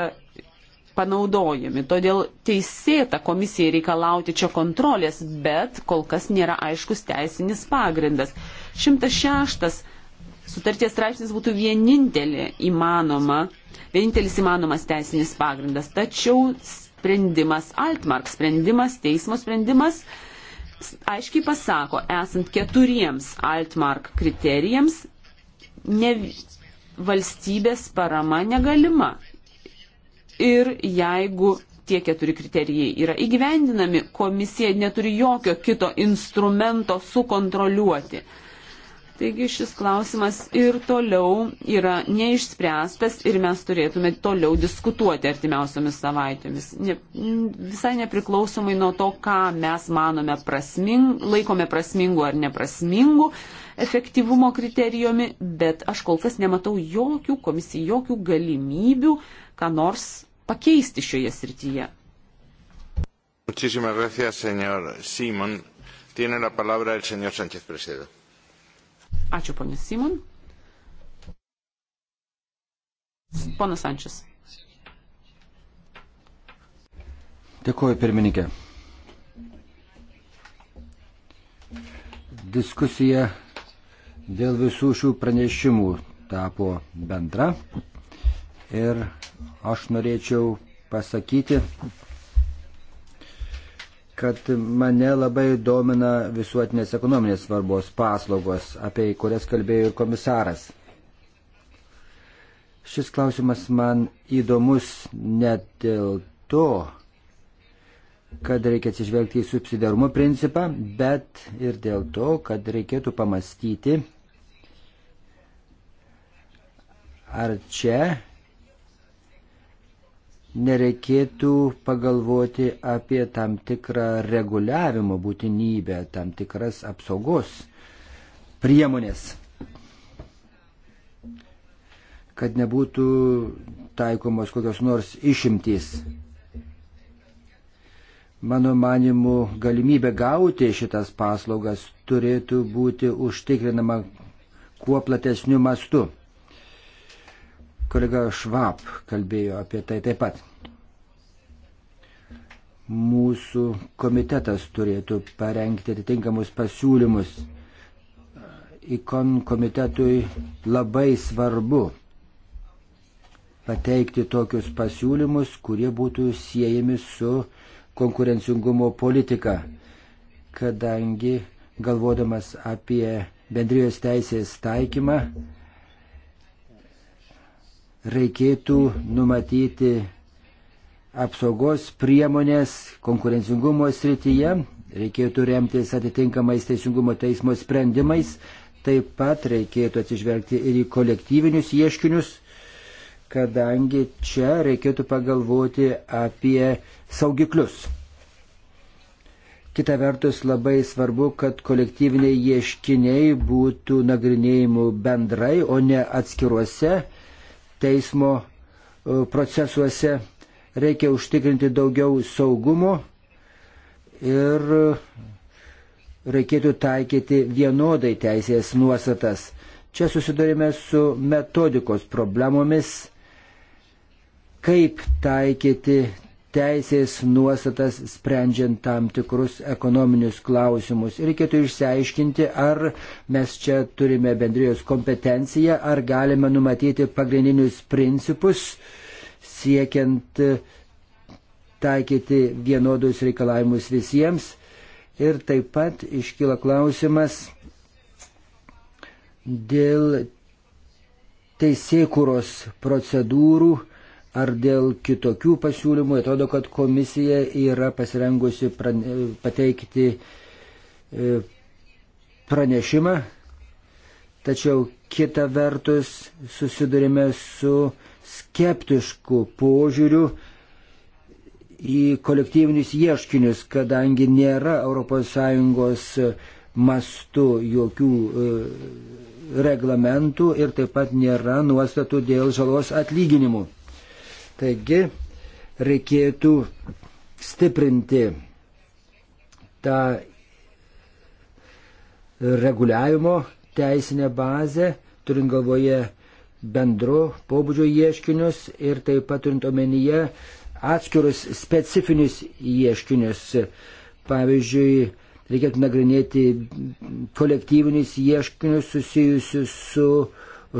panaudojami. Todėl teisėta komisijai reikalauti čia kontrolės, bet kol kas nėra aiškus teisinis pagrindas. 106 sutarties straipsnis būtų vienintelė įmanoma, vienintelis įmanomas teisinis pagrindas. Tačiau sprendimas, Altmark sprendimas, teismo sprendimas aiškiai pasako, esant keturiems Altmark kriterijams, ne, valstybės parama negalima. Ir jeigu tie keturi kriterijai yra įgyvendinami, komisija neturi jokio kito instrumento sukontroliuoti. Taigi šis klausimas ir toliau yra neišspręstas ir mes turėtume toliau diskutuoti artimiausiomis savaitėmis. Ne, visai nepriklausomai nuo to, ką mes manome prasming, laikome prasmingu ar neprasmingu efektyvumo kriterijumi, bet aš kol kas nematau jokių komisijų, jokių galimybių, ką nors pakeisti šioje srityje. Muchísimas gracias, señor Simon. Tiene la palabra el señor Sánchez Presedo. Ačiū, ponė Simon. Ponas Ančias. Dėkuoju, pirmininkė. Diskusija dėl visų šių pranešimų tapo bendra ir aš norėčiau pasakyti, kad mane labai domina visuotinės ekonominės svarbos paslaugos, apie kurias kalbėjo ir komisaras. Šis klausimas man įdomus net dėl to, kad reikia atsižvelgti į subsidiarumo principą, bet ir dėl to, kad reikėtų pamastyti, ar čia nereikėtų pagalvoti apie tam tikrą reguliavimo būtinybę, tam tikras apsaugos priemonės, kad nebūtų taikomos kokios nors išimtys. Mano manimu, galimybė gauti šitas paslaugas turėtų būti užtikrinama kuo platesniu mastu. Kolega Švab kalbėjo apie tai taip pat. Mūsų komitetas turėtų parengti atitinkamus pasiūlymus. Ikon komitetui labai svarbu pateikti tokius pasiūlymus, kurie būtų siejami su konkurencingumo politika, kadangi galvodamas apie bendrijos teisės taikymą, reikėtų numatyti apsaugos priemonės konkurencingumo srityje, reikėtų remtis atitinkamais teisingumo teismo sprendimais, taip pat reikėtų atsižvelgti ir į kolektyvinius ieškinius, kadangi čia reikėtų pagalvoti apie saugiklius. Kita vertus labai svarbu, kad kolektyviniai ieškiniai būtų nagrinėjimų bendrai, o ne atskiruose teismo e, procesuose, reikia užtikrinti daugiau saugumo ir reikėtų taikyti vienodai teisės nuostatas. Čia susidurime su metodikos problemomis, kaip taikyti teisės nuostatas sprendžiant tam tikrus ekonominius klausimus. Ir reikėtų išsiaiškinti, ar mes čia turime bendrijos kompetenciją, ar galime numatyti pagrindinius principus siekiant e, taikyti vienodus reikalavimus visiems. Ir taip pat iškyla klausimas dėl teisėkuros procedūrų ar dėl kitokių pasiūlymų. Atrodo, kad komisija yra pasirengusi prane, pateikti e, pranešimą, tačiau kita vertus susidurime su skeptišku požiūriu į kolektyvinius ieškinius, kadangi nėra ES mastu jokių e, reglamentų ir taip pat nėra nuostatų dėl žalos atlyginimų. Taigi reikėtų stiprinti tą reguliavimo teisinę bazę, turint galvoje bendro pobūdžio ieškinius ir taip pat turint omenyje atskirus specifinius ieškinius. Pavyzdžiui, reikėtų nagrinėti kolektyvinius ieškinius susijusius su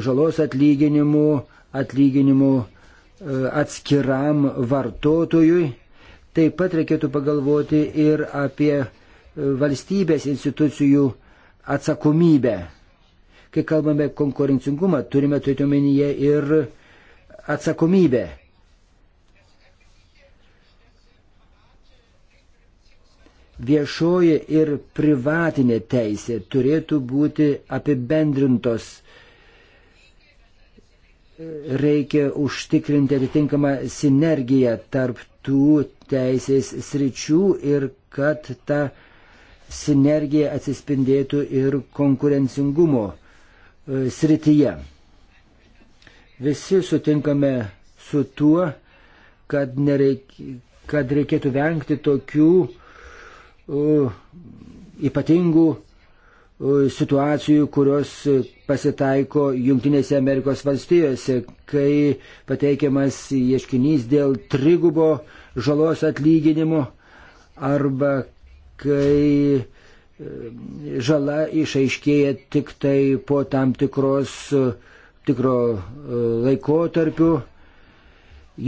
žalos atlyginimu, atlyginimu atskiram vartotojui. Taip pat reikėtų pagalvoti ir apie e, valstybės institucijų atsakomybę. Kai kalbame konkurencingumą, turime turėti omenyje ir atsakomybę. Viešoji ir privatinė teisė turėtų būti apibendrintos reikia užtikrinti atitinkamą sinergiją tarp tų teisės sričių ir kad ta sinergija atsispindėtų ir konkurencingumo e, srityje. Visi sutinkame su tuo, kad, nereik, kad reikėtų vengti tokių uh, ypatingų uh, situacijų, kurios pasitaiko Junktinėse Amerikos valstijose, kai pateikiamas ieškinys dėl trigubo žalos atlyginimo arba kai e, žala išaiškėja tik tai po tam tikros, e, tikro e, laikotarpių.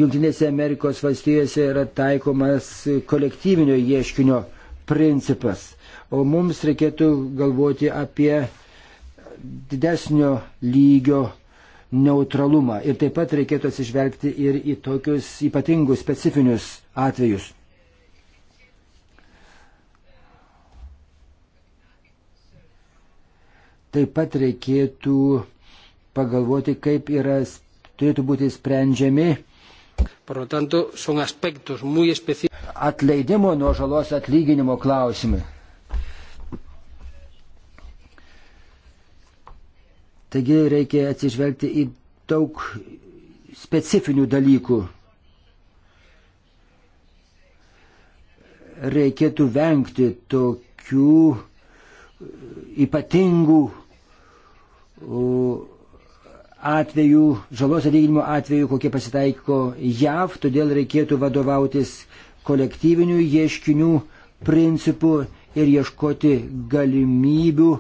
Junktinėse Amerikos valstijose yra taikomas kolektyvinio ieškinio principas o mums reikėtų galvoti apie didesnio lygio neutralumą. Ir taip pat reikėtų atsižvelgti ir į tokius ypatingus specifinius atvejus. Taip pat reikėtų pagalvoti, kaip yra, turėtų būti sprendžiami Por lo tanto, son aspectos muy específicos. Atleidimo nuo žalos atlyginimo klausimai. Taigi reikia atsižvelgti į daug specifinių dalykų. Reikėtų vengti tokių e, ypatingų atvejų, žalos atlyginimo atvejų, kokie pasitaiko JAV, todėl reikėtų vadovautis kolektyvinių ieškinių principų ir ieškoti galimybių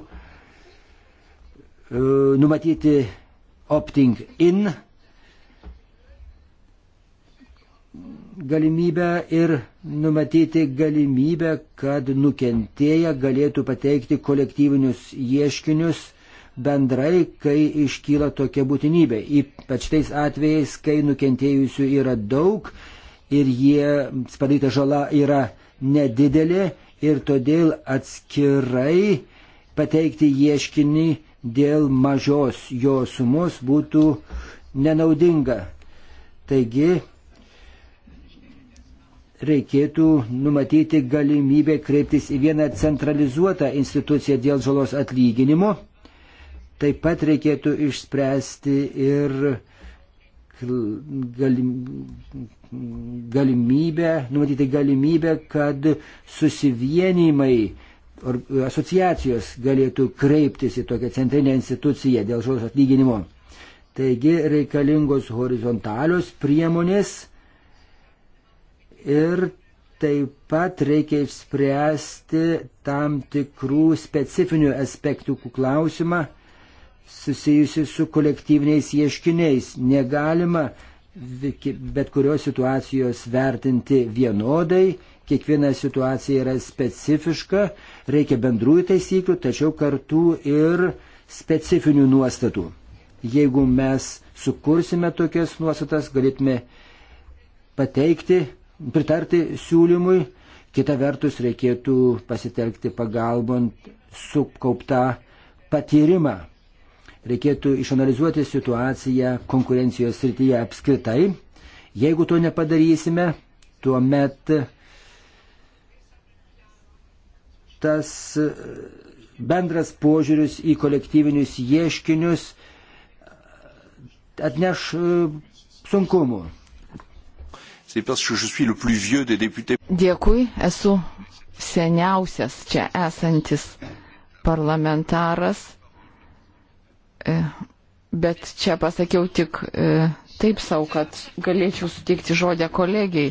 E, numatyti opting in galimybę ir numatyti galimybę, kad nukentėję galėtų pateikti kolektyvinius ieškinius bendrai, kai iškyla tokia būtinybė. Ypač tais atvejais, kai nukentėjusių yra daug ir jie padaryta žala yra nedidelė ir todėl atskirai pateikti ieškinį dėl mažos jo sumos būtų nenaudinga. Taigi reikėtų numatyti galimybę kreiptis į vieną centralizuotą instituciją dėl žalos atlyginimo. Taip pat reikėtų išspręsti ir galimybę, numatyti galimybę, kad susivienimai asociacijos galėtų kreiptis į tokią centrinę instituciją dėl žalos atlyginimo. Taigi reikalingos horizontalios priemonės ir taip pat reikia išspręsti tam tikrų specifinių aspektų klausimą susijusi su kolektyviniais ieškiniais. Negalima bet kurios situacijos vertinti vienodai Kiekviena situacija yra specifiška, reikia bendrųjų taisyklių, tačiau kartu ir specifinių nuostatų. Jeigu mes sukursime tokias nuostatas, galėtume pateikti, pritarti siūlymui, kita vertus reikėtų pasitelkti pagalbant sukauptą patyrimą reikėtų išanalizuoti situaciją konkurencijos srityje apskritai. Jeigu to nepadarysime, tuomet tas e, bendras požiūris į kolektyvinius ieškinius e, atneš e, sunkumų. Dėkui, esu seniausias čia esantis parlamentaras, bet čia pasakiau tik taip savo, kad galėčiau sutikti žodę kolegijai.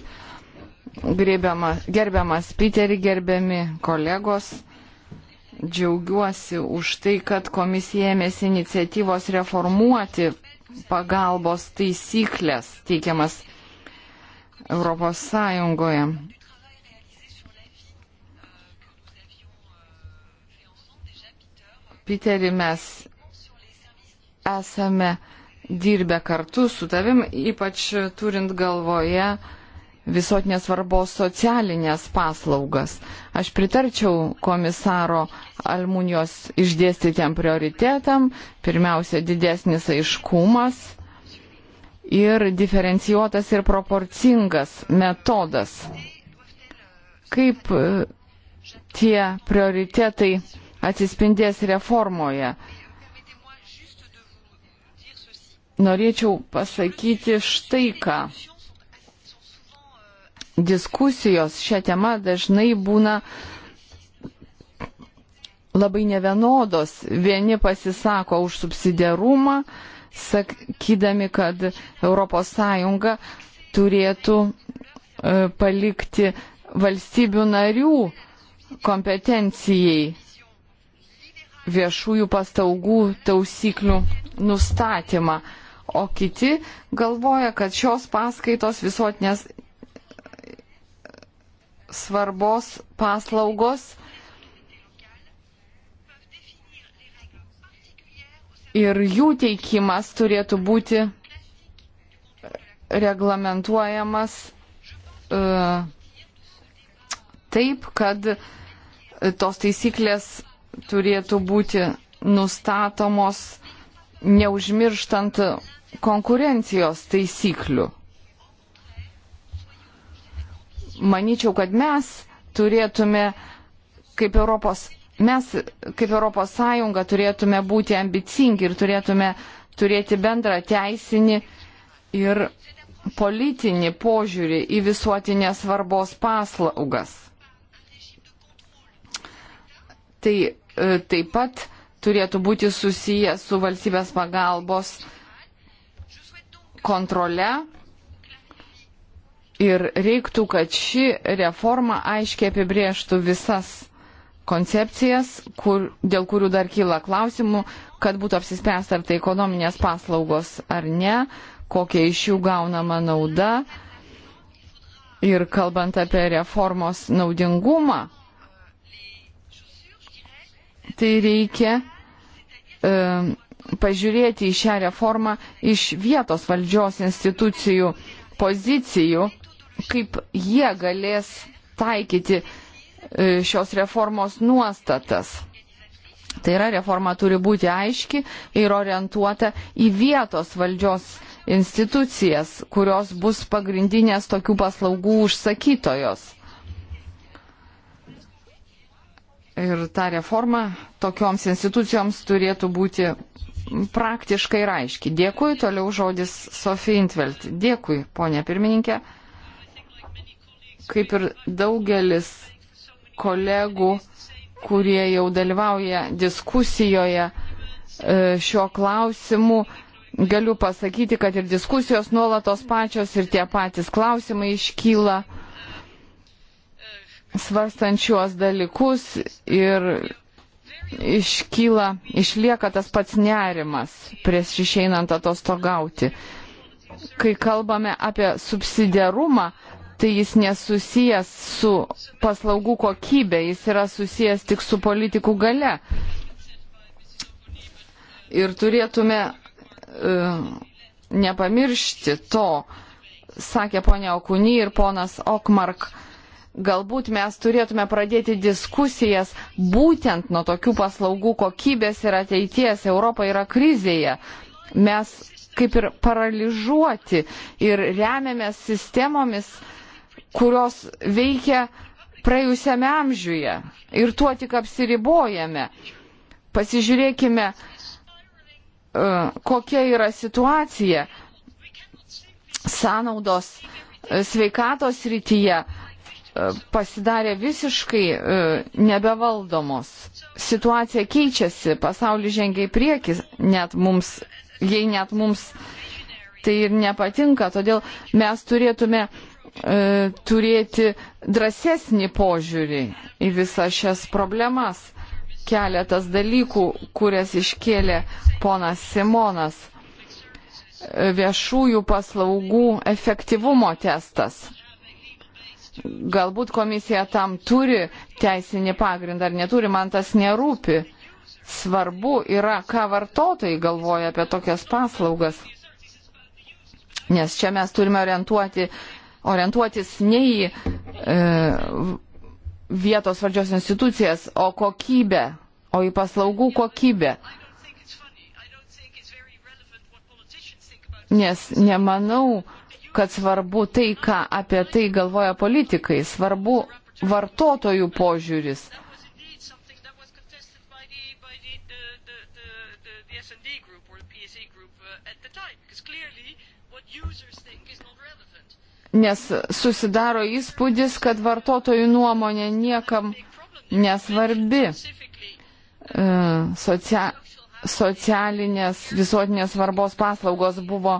Grėbiama, gerbiamas Piterį, gerbiami kolegos. Džiaugiuosi už tai, kad komisija ėmėsi iniciatyvos reformuoti pagalbos taisyklės teikiamas Europos Sąjungoje. Piterį mes esame dirbę kartu su tavim, ypač turint galvoje, visotinės svarbos socialinės paslaugas. Aš pritarčiau komisaro Almunijos išdėstytėm prioritetam, pirmiausia, didesnis aiškumas ir diferencijuotas ir proporcingas metodas. Kaip e, tie prioritetai atsispindės reformoje? Norėčiau pasakyti štai ką diskusijos šią temą dažnai būna labai nevienodos. Vieni pasisako už subsidiarumą, sakydami, kad ES turėtų e, palikti valstybių narių kompetencijai viešųjų pastaugų tausyklių nustatymą, o kiti galvoja, kad šios paskaitos visuotinės svarbos paslaugos ir jų teikimas turėtų būti reglamentuojamas uh, taip, kad tos taisyklės turėtų būti nustatomos neužmirštant konkurencijos taisyklių manyčiau, kad mes turėtume kaip Europos, mes kaip Europos Sąjunga turėtume būti ambicingi ir turėtume turėti bendrą teisinį ir politinį požiūrį į visuotinės svarbos paslaugas. Tai e, taip pat turėtų būti susiję su valstybės pagalbos kontrole Ir reiktų, kad ši reforma aiškiai apibrieštų visas koncepcijas, kur, dėl kurių dar kyla klausimų, kad būtų apsispręsta, ar tai ekonominės paslaugos ar ne, kokia iš jų gaunama nauda. Ir kalbant apie reformos naudingumą, tai reikia e, pažiūrėti į šią reformą iš vietos valdžios institucijų pozicijų kaip jie galės taikyti e, šios reformos nuostatas. Tai yra, reforma turi būti aiški ir orientuota į vietos valdžios institucijas, kurios bus pagrindinės tokių paslaugų užsakytojos. Ir ta reforma tokioms institucijoms turėtų būti praktiškai ir aiški. Dėkui, toliau žodis Sofija Intvelt. Dėkui, ponė pirmininkė kaip ir daugelis kolegų, kurie jau dalyvauja diskusijoje e, šiuo klausimu, galiu pasakyti, kad ir diskusijos nuolatos pačios ir tie patys klausimai iškyla svarstant šiuos dalykus ir iškyla, išlieka tas pats nerimas prieš išeinant atostogauti kai kalbame apie subsidiarumą, tai jis nesusijęs su paslaugų kokybė, jis yra susijęs tik su politikų gale. Ir turėtume uh, nepamiršti to, sakė ponia Okūny ir ponas Okmark. Galbūt mes turėtume pradėti diskusijas būtent nuo tokių paslaugų kokybės ir ateities. Europa yra krizėje. Mes kaip ir paralyžuoti ir remiamės sistemomis, uh, kurios veikia praėjusiame amžiuje ir tuo tik apsiribojame. Pasižiūrėkime, e, kokia yra situacija sąnaudos e, sveikatos rytyje e, pasidarė visiškai nebevaldomos. Situacija keičiasi, pasaulis žengia į priekį, net mums, jei net mums tai ir nepatinka, todėl mes turėtume uh, E, turėti drąsesnį požiūrį į visas šias problemas. Keletas dalykų, kurias iškėlė ponas Simonas. E, viešųjų paslaugų efektyvumo testas. Galbūt komisija tam turi teisinį pagrindą ar neturi, man tas nerūpi. Svarbu yra, ką vartotojai galvoja apie tokias paslaugas. Nes čia mes turime orientuoti orientuotis ne į e, vietos valdžios institucijas, o kokybę, o į paslaugų kokybę. Nes nemanau, kad svarbu tai, ką apie tai galvoja politikai, svarbu vartotojų požiūris. nes susidaro įspūdis, kad vartotojų nuomonė niekam nesvarbi. E, socia socialinės visuotinės svarbos paslaugos buvo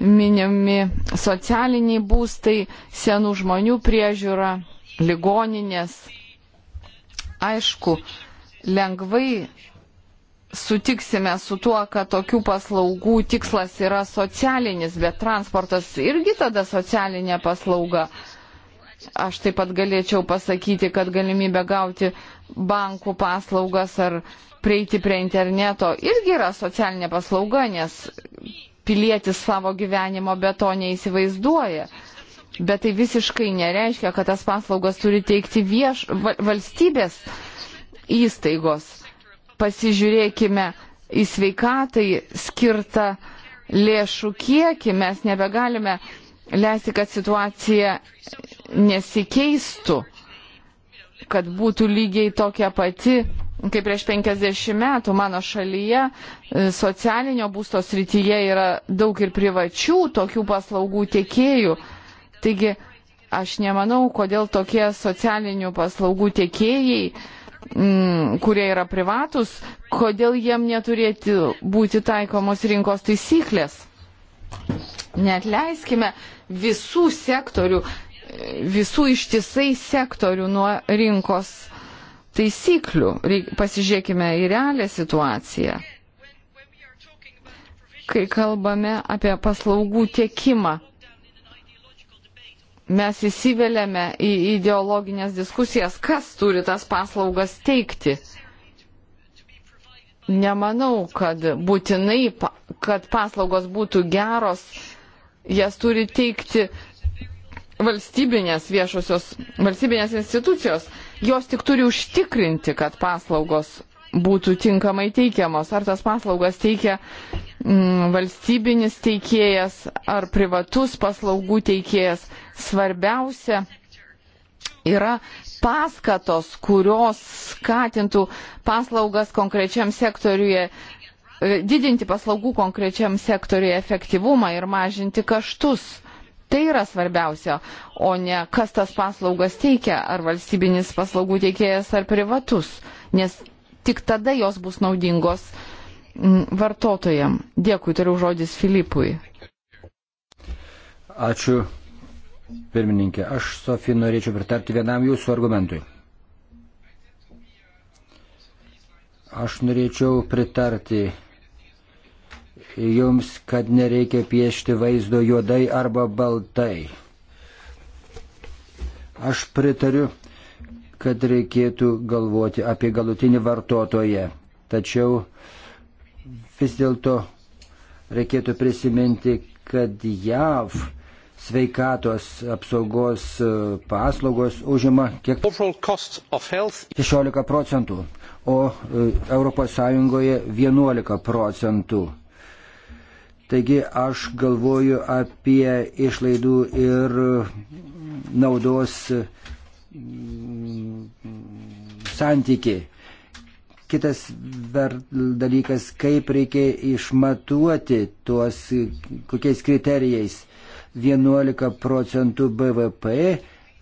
minimi socialiniai būstai, senų žmonių priežiūra, ligoninės. Aišku, lengvai sutiksime su tuo, kad tokių paslaugų tikslas yra socialinis, bet transportas irgi tada socialinė paslauga. Aš taip pat galėčiau pasakyti, kad galimybė gauti bankų paslaugas ar prieiti prie interneto irgi yra socialinė paslauga, nes pilietis savo gyvenimo be to neįsivaizduoja. Bet tai visiškai nereiškia, kad tas paslaugas turi teikti vieš, valstybės įstaigos pasižiūrėkime į sveikatai skirtą lėšų kiekį. Mes nebegalime leisti, kad situacija nesikeistų, kad būtų lygiai tokia pati kaip prieš 50 metų mano šalyje e, socialinio būsto srityje yra daug ir privačių tokių paslaugų tiekėjų. Taigi aš nemanau, kodėl tokie socialinių paslaugų tiekėjai m, mm, kurie yra privatus, kodėl jiem neturėti būti taikomos rinkos taisyklės. Netleiskime visų sektorių, visų ištisai sektorių nuo rinkos taisyklių. Reik, pasižiūrėkime į realią situaciją. Kai kalbame apie paslaugų tiekimą mes įsiveliame į ideologinės diskusijas, kas turi tas paslaugas teikti. Nemanau, kad būtinai, kad paslaugos būtų geros, jas turi teikti valstybinės viešosios, valstybinės institucijos. Jos tik turi užtikrinti, kad paslaugos būtų tinkamai teikiamos. Ar tas paslaugas teikia mm, valstybinis teikėjas ar privatus paslaugų teikėjas. Svarbiausia yra paskatos, kurios skatintų paslaugas konkrečiam sektoriuje, e, didinti paslaugų konkrečiam sektoriuje efektyvumą ir mažinti kaštus. Tai yra svarbiausia, o ne kas tas paslaugas teikia, ar valstybinis paslaugų teikėjas, ar privatus. Nes tik tada jos bus naudingos mm, vartotojam. Dėkui, turiu žodis Filipui. Ačiū, pirmininkė. Aš, Sofija, norėčiau pritarti vienam jūsų argumentui. Aš norėčiau pritarti jums, kad nereikia piešti vaizdo juodai arba baltai. Aš pritariu kad reikėtų galvoti apie galutinį vartotoją. Tačiau vis dėlto reikėtų prisiminti, kad JAV sveikatos apsaugos e, paslaugos užima kiek 16 procentų, o ES 11 procentų. Taigi aš galvoju apie išlaidų ir e, naudos santyki. Kitas ver, dalykas, kaip reikia išmatuoti tuos kokiais kriterijais 11 procentų BVP,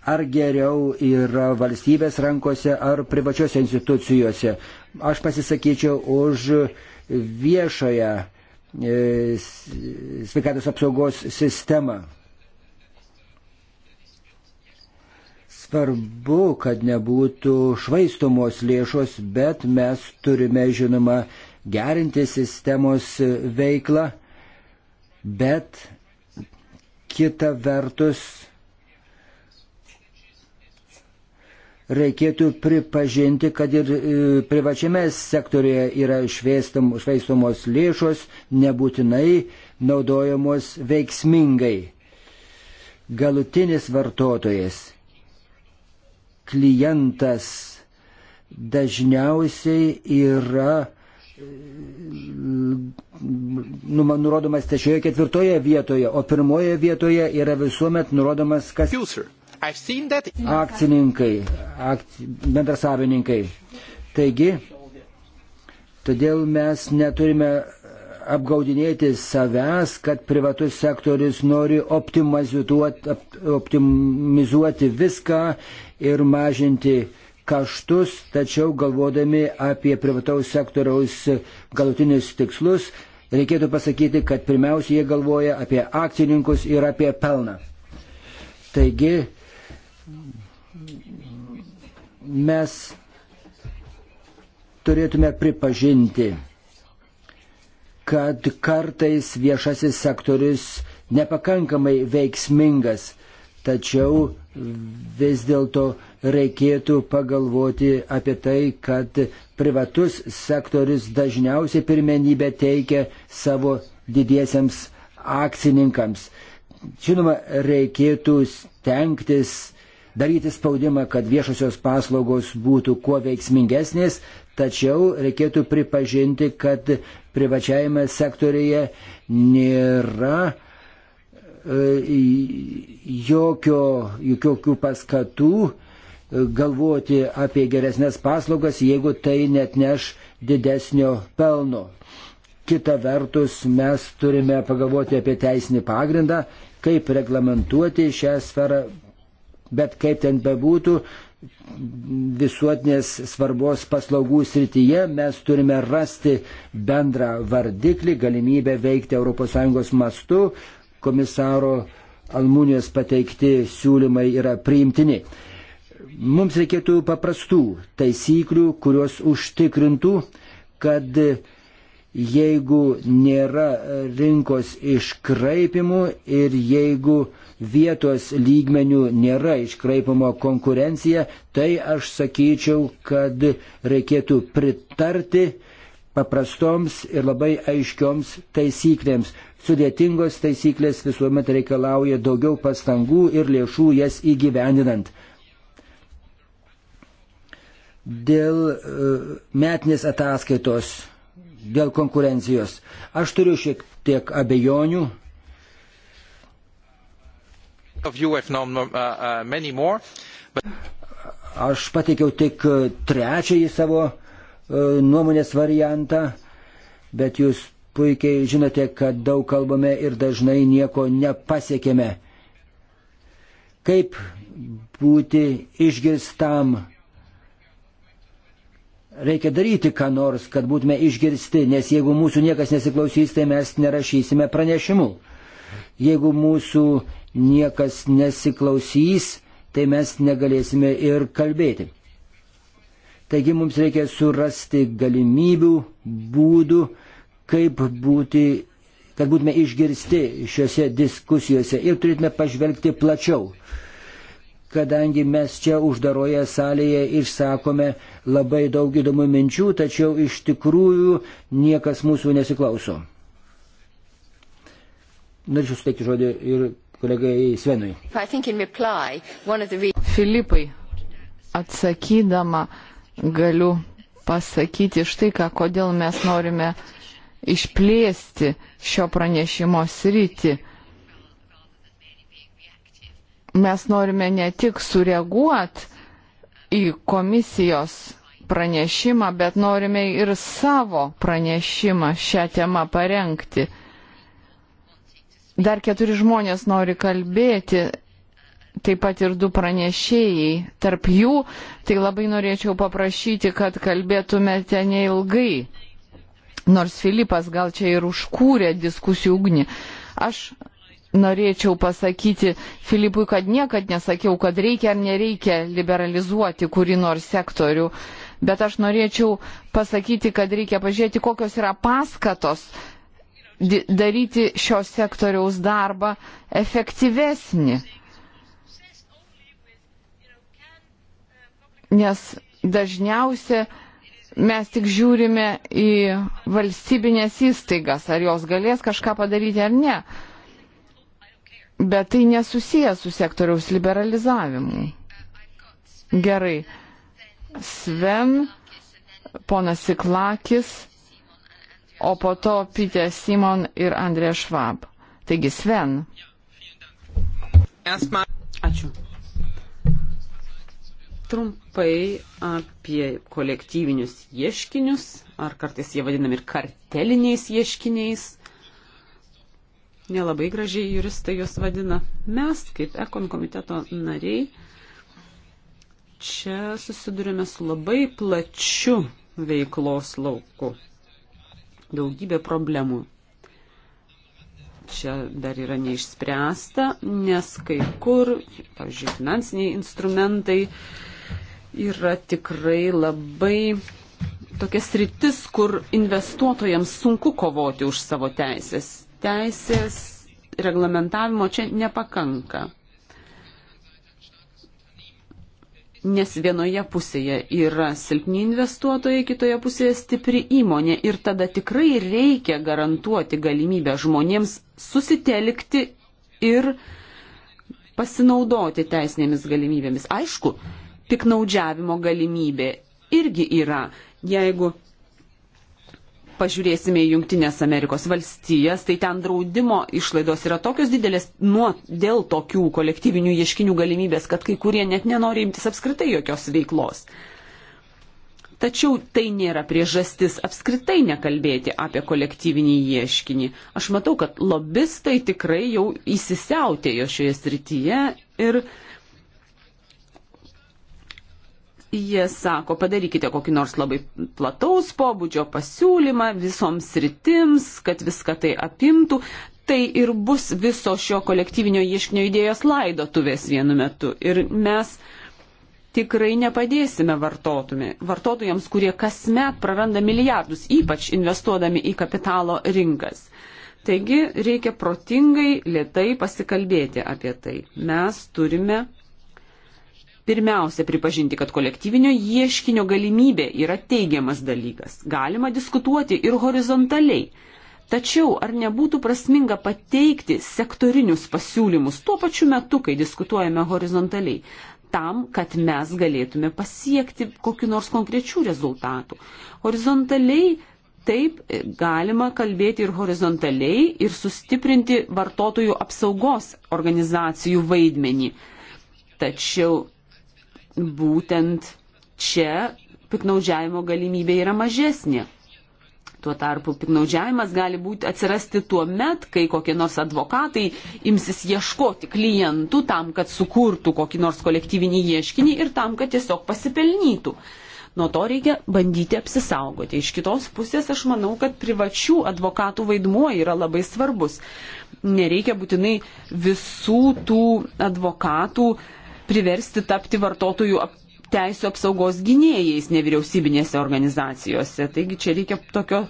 ar geriau yra valstybės rankose ar privačiose institucijose. Aš pasisakyčiau už viešoją e, sveikatos apsaugos sistemą. Svarbu, kad nebūtų švaistomos lėšos, bet mes turime, žinoma, gerinti sistemos veiklą, bet kita vertus reikėtų pripažinti, kad ir e, privačiame sektorėje yra švaistomos lėšos, nebūtinai naudojamos veiksmingai. Galutinis vartotojas klientas dažniausiai yra e, nurodomas trečioje, ketvirtoje vietoje, o pirmoje vietoje yra visuomet nurodomas kas akcininkai, akci, bendrasavininkai. Taigi, todėl mes neturime apgaudinėti savęs, kad privatus sektorius nori optimizuoti, optimizuoti viską ir mažinti kaštus, tačiau galvodami apie privataus sektoriaus galutinius tikslus, reikėtų pasakyti, kad pirmiausia jie galvoja apie akcininkus ir apie pelną. Taigi mes turėtume pripažinti, kad kartais viešasis sektorius nepakankamai veiksmingas, tačiau vis dėlto reikėtų pagalvoti apie tai, kad privatus sektorius dažniausiai pirmenybę teikia savo didiesiems akcininkams. Žinoma, reikėtų stengtis daryti spaudimą, kad viešosios paslaugos būtų kuo veiksmingesnės, tačiau reikėtų pripažinti, kad privačiajame sektorėje nėra E, jokio, jokių paskatų e, galvoti apie geresnės paslaugas, jeigu tai net neš didesnio pelno. Kita vertus, mes turime pagalvoti apie teisinį pagrindą, kaip reglamentuoti šią sferą, bet kaip ten bebūtų, visuotinės svarbos paslaugų srityje mes turime rasti bendrą vardiklį, galimybę veikti ES mastu, komisaro Almūnijos pateikti siūlymai yra priimtini. Mums reikėtų paprastų taisyklių, kurios užtikrintų, kad jeigu nėra rinkos iškraipimų ir jeigu vietos lygmenių nėra iškraipama konkurencija, tai aš sakyčiau, kad reikėtų pritarti uh, paprastoms ir labai aiškioms taisyklėms. Sudėtingos taisyklės visuomet reikalauja daugiau pastangų ir lėšų jas įgyvendinant. Dėl e, metinės ataskaitos, dėl konkurencijos. Aš turiu šiek tiek abejonių. Uh, uh, Aš pateikiau tik e, trečiąjį savo uh, E, nuomonės variantą, bet jūs puikiai žinote, kad daug kalbame ir dažnai nieko nepasiekėme. Kaip būti išgirstam? Reikia daryti ką nors, kad būtume išgirsti, nes jeigu mūsų niekas nesiklausys, tai mes nerašysime pranešimų. Jeigu mūsų niekas nesiklausys, tai mes negalėsime ir kalbėti. Taigi mums reikia surasti galimybių, būdų, kaip būti, kad būtume išgirsti šiuose diskusijose ir turėtume pažvelgti plačiau. Kadangi mes čia uždaroje salėje išsakome labai daug įdomių minčių, tačiau iš tikrųjų niekas mūsų nesiklauso. Norėčiau suteikti žodį ir kolegai Svenui. Filipai, atsakydama galiu pasakyti štai ką, kodėl mes norime išplėsti šio pranešimo sritį. Mes norime ne tik sureaguoti į komisijos pranešimą, bet norime ir savo pranešimą šią temą parengti. Dar keturi žmonės nori kalbėti, taip pat ir du pranešėjai. Tarp jų, tai labai norėčiau paprašyti, kad kalbėtumėte neilgai. Nors Filipas gal čia ir užkūrė diskusijų ugnį. Aš norėčiau pasakyti Filipui, kad niekad nesakiau, kad reikia ar nereikia liberalizuoti kurį nors sektorių. Bet aš norėčiau pasakyti, kad reikia pažiūrėti, kokios yra paskatos daryti šios sektoriaus darbą efektyvesnį nes dažniausia mes tik žiūrime į valstybinės įstaigas, ar jos galės kažką padaryti ar ne. Bet tai nesusijęs su sektoriaus liberalizavimu. Gerai. Sven, ponas Siklakis, o po to Pitė Simon ir Andrė Švab. Taigi Sven. Ačiū. Trumpai apie kolektyvinius ieškinius, ar kartais jie vadinami ir karteliniais ieškiniais. Nelabai gražiai juristai juos vadina. Mes, kaip Ekon komiteto nariai, čia susidurime su labai plačiu veiklos lauku. Daugybė problemų čia dar yra neišspręsta, nes kai kur, pavyzdžiui, finansiniai instrumentai yra tikrai labai tokia sritis, kur investuotojams sunku kovoti už savo teisės. Teisės reglamentavimo čia nepakanka. Nes vienoje pusėje yra silpni investuotojai, kitoje pusėje stipri įmonė ir tada tikrai reikia garantuoti galimybę žmonėms susitelkti ir pasinaudoti teisinėmis galimybėmis. Aišku, piknaudžiavimo galimybė irgi yra. Jeigu pažiūrėsime į Junktinės Amerikos valstijas, tai ten draudimo išlaidos yra tokios didelės nuo, dėl tokių kolektyvinių ieškinių galimybės, kad kai kurie net nenori imtis apskritai jokios veiklos. Tačiau tai nėra priežastis apskritai nekalbėti apie kolektyvinį ieškinį. Aš matau, kad lobistai tikrai jau įsisiautėjo šioje srityje ir uh, Jie sako, padarykite kokį nors labai plataus pobūdžio pasiūlymą visoms rytims, kad viską tai apimtų. Tai ir bus viso šio kolektyvinio ieškinio idėjos laidotuvės vienu metu. Ir mes tikrai nepadėsime vartotojams, kurie kasmet praranda milijardus, ypač investuodami į kapitalo rinkas. Taigi reikia protingai, lietai pasikalbėti apie tai. Mes turime pirmiausia pripažinti, kad kolektyvinio ieškinio galimybė yra teigiamas dalykas. Galima diskutuoti ir horizontaliai. Tačiau ar nebūtų prasminga pateikti sektorinius pasiūlymus tuo pačiu metu, kai diskutuojame horizontaliai, tam, kad mes galėtume pasiekti kokiu nors konkrečių rezultatų. Horizontaliai Taip galima kalbėti ir horizontaliai, ir sustiprinti vartotojų apsaugos organizacijų vaidmenį. Tačiau būtent čia piknaudžiavimo galimybė yra mažesnė. Tuo tarpu piknaudžiavimas gali būti atsirasti tuo met, kai kokie nors advokatai imsis ieškoti klientų tam, kad sukurtų kokį nors kolektyvinį ieškinį ir tam, kad tiesiog pasipelnytų. Nuo to reikia bandyti apsisaugoti. Iš kitos pusės aš manau, kad privačių advokatų vaidmuo yra labai svarbus. Nereikia būtinai visų tų advokatų uh, priversti tapti vartotojų teisų apsaugos gynėjais nevyriausybinėse organizacijose. Taigi čia reikia tokio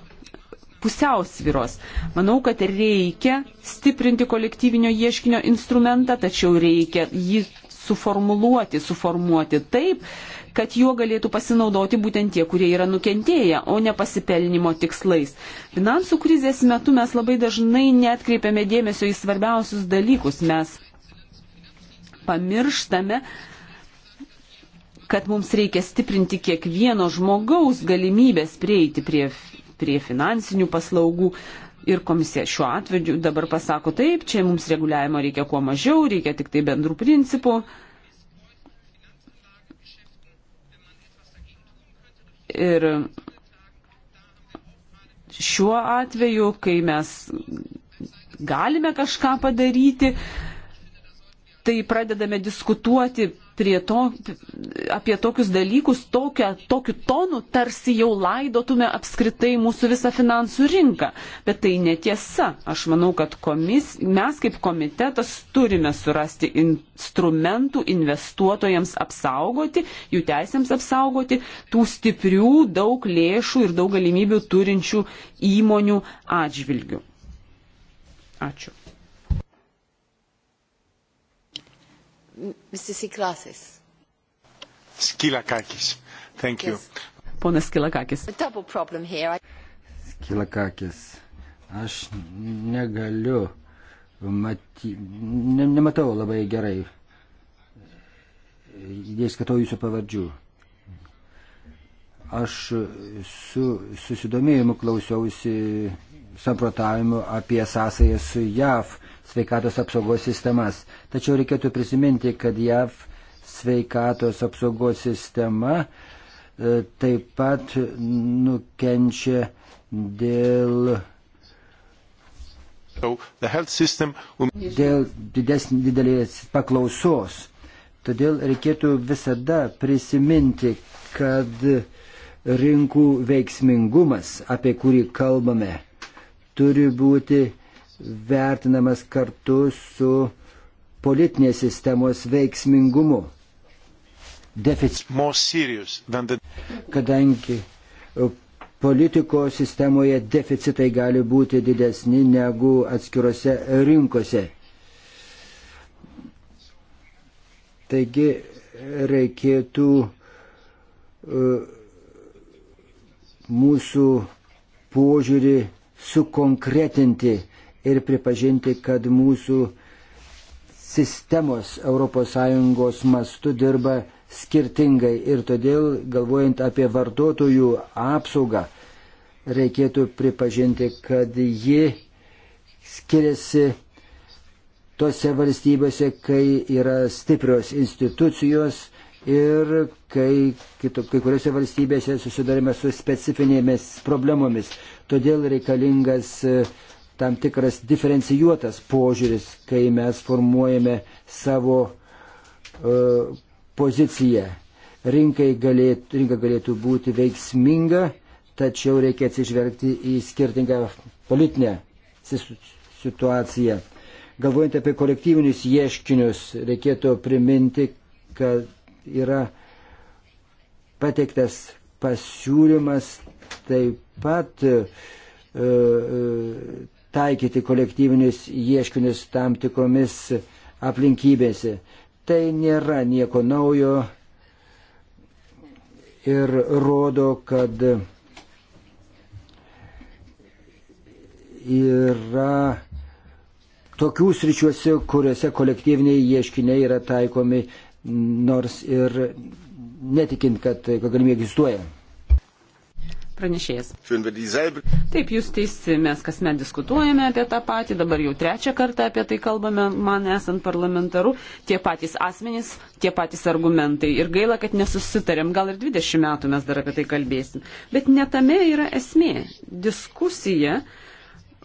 pusiausviros. Manau, kad reikia stiprinti kolektyvinio ieškinio instrumentą, tačiau reikia jį suformuluoti, suformuoti taip, kad juo galėtų pasinaudoti būtent tie, kurie yra nukentėję, o ne pasipelnimo tikslais. Finansų krizės metu mes labai dažnai netkreipiame dėmesio į svarbiausius dalykus. Mes pamirštame, kad mums reikia stiprinti kiekvieno žmogaus galimybės prieiti prie, prie finansinių paslaugų. Ir komisija šiuo atveju dabar pasako taip, čia mums reguliavimo reikia kuo mažiau, reikia tik tai bendrų principų. Ir šiuo atveju, kai mes galime kažką padaryti, tai pradedame diskutuoti prie to, apie tokius dalykus, tokia, tokiu tonu, tarsi jau laidotume apskritai mūsų visą finansų rinką. Bet tai netiesa. Aš manau, kad komis, mes kaip komitetas turime surasti instrumentų investuotojams apsaugoti, jų teisėms apsaugoti, tų stiprių, daug lėšų ir daug galimybių turinčių įmonių atžvilgių. Ačiū. Mrs. Iklasis. Skilakakis. Thank you. Yes. Ponas Skilakakis. Skilakakis. Aš negaliu, mati, ne, nematau labai gerai. Dėskatau jūsų pavardžių aš su susidomėjimu klausiausi samprotavimu apie sąsają su JAV sveikatos apsaugos sistemas. Tačiau reikėtų prisiminti, kad JAV sveikatos apsaugos sistema e, taip pat nukenčia dėl dėl didesnį, didelės paklausos. Todėl reikėtų visada prisiminti, kad rinkų veiksmingumas, apie kurį kalbame, turi būti vertinamas kartu su politinės sistemos veiksmingumu. The... Kadangi uh, politikos sistemoje deficitai gali būti didesni negu atskirose rinkose. Taigi reikėtų uh, mūsų požiūrį sukonkretinti ir pripažinti, kad mūsų sistemos ES mastu dirba skirtingai ir todėl, galvojant apie vartotojų apsaugą, reikėtų pripažinti, kad ji skiriasi tose valstybėse, kai yra stiprios institucijos ir kai, kito, kai kuriuose valstybėse susidarėme su specifinėmis problemomis. Todėl reikalingas uh, tam tikras diferencijuotas požiūris, kai mes formuojame savo uh, poziciją. Rinkai galėtų, rinka galėtų būti veiksminga, tačiau reikia atsižvelgti į skirtingą politinę situaciją. Galvojant apie kolektyvinius ieškinius, reikėtų priminti, kad yra pateiktas pasiūlymas taip pat e, e, taikyti kolektyvinius ieškinius tam tikromis aplinkybėse. Tai nėra nieko naujo ir rodo, kad yra tokių sričiuose, kuriuose kolektyviniai ieškiniai yra taikomi, nors ir netikint, kad kokia galimybė egzistuoja pranešėjas. Taip, jūs teisi, mes kasmet diskutuojame apie tą patį, dabar jau trečią kartą apie tai kalbame, man esant parlamentaru, tie patys asmenys, tie patys argumentai. Ir gaila, kad nesusitarėm, gal ir 20 metų mes dar apie tai kalbėsim. Bet ne tame yra esmė. Diskusija,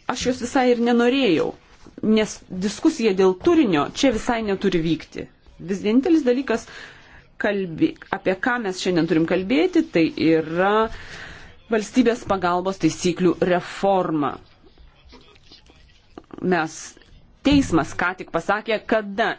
aš jos visai ir nenorėjau, nes diskusija dėl turinio čia visai neturi vykti. Vis vienintelis dalykas, kalbė, apie ką mes šiandien turim kalbėti, tai yra uh, valstybės pagalbos taisyklių reformą. Mes teismas ką tik pasakė, kada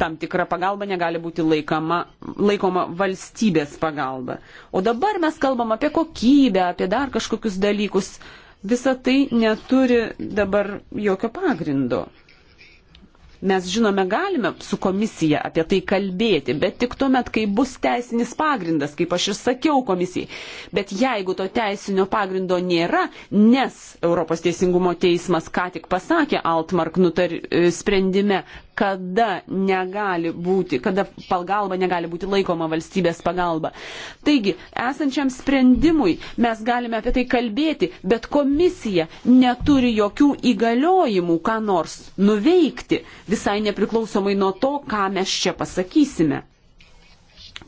tam tikra pagalba negali būti laikama, laikoma valstybės pagalba. O dabar mes kalbam apie kokybę, apie dar kažkokius dalykus. Visa tai neturi dabar jokio pagrindo. Mes žinome, galime su komisija apie tai kalbėti, bet tik tuomet, kai bus teisinis pagrindas, kaip aš ir sakiau komisijai. Bet jeigu to teisinio pagrindo nėra, nes Europos teisingumo teismas ką tik pasakė Altmark nutar, e, sprendime, kada negali būti, kada pagalba negali būti laikoma valstybės pagalba. Taigi, esančiam sprendimui mes galime apie tai kalbėti, bet komisija neturi jokių įgaliojimų, ką nors nuveikti visai nepriklausomai nuo to, ką mes čia pasakysime.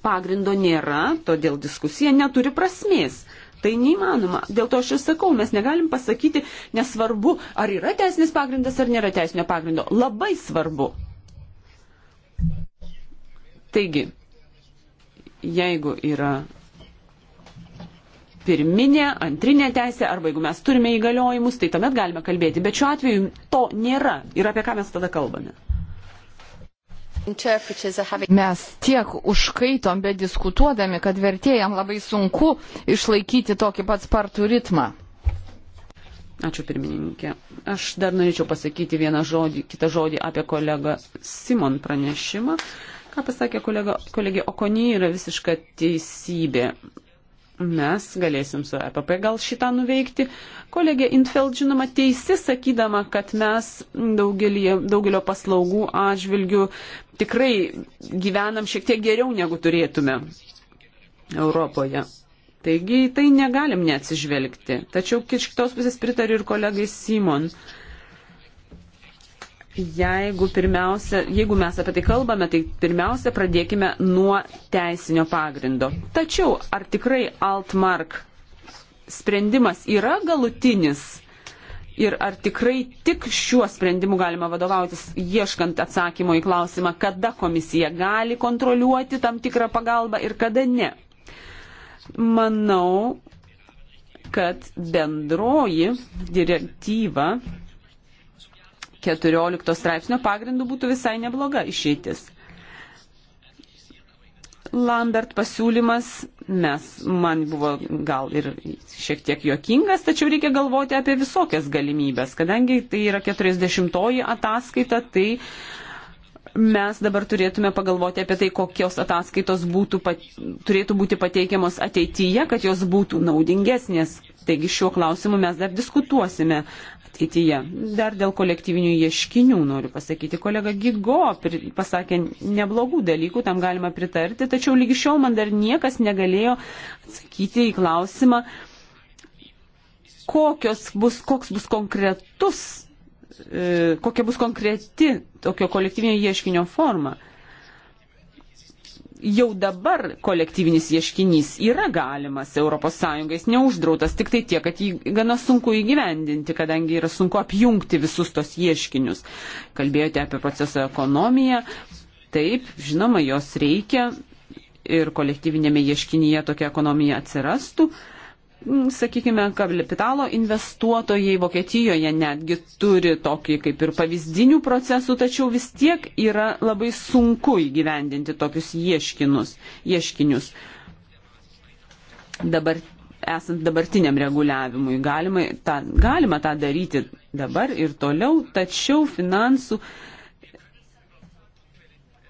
Pagrindo nėra, todėl diskusija neturi prasmės. Tai neįmanoma. Dėl to aš ir sakau, mes negalim pasakyti, nesvarbu, ar yra teisinis pagrindas, ar nėra teisinio pagrindo. Labai svarbu. Taigi, jeigu yra pirminė, antrinė teisė, arba jeigu mes turime įgaliojimus, tai tuomet galime kalbėti. Bet šiuo atveju to nėra. Ir apie ką mes tada kalbame? Mes tiek užkaitom, bet diskutuodami, kad vertėjam labai sunku išlaikyti tokį pat spartų ritmą. Ačiū pirmininkė. Aš dar norėčiau pasakyti vieną žodį, kitą žodį apie kolegą Simon pranešimą. Ką pasakė kolega, kolegė Okonį yra visiška teisybė mes galėsim su EPP gal šitą nuveikti. Kolegė Intfeld, žinoma, teisi sakydama, kad mes daugelį, daugelio paslaugų atžvilgių tikrai gyvenam šiek tiek geriau negu turėtume Europoje. Taigi tai negalim neatsižvelgti. Tačiau iš kitos pusės pritariu ir kolegai Simon. Uh, jeigu, jeigu mes apie tai kalbame, tai pirmiausia pradėkime nuo teisinio pagrindo. Tačiau ar tikrai Altmark sprendimas yra galutinis ir ar tikrai tik šiuo sprendimu galima vadovautis, ieškant atsakymo į klausimą, kada komisija gali kontroliuoti tam tikrą pagalbą ir kada ne. Manau, kad bendroji direktyva 14 straipsnio pagrindų būtų visai nebloga išeitis. Lambert pasiūlymas, mes, man buvo gal ir šiek tiek juokingas, tačiau reikia galvoti apie visokias galimybės, kadangi tai yra 40-oji ataskaita, tai mes dabar turėtume pagalvoti apie tai, kokios ataskaitos būtų, pat, turėtų būti pateikiamos ateityje, kad jos būtų naudingesnės. Taigi šiuo klausimu mes dar diskutuosime ateityje. Dar dėl kolektyvinių ieškinių noriu pasakyti. Kolega Gigo pasakė neblogų dalykų, tam galima pritarti, tačiau lygi šiol man dar niekas negalėjo atsakyti į klausimą, bus, koks bus konkretus, e, kokia bus konkreti tokio kolektyvinio ieškinio forma jau dabar kolektyvinis ieškinys yra galimas ES, jis neuždrautas, tik tai tiek, kad jį gana sunku įgyvendinti, kadangi yra sunku apjungti visus tos ieškinius. Kalbėjote apie proceso ekonomiją, taip, žinoma, jos reikia ir kolektyvinėme ieškinyje tokia ekonomija atsirastų. Uh, sakykime, kapitalo investuotojai Vokietijoje netgi turi tokį kaip ir pavyzdinių procesų, tačiau vis tiek yra labai sunku įgyvendinti tokius ieškinus, ieškinius. Dabar, esant dabartiniam reguliavimui, galima tą, galima tą daryti dabar ir toliau, tačiau finansų uh,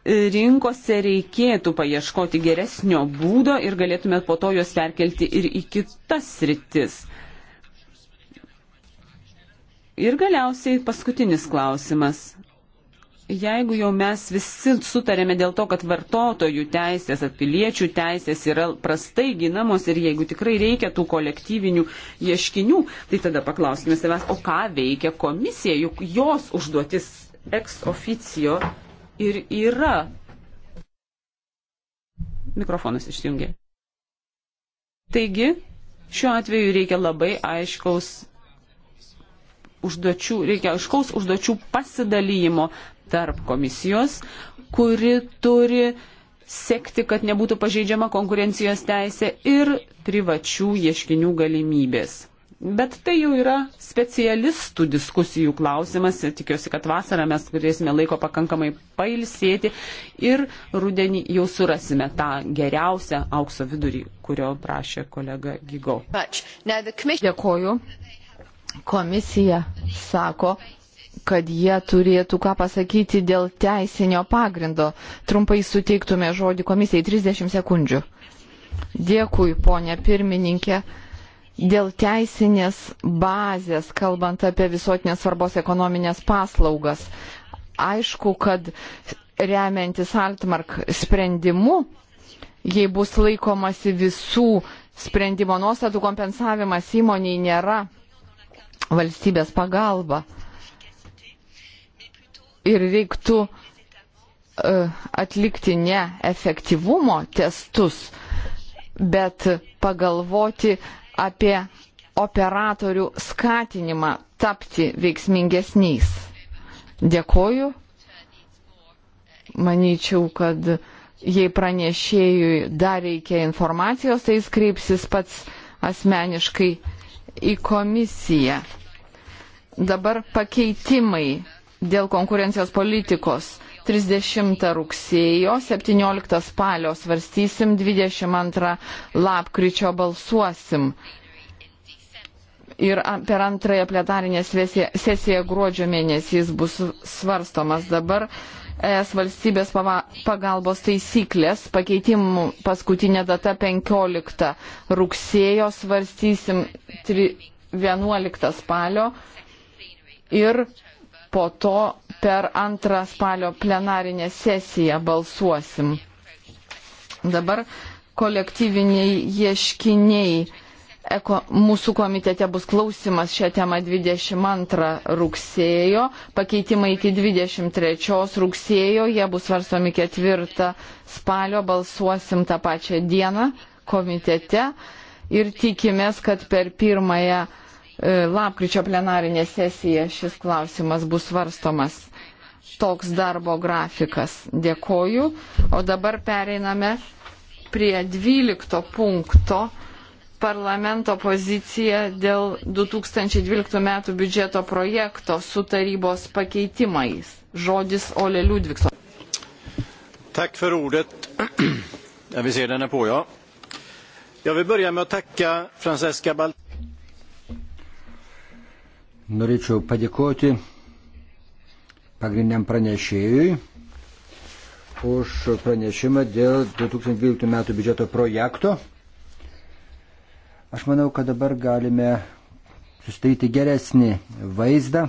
rinkose reikėtų paieškoti geresnio būdo ir galėtume po to juos perkelti ir į kitas rytis. Ir galiausiai paskutinis klausimas. Jeigu jau mes visi sutarėme dėl to, kad vartotojų teisės, atpiliečių teisės yra prastai ginamos ir jeigu tikrai reikia tų kolektyvinių ieškinių, tai tada paklauskime savęs, o ką veikia komisija, juk jos užduotis ex oficio ir yra. Mikrofonas išjungė. Taigi, šiuo atveju reikia labai aiškaus užduočių, reikia aiškaus užduočių pasidalymo tarp komisijos, kuri turi sekti, kad nebūtų pažeidžiama konkurencijos teisė ir privačių ieškinių galimybės. Bet tai jau yra specialistų diskusijų klausimas. Tikiuosi, kad vasarą mes turėsime laiko pakankamai pailsėti ir rudenį jau surasime tą geriausią aukso vidurį, kurio prašė kolega Gigo. Dėkoju. Komisija sako, kad jie turėtų ką pasakyti dėl teisinio pagrindo. Trumpai suteiktume žodį komisijai 30 sekundžių. Dėkui, ponė pirmininkė dėl teisinės bazės, kalbant apie visuotinės svarbos ekonominės paslaugas. Aišku, kad remiantis Altmark sprendimu, jei bus laikomasi visų sprendimo nuostatų, kompensavimas įmoniai nėra valstybės pagalba. Ir reiktų uh, atlikti ne efektyvumo testus, bet pagalvoti, uh, apie operatorių skatinimą tapti veiksmingesniais. Dėkoju. Manyčiau, kad jei pranešėjui dar reikia informacijos, tai jis kreipsis pats asmeniškai į komisiją. Dabar pakeitimai dėl konkurencijos politikos 30 rugsėjo, 17 spalio svarstysim, 22 lapkričio balsuosim. Ir per antrąją plėtarinę sesiją, sesiją gruodžio mėnesį jis bus svarstomas dabar. ES valstybės pagalbos taisyklės pakeitimų paskutinė data 15 rugsėjo, svarstysim 11 spalio ir po to per antrą spalio plenarinę sesiją balsuosim. Dabar kolektyviniai ieškiniai. Eko, mūsų komitete bus klausimas šią temą 22 rugsėjo, pakeitimai iki 23 rugsėjo, jie bus svarstomi 4 spalio, balsuosim tą pačią dieną komitete ir tikimės, kad per pirmąją e, lapkričio plenarinę sesiją šis klausimas bus svarstomas toks darbo grafikas. Dėkoju. O dabar pereiname prie 12 punkto parlamento pozicija dėl 2012 m. biudžeto projekto su tarybos pakeitimais. Žodis Ole Liudvikson. Tack för ordet. Ja, vi ser den är på, ja. Jag vill börja med att tacka Francesca Balt. Norėčiau padėkoti pagrindiniam pranešėjui už pranešimą dėl 2012 metų biudžeto projekto. Aš manau, kad dabar galime susidaryti geresnį vaizdą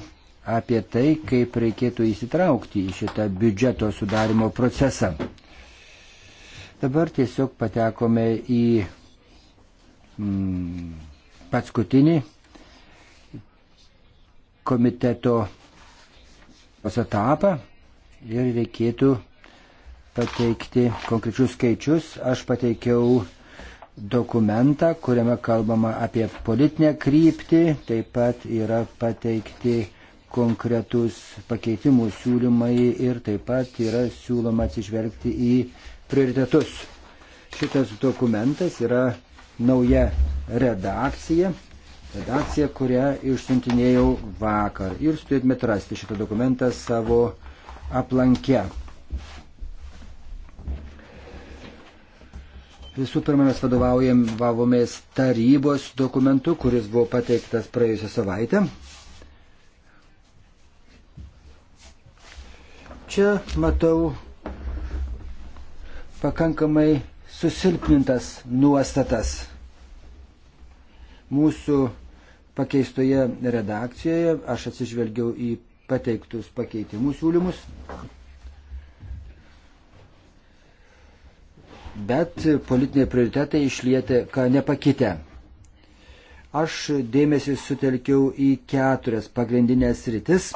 apie tai, kaip reikėtų įsitraukti į šitą biudžeto sudarimo procesą. Dabar tiesiog patekome į mm, paskutinį komiteto pas etapą ir reikėtų pateikti konkrečius skaičius. Aš pateikiau dokumentą, kuriame kalbama apie politinę kryptį, taip pat yra pateikti konkretus pakeitimų siūlymai ir taip pat yra siūloma atsižvelgti į prioritetus. Šitas dokumentas yra nauja redakcija, redakciją, kurią išsiuntinėjau vakar. Jūs turėtumėte rasti šitą dokumentą savo aplankę. Visų pirma, mes vadovaujam vavomės tarybos dokumentu, kuris buvo pateiktas praėjusią savaitę. Čia matau pakankamai susilpnintas nuostatas. Mūsų pakeistoje redakcijoje aš atsižvelgiau į pateiktus pakeitimų siūlymus. Bet politiniai prioritetai išlietė, ką nepakitę. Aš dėmesį sutelkiau į keturias pagrindinės rytis.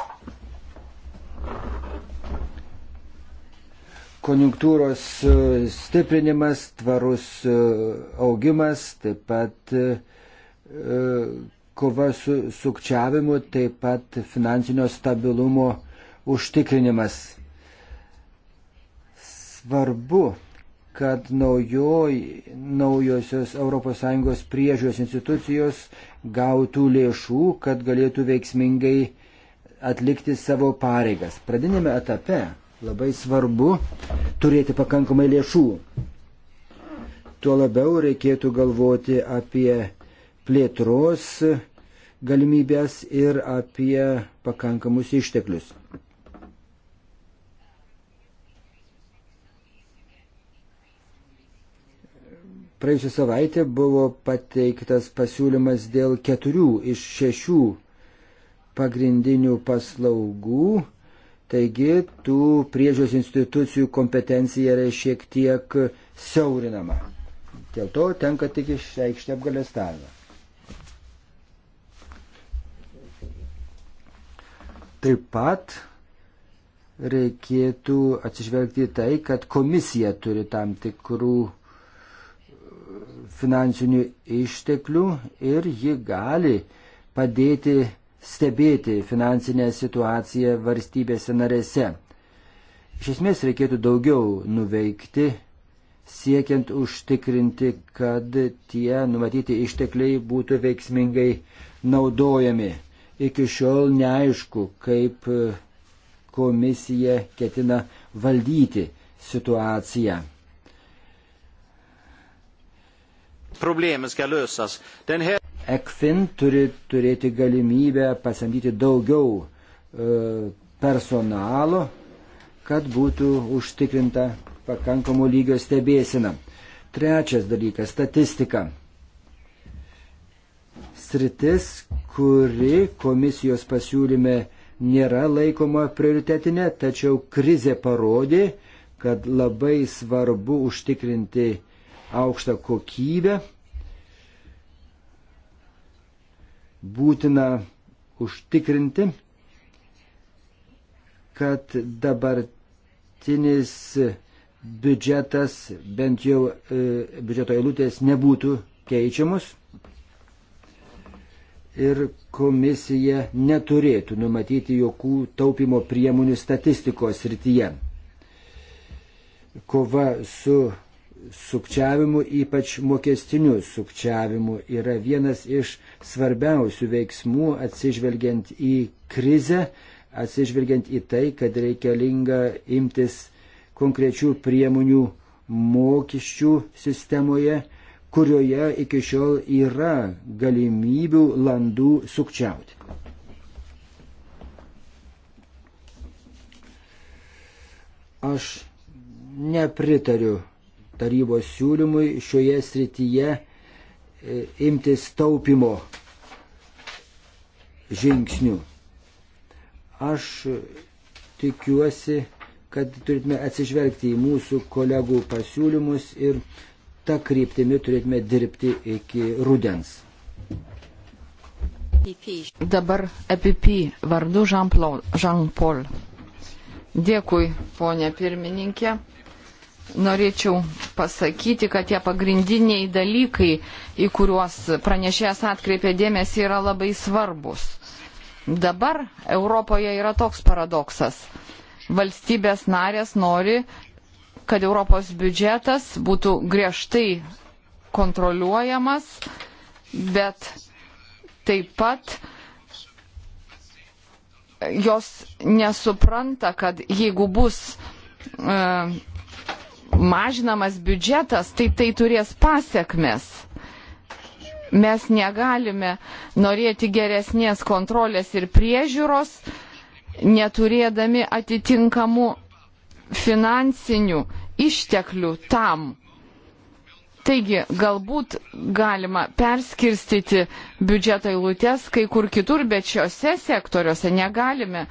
Konjunktūros e, stiprinimas, tvarus e, augimas, taip pat e, kova su sukčiavimu, taip pat finansinio stabilumo užtikrinimas. Svarbu, kad naujoj, naujosios ES priežiūros institucijos gautų lėšų, kad galėtų veiksmingai atlikti savo pareigas. Pradinėme etape labai svarbu turėti pakankamai lėšų. Tuo labiau reikėtų galvoti apie plėtros galimybės ir apie pakankamus išteklius. Praėjusią savaitę buvo pateiktas pasiūlymas dėl keturių iš šešių pagrindinių paslaugų, taigi tų priežios institucijų kompetencija yra šiek tiek siaurinama. Dėl to tenka tik išreikšti apgalėstavimą. Taip pat reikėtų atsižvelgti tai, kad komisija turi tam tikrų e, finansinių išteklių ir ji gali padėti stebėti finansinę situaciją valstybėse narėse. Iš esmės reikėtų daugiau nuveikti, siekiant užtikrinti, kad tie numatyti ištekliai būtų veiksmingai naudojami iki šiol neaišku, kaip e, komisija ketina valdyti situaciją. Problemas skal lösas. Den här... ECFIN turi turėti galimybę pasamdyti daugiau e, personalo, kad būtų užtikrinta pakankamo lygio stebėsina. Trečias dalykas - statistika. Sritis, kuri komisijos pasiūlyme nėra laikoma prioritetinė, tačiau krizė parodė, kad labai svarbu užtikrinti aukštą kokybę, būtina užtikrinti, kad dabartinis biudžetas, bent jau e, biudžeto eilutės nebūtų keičiamus ir komisija neturėtų numatyti jokių taupimo priemonių statistikos rytyje. Kova su sukčiavimu, ypač mokestiniu sukčiavimu, yra vienas iš svarbiausių veiksmų atsižvelgiant į krizę, atsižvelgiant į tai, kad reikalinga imtis konkrečių priemonių mokesčių sistemoje kurioje iki šiol yra galimybių landų sukčiauti. Aš nepritariu tarybos siūlymui šioje srityje e, imtis taupimo žingsnių. Aš tikiuosi, kad turėtume atsižvelgti į mūsų kolegų pasiūlymus ir uh, tą kryptimį turėtume dirbti iki rudens. Dabar EPP vardu Jean-Paul. Dėkui, ponė pirmininkė. Norėčiau pasakyti, kad tie pagrindiniai dalykai, į kuriuos pranešėjas atkreipė dėmesį, yra labai svarbus. Dabar Europoje yra toks paradoksas valstybės narės nori kad Europos biudžetas būtų griežtai kontroliuojamas, bet taip pat jos nesupranta, kad jeigu bus e, mažinamas biudžetas, tai tai turės pasiekmes mes negalime norėti geresnės kontrolės ir priežiūros, neturėdami atitinkamų finansinių išteklių tam. Taigi, galbūt galima perskirstyti biudžeto eilutės kai kur kitur, bet šiuose sektoriuose negalime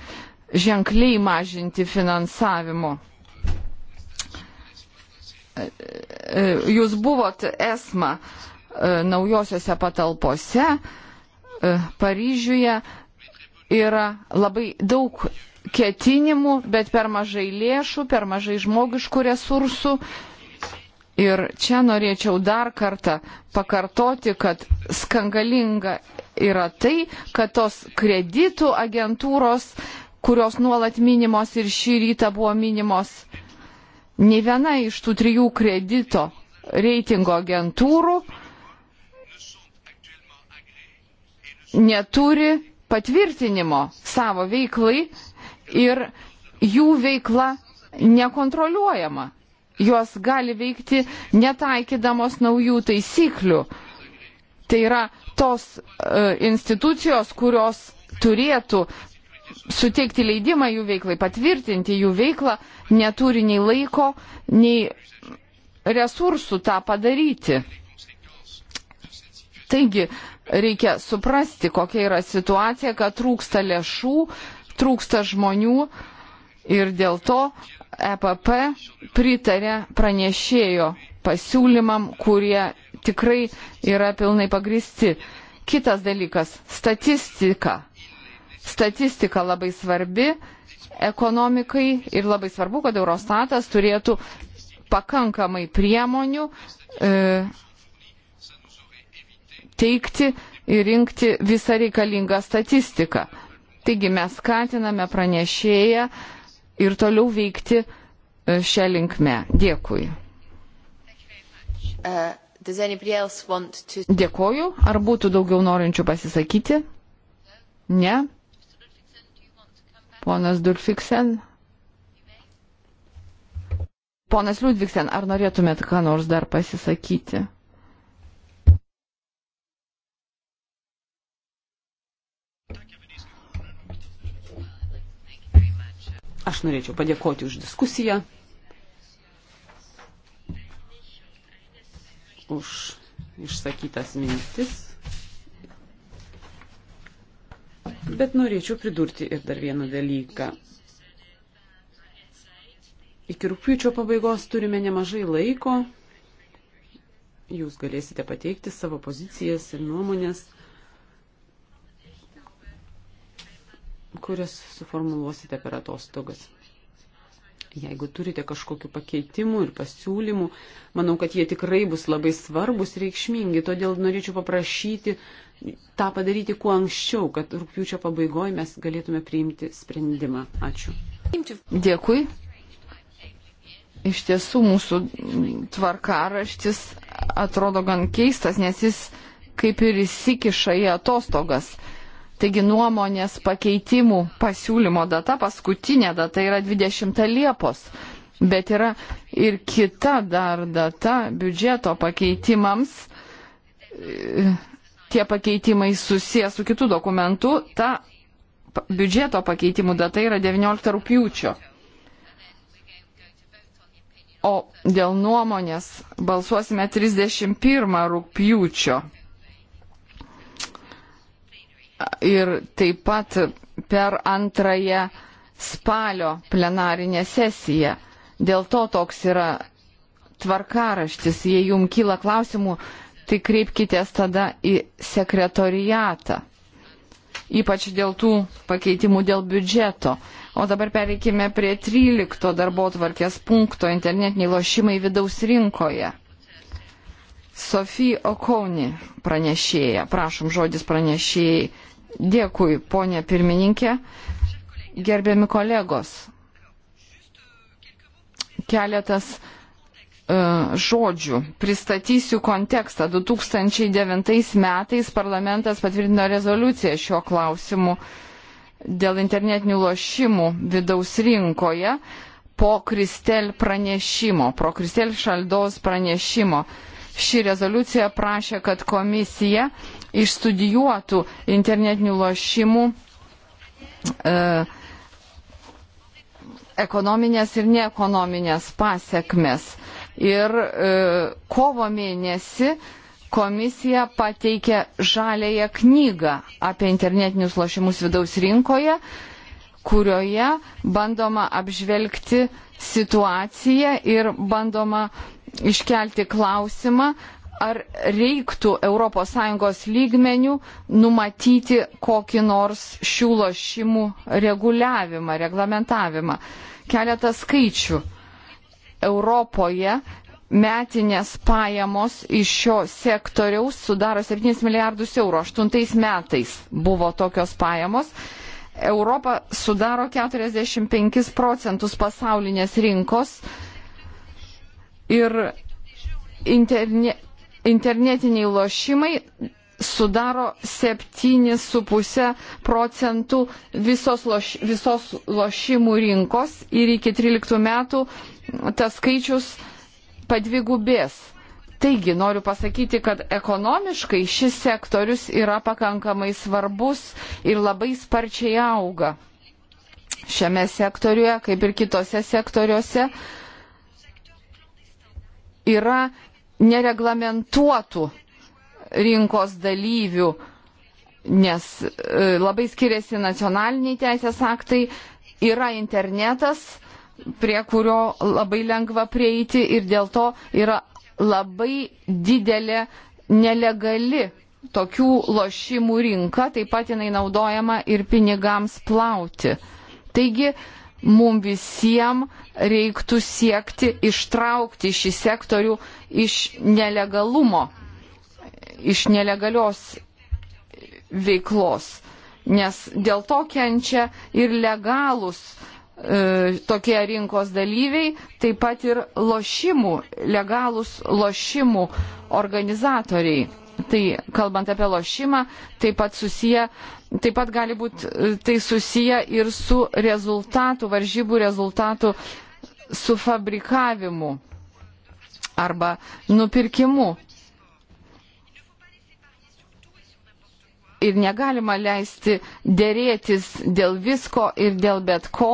ženkliai mažinti finansavimo. Jūs buvot esma e, naujosiuose patalpose, e, Paryžiuje yra labai daug ketinimų, bet per mažai lėšų, per mažai žmogiškų resursų. Ir čia norėčiau dar kartą pakartoti, kad skangalinga yra tai, kad tos kreditų agentūros, kurios nuolat minimos ir šį rytą buvo minimos, ne viena iš tų trijų kredito reitingo agentūrų neturi patvirtinimo savo veiklai ir jų veikla nekontroliuojama. Jos gali veikti netaikydamos naujų taisyklių. Tai yra tos e, institucijos, kurios turėtų suteikti leidimą jų veiklai, patvirtinti jų veiklą, neturi nei laiko, nei resursų tą padaryti. Taigi reikia suprasti, kokia yra situacija, kad trūksta lėšų, trūksta žmonių ir dėl to EPP pritarė pranešėjo pasiūlymam, kurie tikrai yra pilnai pagristi. Kitas dalykas - statistika. Statistika labai svarbi ekonomikai ir labai svarbu, kad Eurostatas turėtų pakankamai priemonių e, teikti ir rinkti visą reikalingą statistiką. Taigi mes skatiname pranešėją ir toliau veikti e, šią linkmę. Dėkui. Uh, to... Dėkoju. Ar būtų daugiau norinčių pasisakyti? Ne. Ponas Dulfiksen. Ponas Liudviksen, ar norėtumėt ką nors dar pasisakyti? Aš norėčiau padėkoti už diskusiją, už išsakytas mintis. Bet norėčiau pridurti ir dar vieną dalyką. Iki rūpiučio pabaigos turime nemažai laiko. Jūs galėsite pateikti savo pozicijas ir nuomonės. kurias suformuluosite per atostogas. Jeigu turite kažkokiu pakeitimu ir pasiūlymu, manau, kad jie tikrai bus labai svarbus, reikšmingi, todėl norėčiau paprašyti tą padaryti kuo anksčiau, kad rūpjūčio pabaigoje mes galėtume priimti sprendimą. Ačiū. Dėkui. Iš tiesų mūsų tvarkaraštis atrodo gan keistas, nes jis kaip ir įsikiša į atostogas. Taigi nuomonės pakeitimų pasiūlymo data, paskutinė data yra 20 Liepos. Bet yra ir kita dar data biudžeto pakeitimams. Tie pakeitimai susijęs su kitų dokumentų. Ta biudžeto pakeitimų data yra 19 rūpjūčio. O dėl nuomonės balsuosime 31 rūpjūčio ir taip pat per antrąją spalio plenarinę sesiją. Dėl to toks yra tvarkaraštis. Jei jums kyla klausimų, tai kreipkitės tada į sekretoriatą. Ypač dėl tų pakeitimų dėl biudžeto. O dabar pereikime prie 13 darbo tvarkės punkto internetiniai lošimai vidaus rinkoje. Sofija Okauni pranešėja. Prašom žodis pranešėjai. Dėkui, ponė pirmininkė. Gerbiami kolegos, keletas e, žodžių. Pristatysiu kontekstą. 2009 metais parlamentas patvirtino rezoliuciją šiuo klausimu dėl internetinių lošimų vidaus rinkoje po Kristel pranešimo, pro Kristel Šaldos pranešimo. Ši rezoliucija prašė, kad komisija uh, išstudijuotų internetinių lošimų e, ekonominės ir neekonominės pasiekmes. Ir e, kovo mėnesį komisija pateikė žalėją knygą apie internetinius lošimus vidaus rinkoje, kurioje bandoma apžvelgti situaciją ir bandoma iškelti klausimą, ar reiktų ES lygmenių numatyti kokį nors šių lošimų reguliavimą, reglamentavimą. Keletą skaičių. Europoje metinės pajamos iš šio sektoriaus sudaro 7 milijardus eurų. 8 metais buvo tokios pajamos. Europa sudaro 45 procentus pasaulinės rinkos ir interne, internetiniai lošimai sudaro 7,5 procentų visos, loš, visos lošimų rinkos ir iki 13 metų tas skaičius padvigubės. Taigi noriu pasakyti, kad ekonomiškai šis sektorius yra pakankamai svarbus ir labai sparčiai auga. Šiame sektoriuje, kaip ir kitose sektoriuose, yra nereglamentuotų rinkos dalyvių, nes e, labai skiriasi nacionaliniai teisės aktai, yra internetas, prie kurio labai lengva prieiti ir dėl to yra labai didelė nelegali tokių lošimų rinka, taip pat jinai naudojama ir pinigams plauti. Taigi mums visiems reiktų siekti ištraukti šį sektorių iš nelegalumo, iš nelegalios veiklos, nes dėl to kenčia ir legalus e, tokie rinkos dalyviai, taip pat ir lošimų, legalus lošimų organizatoriai tai kalbant apie lošimą, taip pat, susiję, taip pat gali būti e, tai susiję ir su rezultatų, varžybų rezultatų sufabrikavimu arba nupirkimu. Ir negalima leisti dėrėtis dėl visko ir dėl bet ko,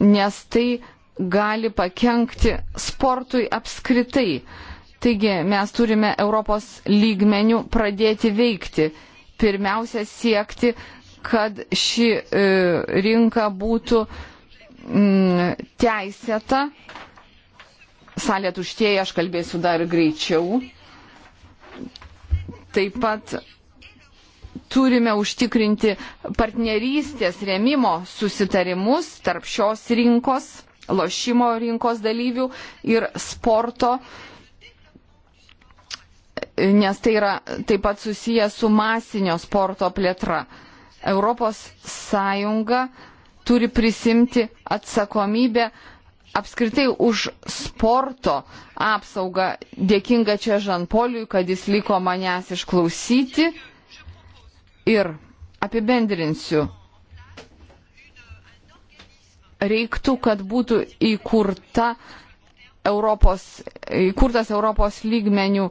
nes tai gali pakengti sportui apskritai. Taigi mes turime Europos lygmenių pradėti veikti. Pirmiausia, siekti, kad ši e, rinka būtų m, mm, teisėta. Salė tuštėja, aš kalbėsiu dar greičiau. Taip pat turime užtikrinti partnerystės rėmimo susitarimus tarp šios rinkos, lošimo rinkos dalyvių ir sporto rinkos nes tai yra taip pat susiję su masinio sporto plėtra. Europos Sąjunga turi prisimti atsakomybę apskritai už sporto apsaugą. Dėkinga čia Žanpoliui, kad jis liko manęs išklausyti. Ir apibendrinsiu. Reiktų, kad būtų įkurta Europos, įkurtas Europos lygmenių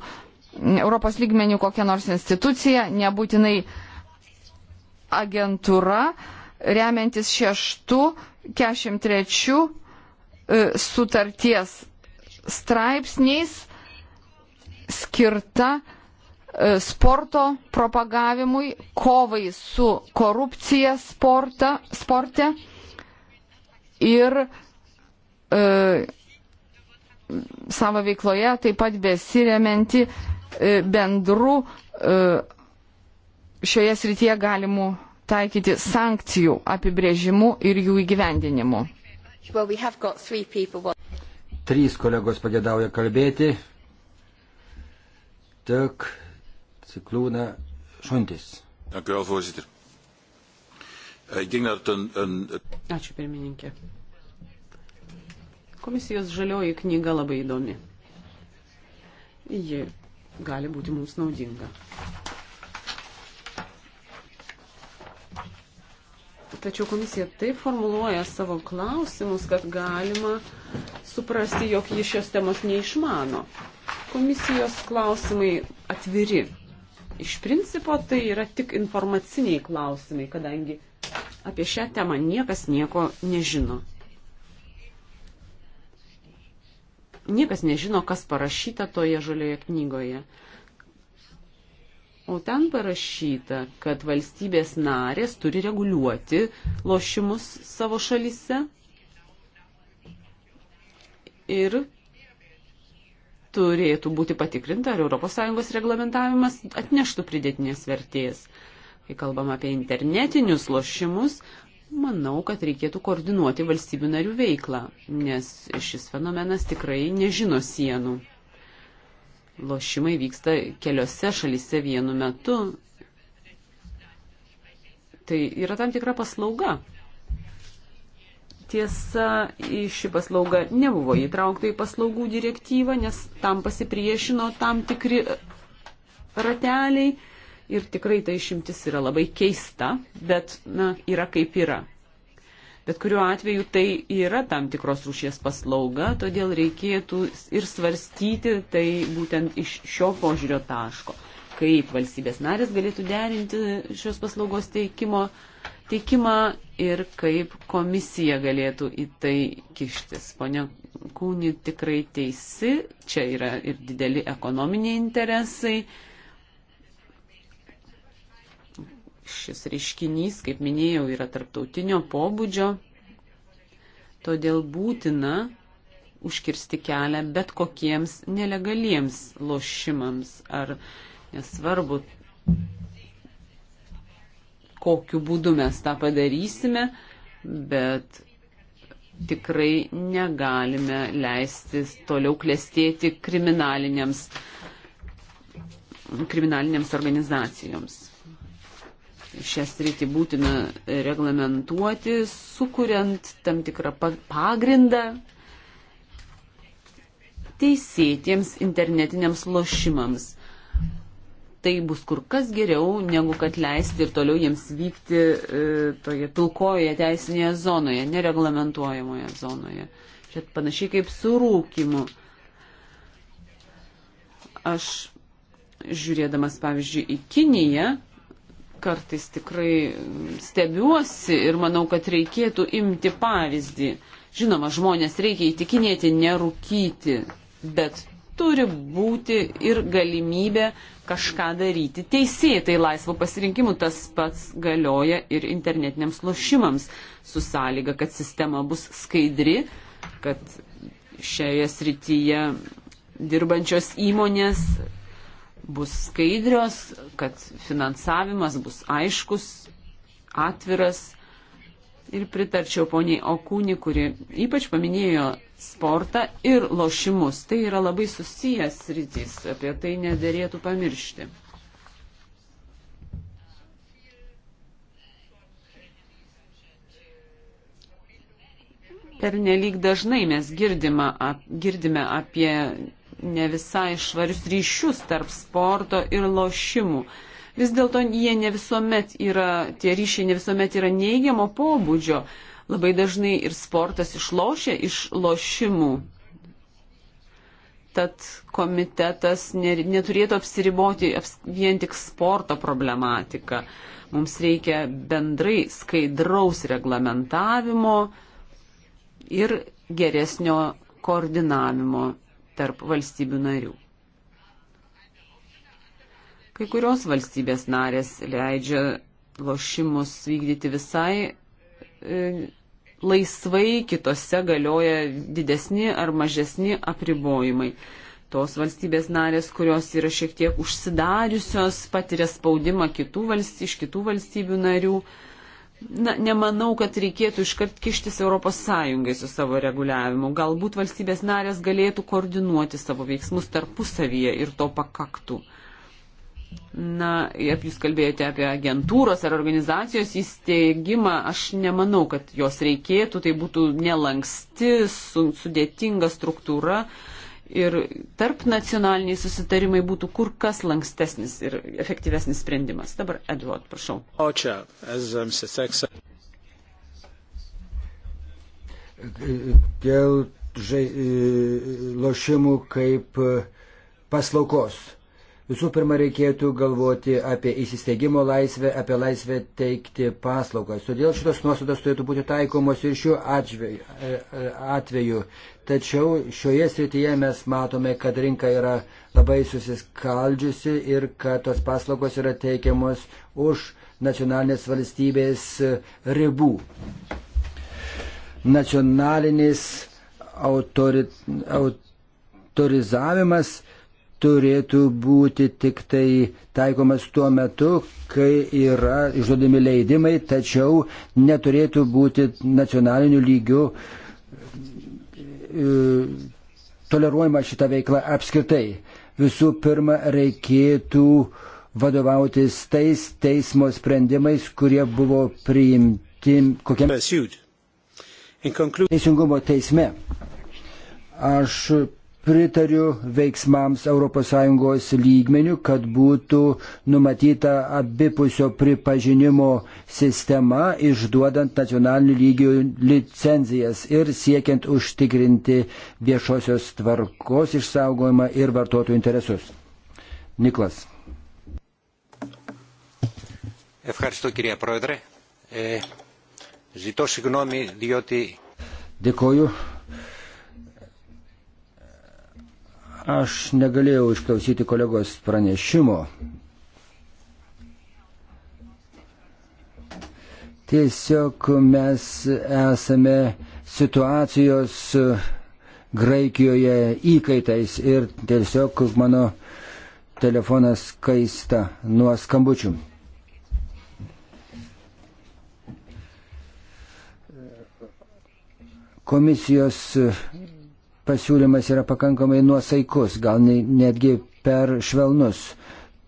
Europos lygmenių kokia nors institucija, nebūtinai agentūra, remiantis šeštų, kešim trečių e, sutarties straipsniais skirta e, sporto propagavimui, kovai su korupcija sporta, sporte ir e, savo veikloje taip pat besiremianti E, bendrų e, šioje srityje galimų taikyti sankcijų apibrėžimu ir jų įgyvendinimu. Trys kolegos pagėdauja kalbėti. Tik ciklūna šuntis. Eh, Ačiū pirmininkė. Komisijos žalioji knyga labai įdomi. Ji gali būti mums naudinga. Tačiau komisija taip formuluoja savo klausimus, kad galima suprasti, jog ji šios temos neišmano. Komisijos klausimai atviri. Iš principo tai yra tik informaciniai klausimai, kadangi apie šią temą niekas nieko nežino. niekas nežino, kas parašyta toje žalioje knygoje. O ten parašyta, kad valstybės narės turi reguliuoti lošimus savo šalyse ir turėtų būti patikrinta, ar ES reglamentavimas atneštų pridėtinės vertės. Kai kalbam apie internetinius lošimus, Manau, kad reikėtų koordinuoti valstybių narių veiklą, nes šis fenomenas tikrai nežino sienų. Lošimai vyksta keliose šalyse vienu metu. Tai yra tam tikra paslauga. Tiesa, ši paslauga nebuvo įtraukta į paslaugų direktyvą, nes tam pasipriešino tam tikri rateliai ir tikrai ta išimtis yra labai keista, bet na, yra kaip yra. Bet kuriuo atveju tai yra tam tikros rūšies paslauga, todėl reikėtų ir svarstyti tai būtent iš šio požiūrio taško, kaip valstybės narės galėtų derinti šios paslaugos teikimo, teikimą ir kaip komisija galėtų į tai kištis. Pone Kūni tikrai teisi, čia yra ir dideli ekonominiai interesai Šis reiškinys, kaip minėjau, yra tarptautinio pobūdžio, todėl būtina užkirsti kelią bet kokiems nelegaliems lošimams ar nesvarbu, kokiu būdu mes tą padarysime, bet tikrai negalime leisti toliau klestėti kriminaliniams, kriminalinėms organizacijoms šią sritį būtina reglamentuoti, sukuriant tam tikrą pagrindą teisėtiems internetiniams lošimams. Tai bus kur kas geriau, negu kad leisti ir toliau jiems vykti e, toje pilkojoje teisinėje zonoje, nereglamentuojamoje zonoje. Čia panašiai kaip su rūkimu. Aš žiūrėdamas, pavyzdžiui, į Kiniją, kartais tikrai stebiuosi ir manau, kad reikėtų imti pavyzdį. Žinoma, žmonės reikia įtikinėti, nerūkyti, bet turi būti ir galimybė kažką daryti teisėtai laisvo pasirinkimu. Tas pats galioja ir internetiniams lošimams su sąlyga, kad sistema bus skaidri, kad šioje srityje dirbančios įmonės bus skaidrios, kad finansavimas bus aiškus, atviras. Ir pritarčiau poniai Okūni, kuri ypač paminėjo sportą ir lošimus. Tai yra labai susijęs rytis, apie tai nedėrėtų pamiršti. Per nelik dažnai mes girdima, girdime apie ne visai švarius ryšius tarp sporto ir lošimų. Vis dėlto jie ne visuomet yra, tie ryšiai ne visuomet yra neigiamo pobūdžio. Labai dažnai ir sportas išlošia iš lošimų. Tad komitetas neturėtų apsiriboti vien tik sporto problematiką. Mums reikia bendrai skaidraus reglamentavimo ir geresnio koordinavimo tarp valstybių narių. Kai kurios valstybės narės leidžia lošimus vykdyti visai e, laisvai, kitose galioja didesni ar mažesni apribojimai. Tos valstybės narės, kurios yra šiek tiek užsidariusios, patiria spaudimą kitų valstybių, iš kitų valstybių narių, uh, Na, nemanau, kad reikėtų iškart kištis ES su savo reguliavimu. Galbūt valstybės narės galėtų koordinuoti savo veiksmus tarpusavyje ir to pakaktų. Na, jūs kalbėjote apie agentūros ar organizacijos įsteigimą, aš nemanau, kad jos reikėtų, tai būtų nelanksti, sudėtinga struktūra. Uh, ir tarp nacionaliniai susitarimai būtų kur kas lankstesnis ir efektyvesnis sprendimas. Dabar Edward, prašau. O čia, SMSX. Dėl žai, e, lošimų kaip e, paslaukos. Visų pirma, reikėtų galvoti apie įsisteigimo laisvę, apie laisvę teikti paslaugas. Todėl šitos nuostatos turėtų būti taikomos ir šiuo e, atveju. atveju. Tačiau šioje srityje mes matome, kad rinka yra labai susiskaldžiusi ir kad tos paslaugos yra teikiamos už nacionalinės valstybės ribų. Nacionalinis autori, autorizavimas turėtų būti tik tai taikomas tuo metu, kai yra išduodami leidimai, tačiau neturėtų būti nacionaliniu lygiu uh, toleruojama šita veikla apskritai. Visų pirma, reikėtų vadovautis tais teismo sprendimais, kurie buvo priimti kokiam teisingumo teisme. Aš pritariu veiksmams ES lygmenių, kad būtų numatyta abipusio pripažinimo sistema, išduodant nacionalinių lygių licenzijas ir siekiant užtikrinti viešosios tvarkos išsaugojimą ir vartotojų interesus. Niklas. Ευχαριστώ κυρία Πρόεδρε. Ε, ζητώ συγγνώμη διότι... Dėkoju, Aš negalėjau išklausyti kolegos pranešimo. Tiesiog mes esame situacijos Graikijoje įkaitais ir tiesiog mano telefonas kaista nuo skambučių. Komisijos pasiūlymas yra pakankamai nuosaikus, gal netgi per švelnus.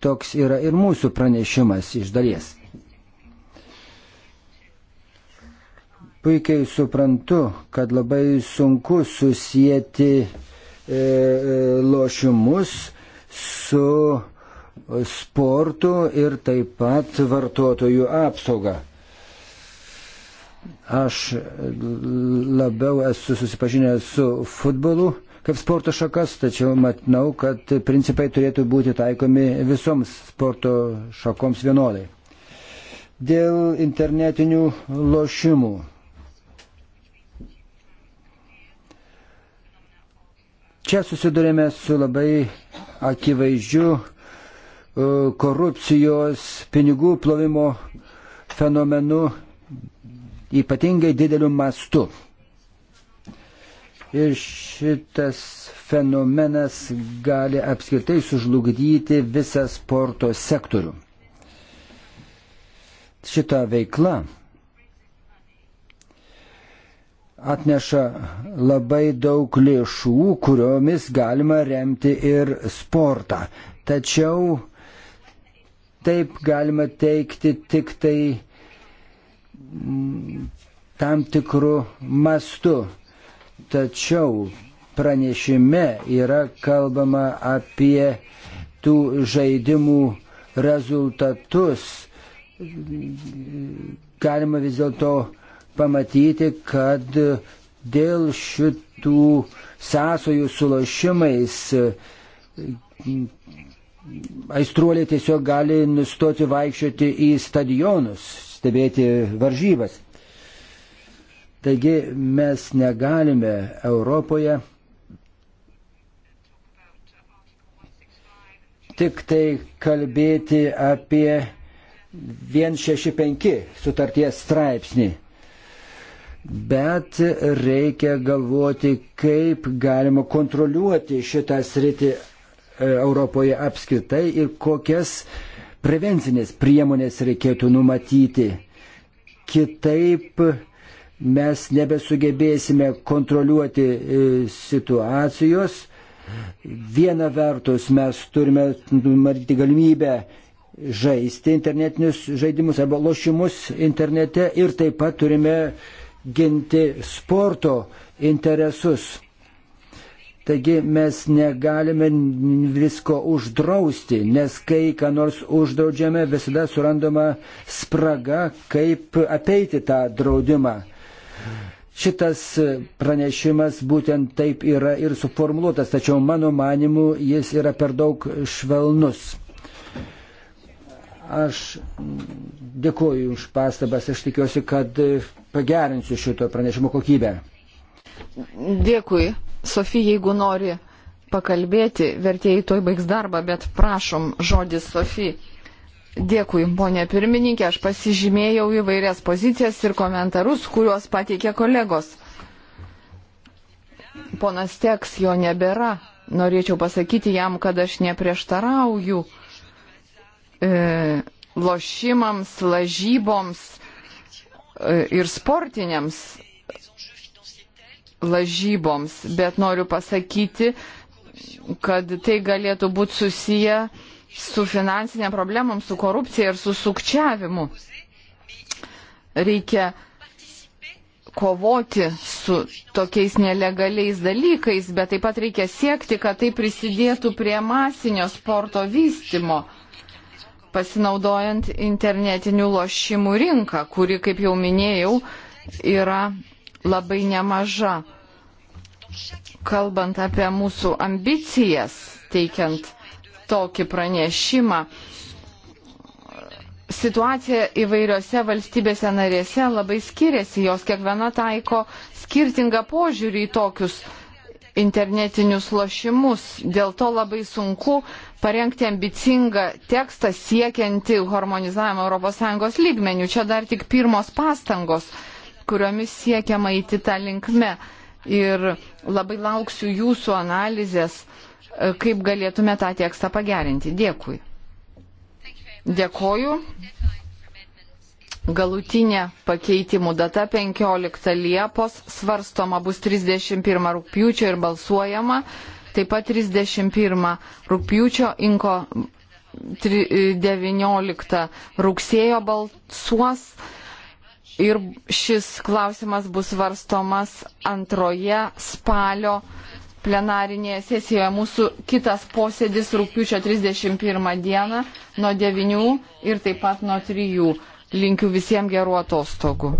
Toks yra ir mūsų pranešimas iš dalies. Puikiai suprantu, kad labai sunku susijęti e, e, lošimus su sportu ir taip pat vartotojų apsauga. Aš labiau esu susipažinęs su futbolu kaip sporto šakas, tačiau matau, kad principai turėtų būti taikomi visoms sporto šakoms vienodai. Dėl internetinių lošimų. Čia susidurėme su labai akivaizdžiu e, korupcijos, pinigų plovimo fenomenu ypatingai dideliu mastu. Ir šitas fenomenas gali apskritai sužlugdyti visą sporto sektorių. Šita veikla atneša labai daug lėšų, kuriomis galima remti ir sportą. Tačiau taip galima teikti tik tai tam tikru mastu. Tačiau pranešime yra kalbama apie tų žaidimų rezultatus. Galima vis dėlto pamatyti, kad dėl šitų sąsojų su lošimais aistruoliai tiesiog gali nustoti vaikščioti į stadionus stebėti varžybas. Taigi mes negalime Europoje tik tai kalbėti apie 165 sutarties straipsnį. Bet reikia galvoti, kaip galima kontroliuoti šitą sritį e, Europoje apskritai ir kokias prevencinės priemonės reikėtų numatyti. Kitaip mes nebesugebėsime kontroliuoti e, situacijos. Viena vertus mes turime numatyti galimybę žaisti internetinius žaidimus arba lošimus internete ir taip pat turime ginti sporto interesus. Taigi mes negalime visko uždrausti, nes kai ką nors uždraudžiame, visada surandama spraga, kaip apeiti tą draudimą. Šitas pranešimas būtent taip yra ir suformuoluotas, tačiau mano manimu jis yra per daug švelnus. Aš dėkuoju už pastabas, aš tikiuosi, kad pagerinsiu šito pranešimo kokybę. Dėkui. Sofija, jeigu nori pakalbėti, vertėjai toj baigs darbą, bet prašom žodis Sofija. Dėkui, ponė pirmininkė, aš pasižymėjau įvairias pozicijas ir komentarus, kuriuos pateikė kolegos. Ponas Teks jo nebėra. Norėčiau pasakyti jam, kad aš neprieštarauju e, lošimams, lažyboms e, ir sportiniams lažyboms, bet noriu pasakyti, kad tai galėtų būti susiję su finansinėm problemom, su korupcija ir su sukčiavimu. Reikia kovoti su tokiais nelegaliais dalykais, bet taip pat reikia siekti, kad tai prisidėtų prie masinio sporto vystimo, pasinaudojant internetinių lošimų rinką, kuri, kaip jau minėjau, yra labai nemaža. Kalbant apie mūsų ambicijas, teikiant tokį pranešimą, situacija įvairiose valstybėse narėse labai skiriasi, jos kiekviena taiko skirtingą požiūrį į tokius internetinius lošimus. Dėl to labai sunku parengti ambicingą tekstą siekianti harmonizavimo ES lygmenių. Čia dar tik pirmos pastangos kuriomis siekiama įti tą linkmę. Ir labai lauksiu jūsų analizės, e, kaip galėtume tą tekstą pagerinti. Dėkui. Dėkoju. Galutinė pakeitimų data 15 Liepos, svarstoma bus 31 rūpjūčio ir balsuojama, taip pat 31 rūpjūčio inko 19 rugsėjo balsuos ir šis klausimas bus varstomas antroje spalio plenarinėje sesijoje. Mūsų kitas posėdis rūpiučio 31 dieną nuo 9 ir taip pat nuo 3. Linkiu visiems gerų atostogų.